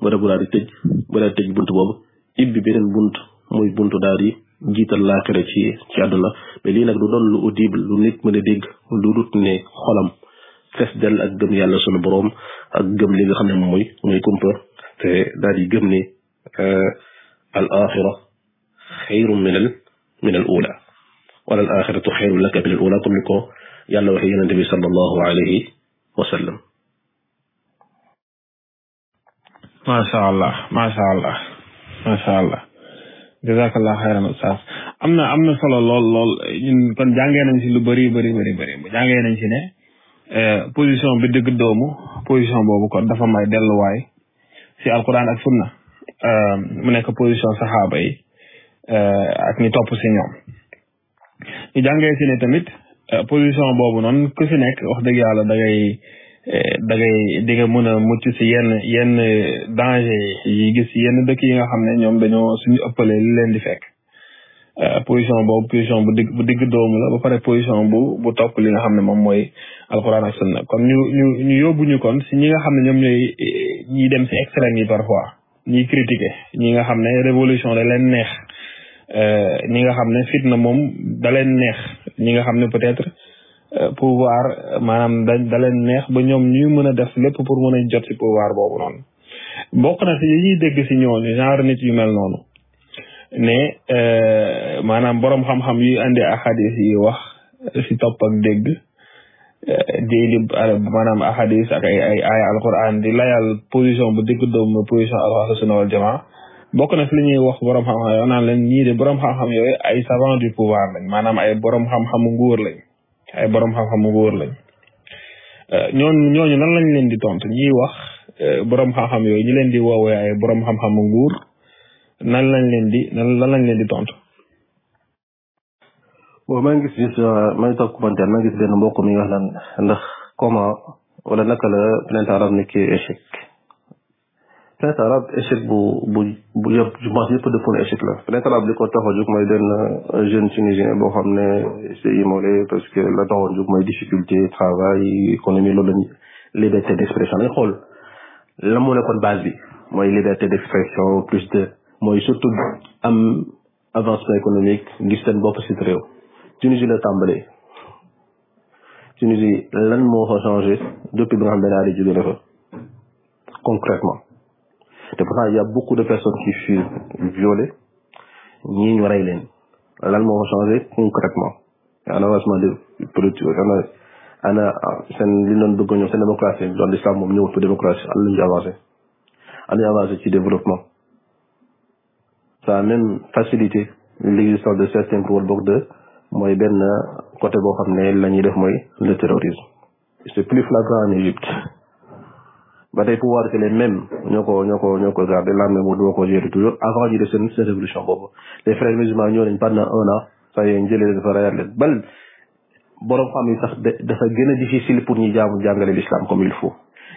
Speaker 2: ba def bu daal di tëj ba daal di tëj bunt boobu ibbi beneen bunt muy buntu daal di jiital laaxira ci ci àdduna mais lii nag du doon lu audible lu nit mën a dégg lu dut ne xolam fees ak gëm yàlla sunu boroom ak gëm li nga xam ne moom mooy mooy te daal di gëm ne euh, al axira xayru min al wala al axiratu xayru laka min al ula comme ni ko yàlla waxee yonente bi sallallahu alayhi wa sallam
Speaker 1: macha allah macha allah macha am na am na solo lool lool jàngee nañ lu bari bëri bëri bëri jàngee nañ si ne Eh, position bi digg doomu position boobu kon dafa may delluwaay si alquran ak na eh, mu nekk position saxaaba yi eh, ak ñi topp si ñoom ñu jàngee si ne tamit position boobu noonu ku si nekk wax dëgg yàlla da ngay da ngay di mën a mucc si yenn yenn danger yi gis yenn dëkk yi nga xam ne ñoom dañoo suñu ëppale li leen di fekk position boobu position bu digg bu digg doomu la ba pare position bu bu topp li nga xam ne moom mooy alquran ak sunna kon ñu ñu ñu yóbbu ñu kon ñi nga xam ne ñoom ñooy ñi dem si extrême yi parfois ñiy critiquer ñi nga xam ne révolution da leen neex euh, ñi nga xam ne fitna moom da leen neex ñi nga xam ne peut-être euh, pouvoir maanaam da da leen neex ba ñoom ñuy mën a def lépp pour mën jot si pouvoir boobu noonu bokk na si yi dégg si ñooñu genre nit yu mel noonu ne euh, maanaam boroom xam-xam yu andi ahadis yi wax si topp ak dégg déeli maanaam ahadis ak ay ay alquran di layal position bu digg doomu position ahlu sunna bokk na fi li ñuy wax borom xam-xam yoo naan leen ñii de borom xam-xam yooyu ay savant du pouvoir lañ maanaam ay borom xam-xamu nguur lañ ay borom xam-xamu nguur lañ euh, ñooñu ñooñu nan lañ leen di tontu ñiy wax euh, borom xam-xam yooyu ñu leen di woowee ay borom nguur nan lañ leen di nan lañ leen di tontu. waaw maa
Speaker 2: ngi gis gis euh, maa ngi toog commentaire maa ngi gis mbokk mi nga xam ne ndax comment wala naka la plainte arabe nekkee échec plainte arabe échec bu bu bu yëpp je pense yëpp dëppoon échec la plainte arabe li ko tax a jóg mooy benn euh, jeune tunisien boo xam ne c'est parce que la taxoon jóg mooy difficulté travail économie loolu lañ liberté d'expression dañ xool la mu nekkoon base bi mooy liberté d'expression plus de mooy surtout am avancement économique gis seen bopp si réew Tunisie la tàmbalee Tunisie lan moo fa changé depuis bi nga xam ne daal di jóge na fa concrètement te pourtant il y a beaucoup de personnes qui furent violées ñii ñu rey lan moo fa changé concrètement en avancement de politique ana ana seen li démocratie doon l'islam moom ñëwut pour démocratie an lañu avancé an ci développement ça a même facilité l'existence de certains pouvoirs de mooy benn côté boo xam ne la ñuy def mooy le terrorisme c'est plus flagrant en Égypte ba tey pouvoir c'est les mêmes ñoo ko ñoo ko ñoo ko garder l'armée moom moo ko gérer toujours avant ñu def seen seen révolution boobu les frères musulmans ñoo nañ pendant un an saa yéen jëlee leen dafa rayaat leen bal borom xam yi sax dafa gën a difficile pour ñu jaamu jàngale l'islam comme il faut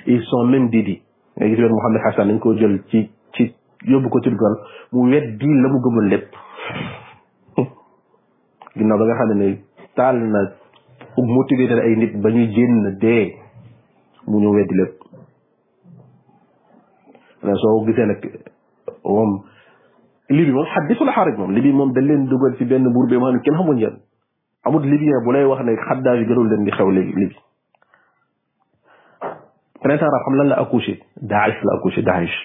Speaker 2: ils sont même dédiés nga gis benn Mohamed Hassan nañ ko jël ci ci yóbbu ko Turgal mu weddi la mu gëmoon lépp ginnaaw ba nga xam ne taal na ub na ay nit ba ñuy génn dee mu ñëw weddi lépp soo gisee nag moom libi moom xaddisul xaarij moom libi moom dañ leen dugal ci benn buur bi ma xam ne kenn xamul njëriñ amul libien bu lay wax ne xaddaaj yi leen di xew léegi libi printemps arab xam lan la accouché Daesh la accouché Daesh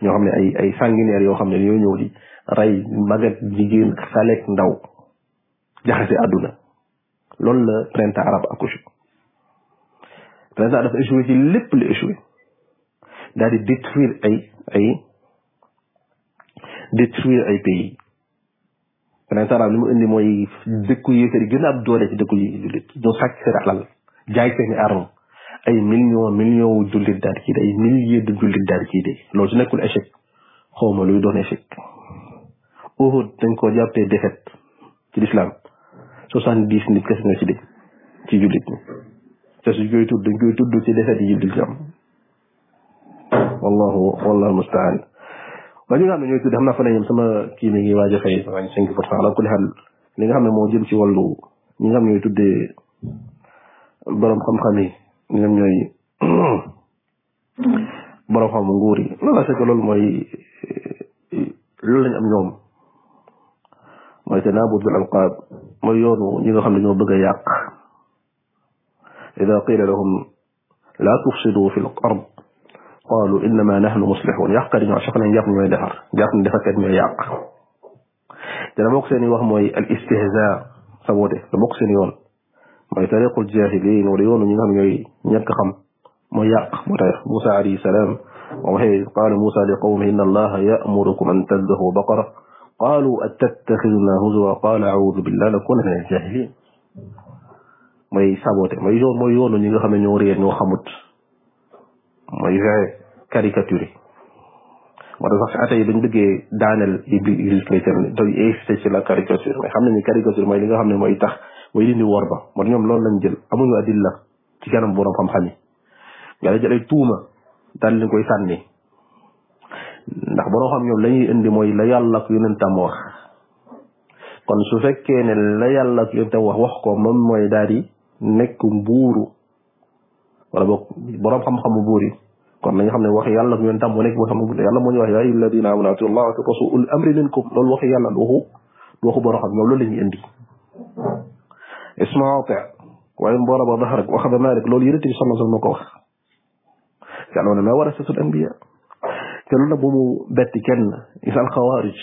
Speaker 2: ñoo xam ne ay ay sanguinaires yoo xam ne ñoo ñëw di rey mag ak jigéen xaleek ndaw jaxase àdduna loolu la printemps arabe accouché printemps dafa échoué ci lépp la échoué daal di détruire ay ay ay pays printemps arabe li mu indi dëkku yéefar yi gën doole ci dëkku yi jullit ñoo sàcc jaay seeni arme ay million million wu jullit daal kii ay milliers de jullit daal kii de loolu su nekkul échec xawma luy doon échec Uhud dañ koo jàppee défaite ci lislaam soixante dix nit kese ñoo ci dëgg ci jullit ñi te suñ tudd dañ koy tudd ci défaite yi jullit ñi am wallahu wallahu mustaan waaye ñi nga xam ne ñooy tudd xam naa fa ne sama kii mi ngi waaj a fay cinq pour cent ala kulli xaal li nga xam ne moo jëm ci wàllu ñi nga xam ñooy tuddee borom xam-xam yi ñooy borom xam nguur yi loolu c'est que mooy loolu lañ am ñoom mooy tanabud bil alqaab mooy yoonu ñi nga xam ne ñoo bëgg a yàq ida qila lahum la tufsidu fi l ard qaalu innama nahnu muslihun yàqkat yi ñoo sax nañ jàpp ñooy defar jàpp ne defarkat ñooy yàq dana bokk seen i wax mooy al istihza sabote da bokk seen yoon mooy tariqul jahilin wala yoonu ñi nga xam ñooy ñàkk xam mooy yàq moo tax Musa alayhi salaam waxee qaala Musa li qawmi inna allaha ya'murukum an tadbahu baqara qaalu attattaxiduna huzwa qaala audu billah lakuna min aljahilin mooy saboté mooy yoon mooy yoonu ñi nga xam ne ñoo réer ñoo xamut mooy fexe caricature yi moo tax sax ate yi dañ bëggee daaneel yi mbir Jésus chrétien doy insisté ci la caricature mais xam nañu caricature mooy li nga xam ne mooy tax mooy li ñu wor ba moo ñoom loolu lañ jël amuñu adilla ci kanam borom xam-xam yi nga tuuma daal lañ koy sànni ndax boo xam ñoom la ñuy indi mooy la yàlla ak yonentam wax kon su fekkee ne la yàlla ak yonentam wax wax ko moom mooy daal nekk mbuuru wala boog boroom xam-xamu yi kon nañu xam ne wax yàlla ak yonentam mu nekk boo xam ne yàlla wax yaa ayyuha alladina amanu atiu allah wa rasul ul amri minkum loolu waxi yàlla waxu waxu boroom xam ñoom loolu la indi ismaati waaye mboora ba dax rek wax ba maa rek loolu yonent bi sallallahu alayhi wa sallam moo ko wax yàlla ne maa anbiya te na nag bu mu betti kenn is alxawaarij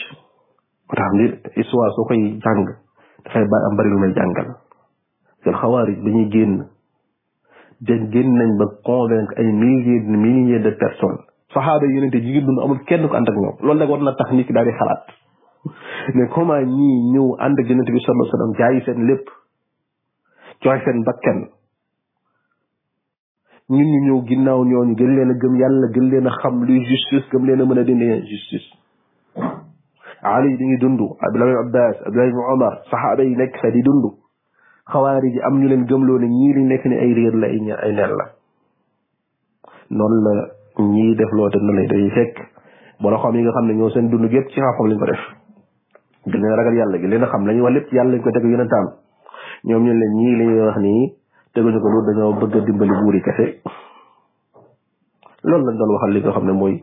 Speaker 2: moo tax li histoire soo koy jàng dafay ba jàngal te alxawaarij dañuy génn dañ génn nañ ba convaincre ay milliers de milliers de personnes saxaaba yi yonente jigéen dund amul kenn ko ànd ak ñoom loolu nag war nit ki daal di xalaat mais comment ñii ñëw ànd ak yonente bi sallallahu alayhi seen lépp joxe seen bakkan ñun ñu ñëw ginnaaw ñooñu gën leen gëm yàlla gën leen a xam luy justice gëm leen a mën a dindi injustice ali di ngi dund abdulahi ibn abbas abdulahi ibn omar saxaaba yi nekk fa di dund xawaari ji am ñu leen gëmloo ne ñii li nekk ni ay réer la ay ay neen la noonu la ñii def loo te na lay day fekk yi nga xam ne ñoo seen dund gépp ci xam-xam lañ ko def gën leen ragal yàlla gi leen a xam la ñuy wax lépp ci yàlla lañ ko teg yonentaam ñoom ñu leen ñii li wax nii dégg nga loolu dañoo bëgg a dimbali buur yi kese loolu lañ doon waxal li nga xam ne mooy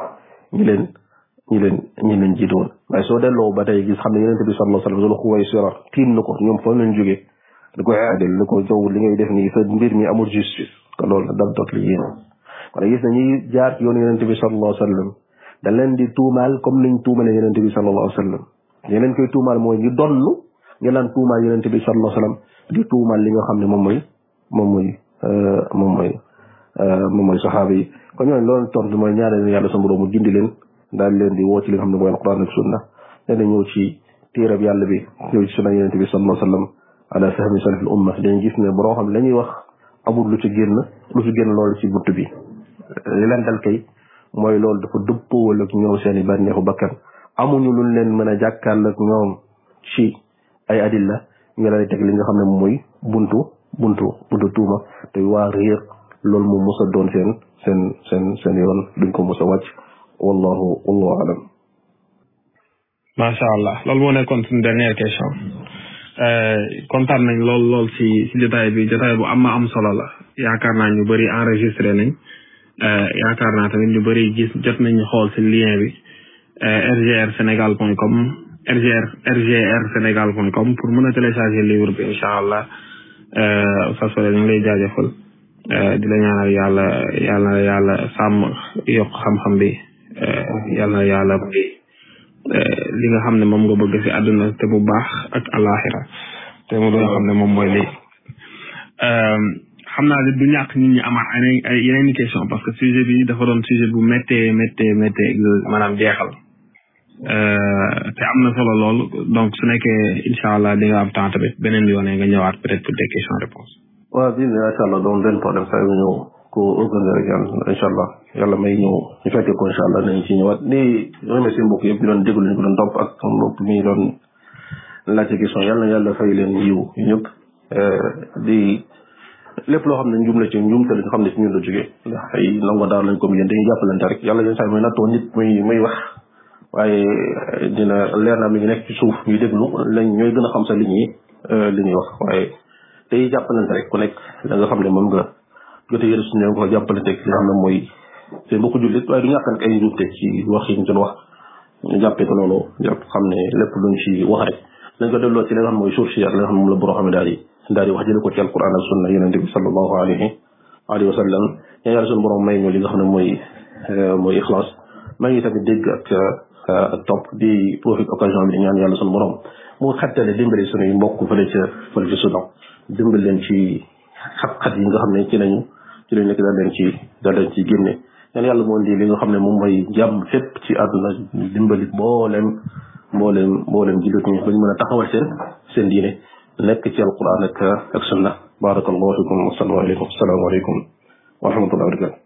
Speaker 2: ñi leen ñi leen ñi leen jiitu woon waaye soo delloo ba tey gis xam ne yonente bi sallallahu alayhi wasallam Xuwaysira tiim na ko ñoom fa lañ jógee di ko aadil li ko jow li ngay def nii sa mbir mi amul justice kon loolu dal toog li yéen kon na ñuy jaar ci yoonu yonente bi sallallahu alayhi wasallam da leen di tuumaal comme niñ tuumale yonente bi sallallahu alayhi wasallam ñi leen koy tuumaal mooy ñu donn ñu lan tuumaal yonente bi sallallahu alayhi wasallam di tuumaal li nga xam ne moom mooy moom mooy euh, moom mooy euh, moom mooy saxaaba yi ko ñooñu loolu tontu mooy ñaareelu yàlla sa borom mu gindi leen daal leen di woo ci li nga ne mooy alquran ak sunna dana ñëw ci téerab yàlla bi ñëw ci sunna yonente bi sallallahu alayhi wasallam ala fahmi salaf al umma dañu gis ne borom xam la ñuy wax amul lu ci génn lu ci génn loolu ci bunt bi li leen mooy loolu dafa dëppoowal ak ñoom seen i bànneexu bakkan amuñu luñ leen mën a jàkkaarloo ak ay adilla ñu la lay li nga xam ne mooy buntu buntu buntu tuuma te waa réer loolu moom mos doon seen seen seen yoon duñ ko mos a wàcc wallahu wallahu alam
Speaker 1: macha allah loolu moo nekkoon suñu dernière question euh, kontaan nañ lool lool si si jotaay bi jotaay bu am am solo la yaakaar naa ñu bëri enregistré nañ euh, yaakaar naa tamit ñu bari gis jot nañu xool si lien bi rgr euh, sénégal point com rgr sénégal point com pour mën a télécharger livre bi incha allah Eh, Oustaz Sole ñu ngi lay jaajëfal eh, di la ñaanal yàlla yàlla na yàlla sàmm yokk xam-xam bi eh, yàlla na yàlla li nga xam ne moom nga bëgg si àdduna te bu baax ak alaxira te mu doon xam ne moom mooy lii xam naa ne du ñàkk nit ñi amaat ay yeneen question parce que sujet bi dafa doon sujet bu méttee méttee méttee maanaam jeexal Euh, te am na solo lool donc su nekkee incha allah di nga am temps tamit beneen yoon nga ñëwaat peut-être pour des questions réponses.
Speaker 2: waaw bii nii incha allah doon benn problème saa yu ko organisé rek yàlla incha allah yàlla may ñëw ñu fekkee ko incha allah nañ ci ñëwaat di remercier mbokk yëpp ñu doon déglu ñu ko doon topp ak sama mbokk mi doon na yàlla fay leen yiw ñëpp euh, di. lépp loo xam ne njum la ci njum la jógee ndax ay nango daar lañ wax waaye eh, dina leer na mi ngi nekk ci suuf ñuy déglu lañ ñooy gën a xam sa li ñuy euh, li ñuy wax waaye day jàppalante rek ku nekk la xam ne moom nga jote yëre suñu ko jàppalante ak li nga xam ne mooy seen mbokku jullit waaye du ñàkk nag ay njuumte jàppee ko noonu xam ne lépp luñ ci wax rek dañ ko delloo ci li nga xam mooy suuf si ak li xam ne moom la borom xam ne daal di daal di wax jële ko ci alquran ak sunna yonente bi sallallahu alayhi alayhi wa sallam ñaan yàlla suñu may ñu li nga xam ne mooy euh, mooy ixlaas may ñu tamit dégg ak euh, topp di profit occasion bi di ñaan yàlla suñu borom mu xattale dimbali suñuy mbokk fële ca fële ca Soudan dimbali leen ci xat-xat yi nga xam ne ci nañu ci lañu nekk daal leen ci daal leen ci génne yàlla moo indi li nga xam ne moom mooy jàmm fépp ci àdduna dimbali mboolem mboolem mboolem jullit ñi bañ mën a taxawal seen seen diine nekk
Speaker 1: ci alquran ak ak sunna barakallahu fikum wa salaamu aleykum wa rahmatullahi wa barakatuh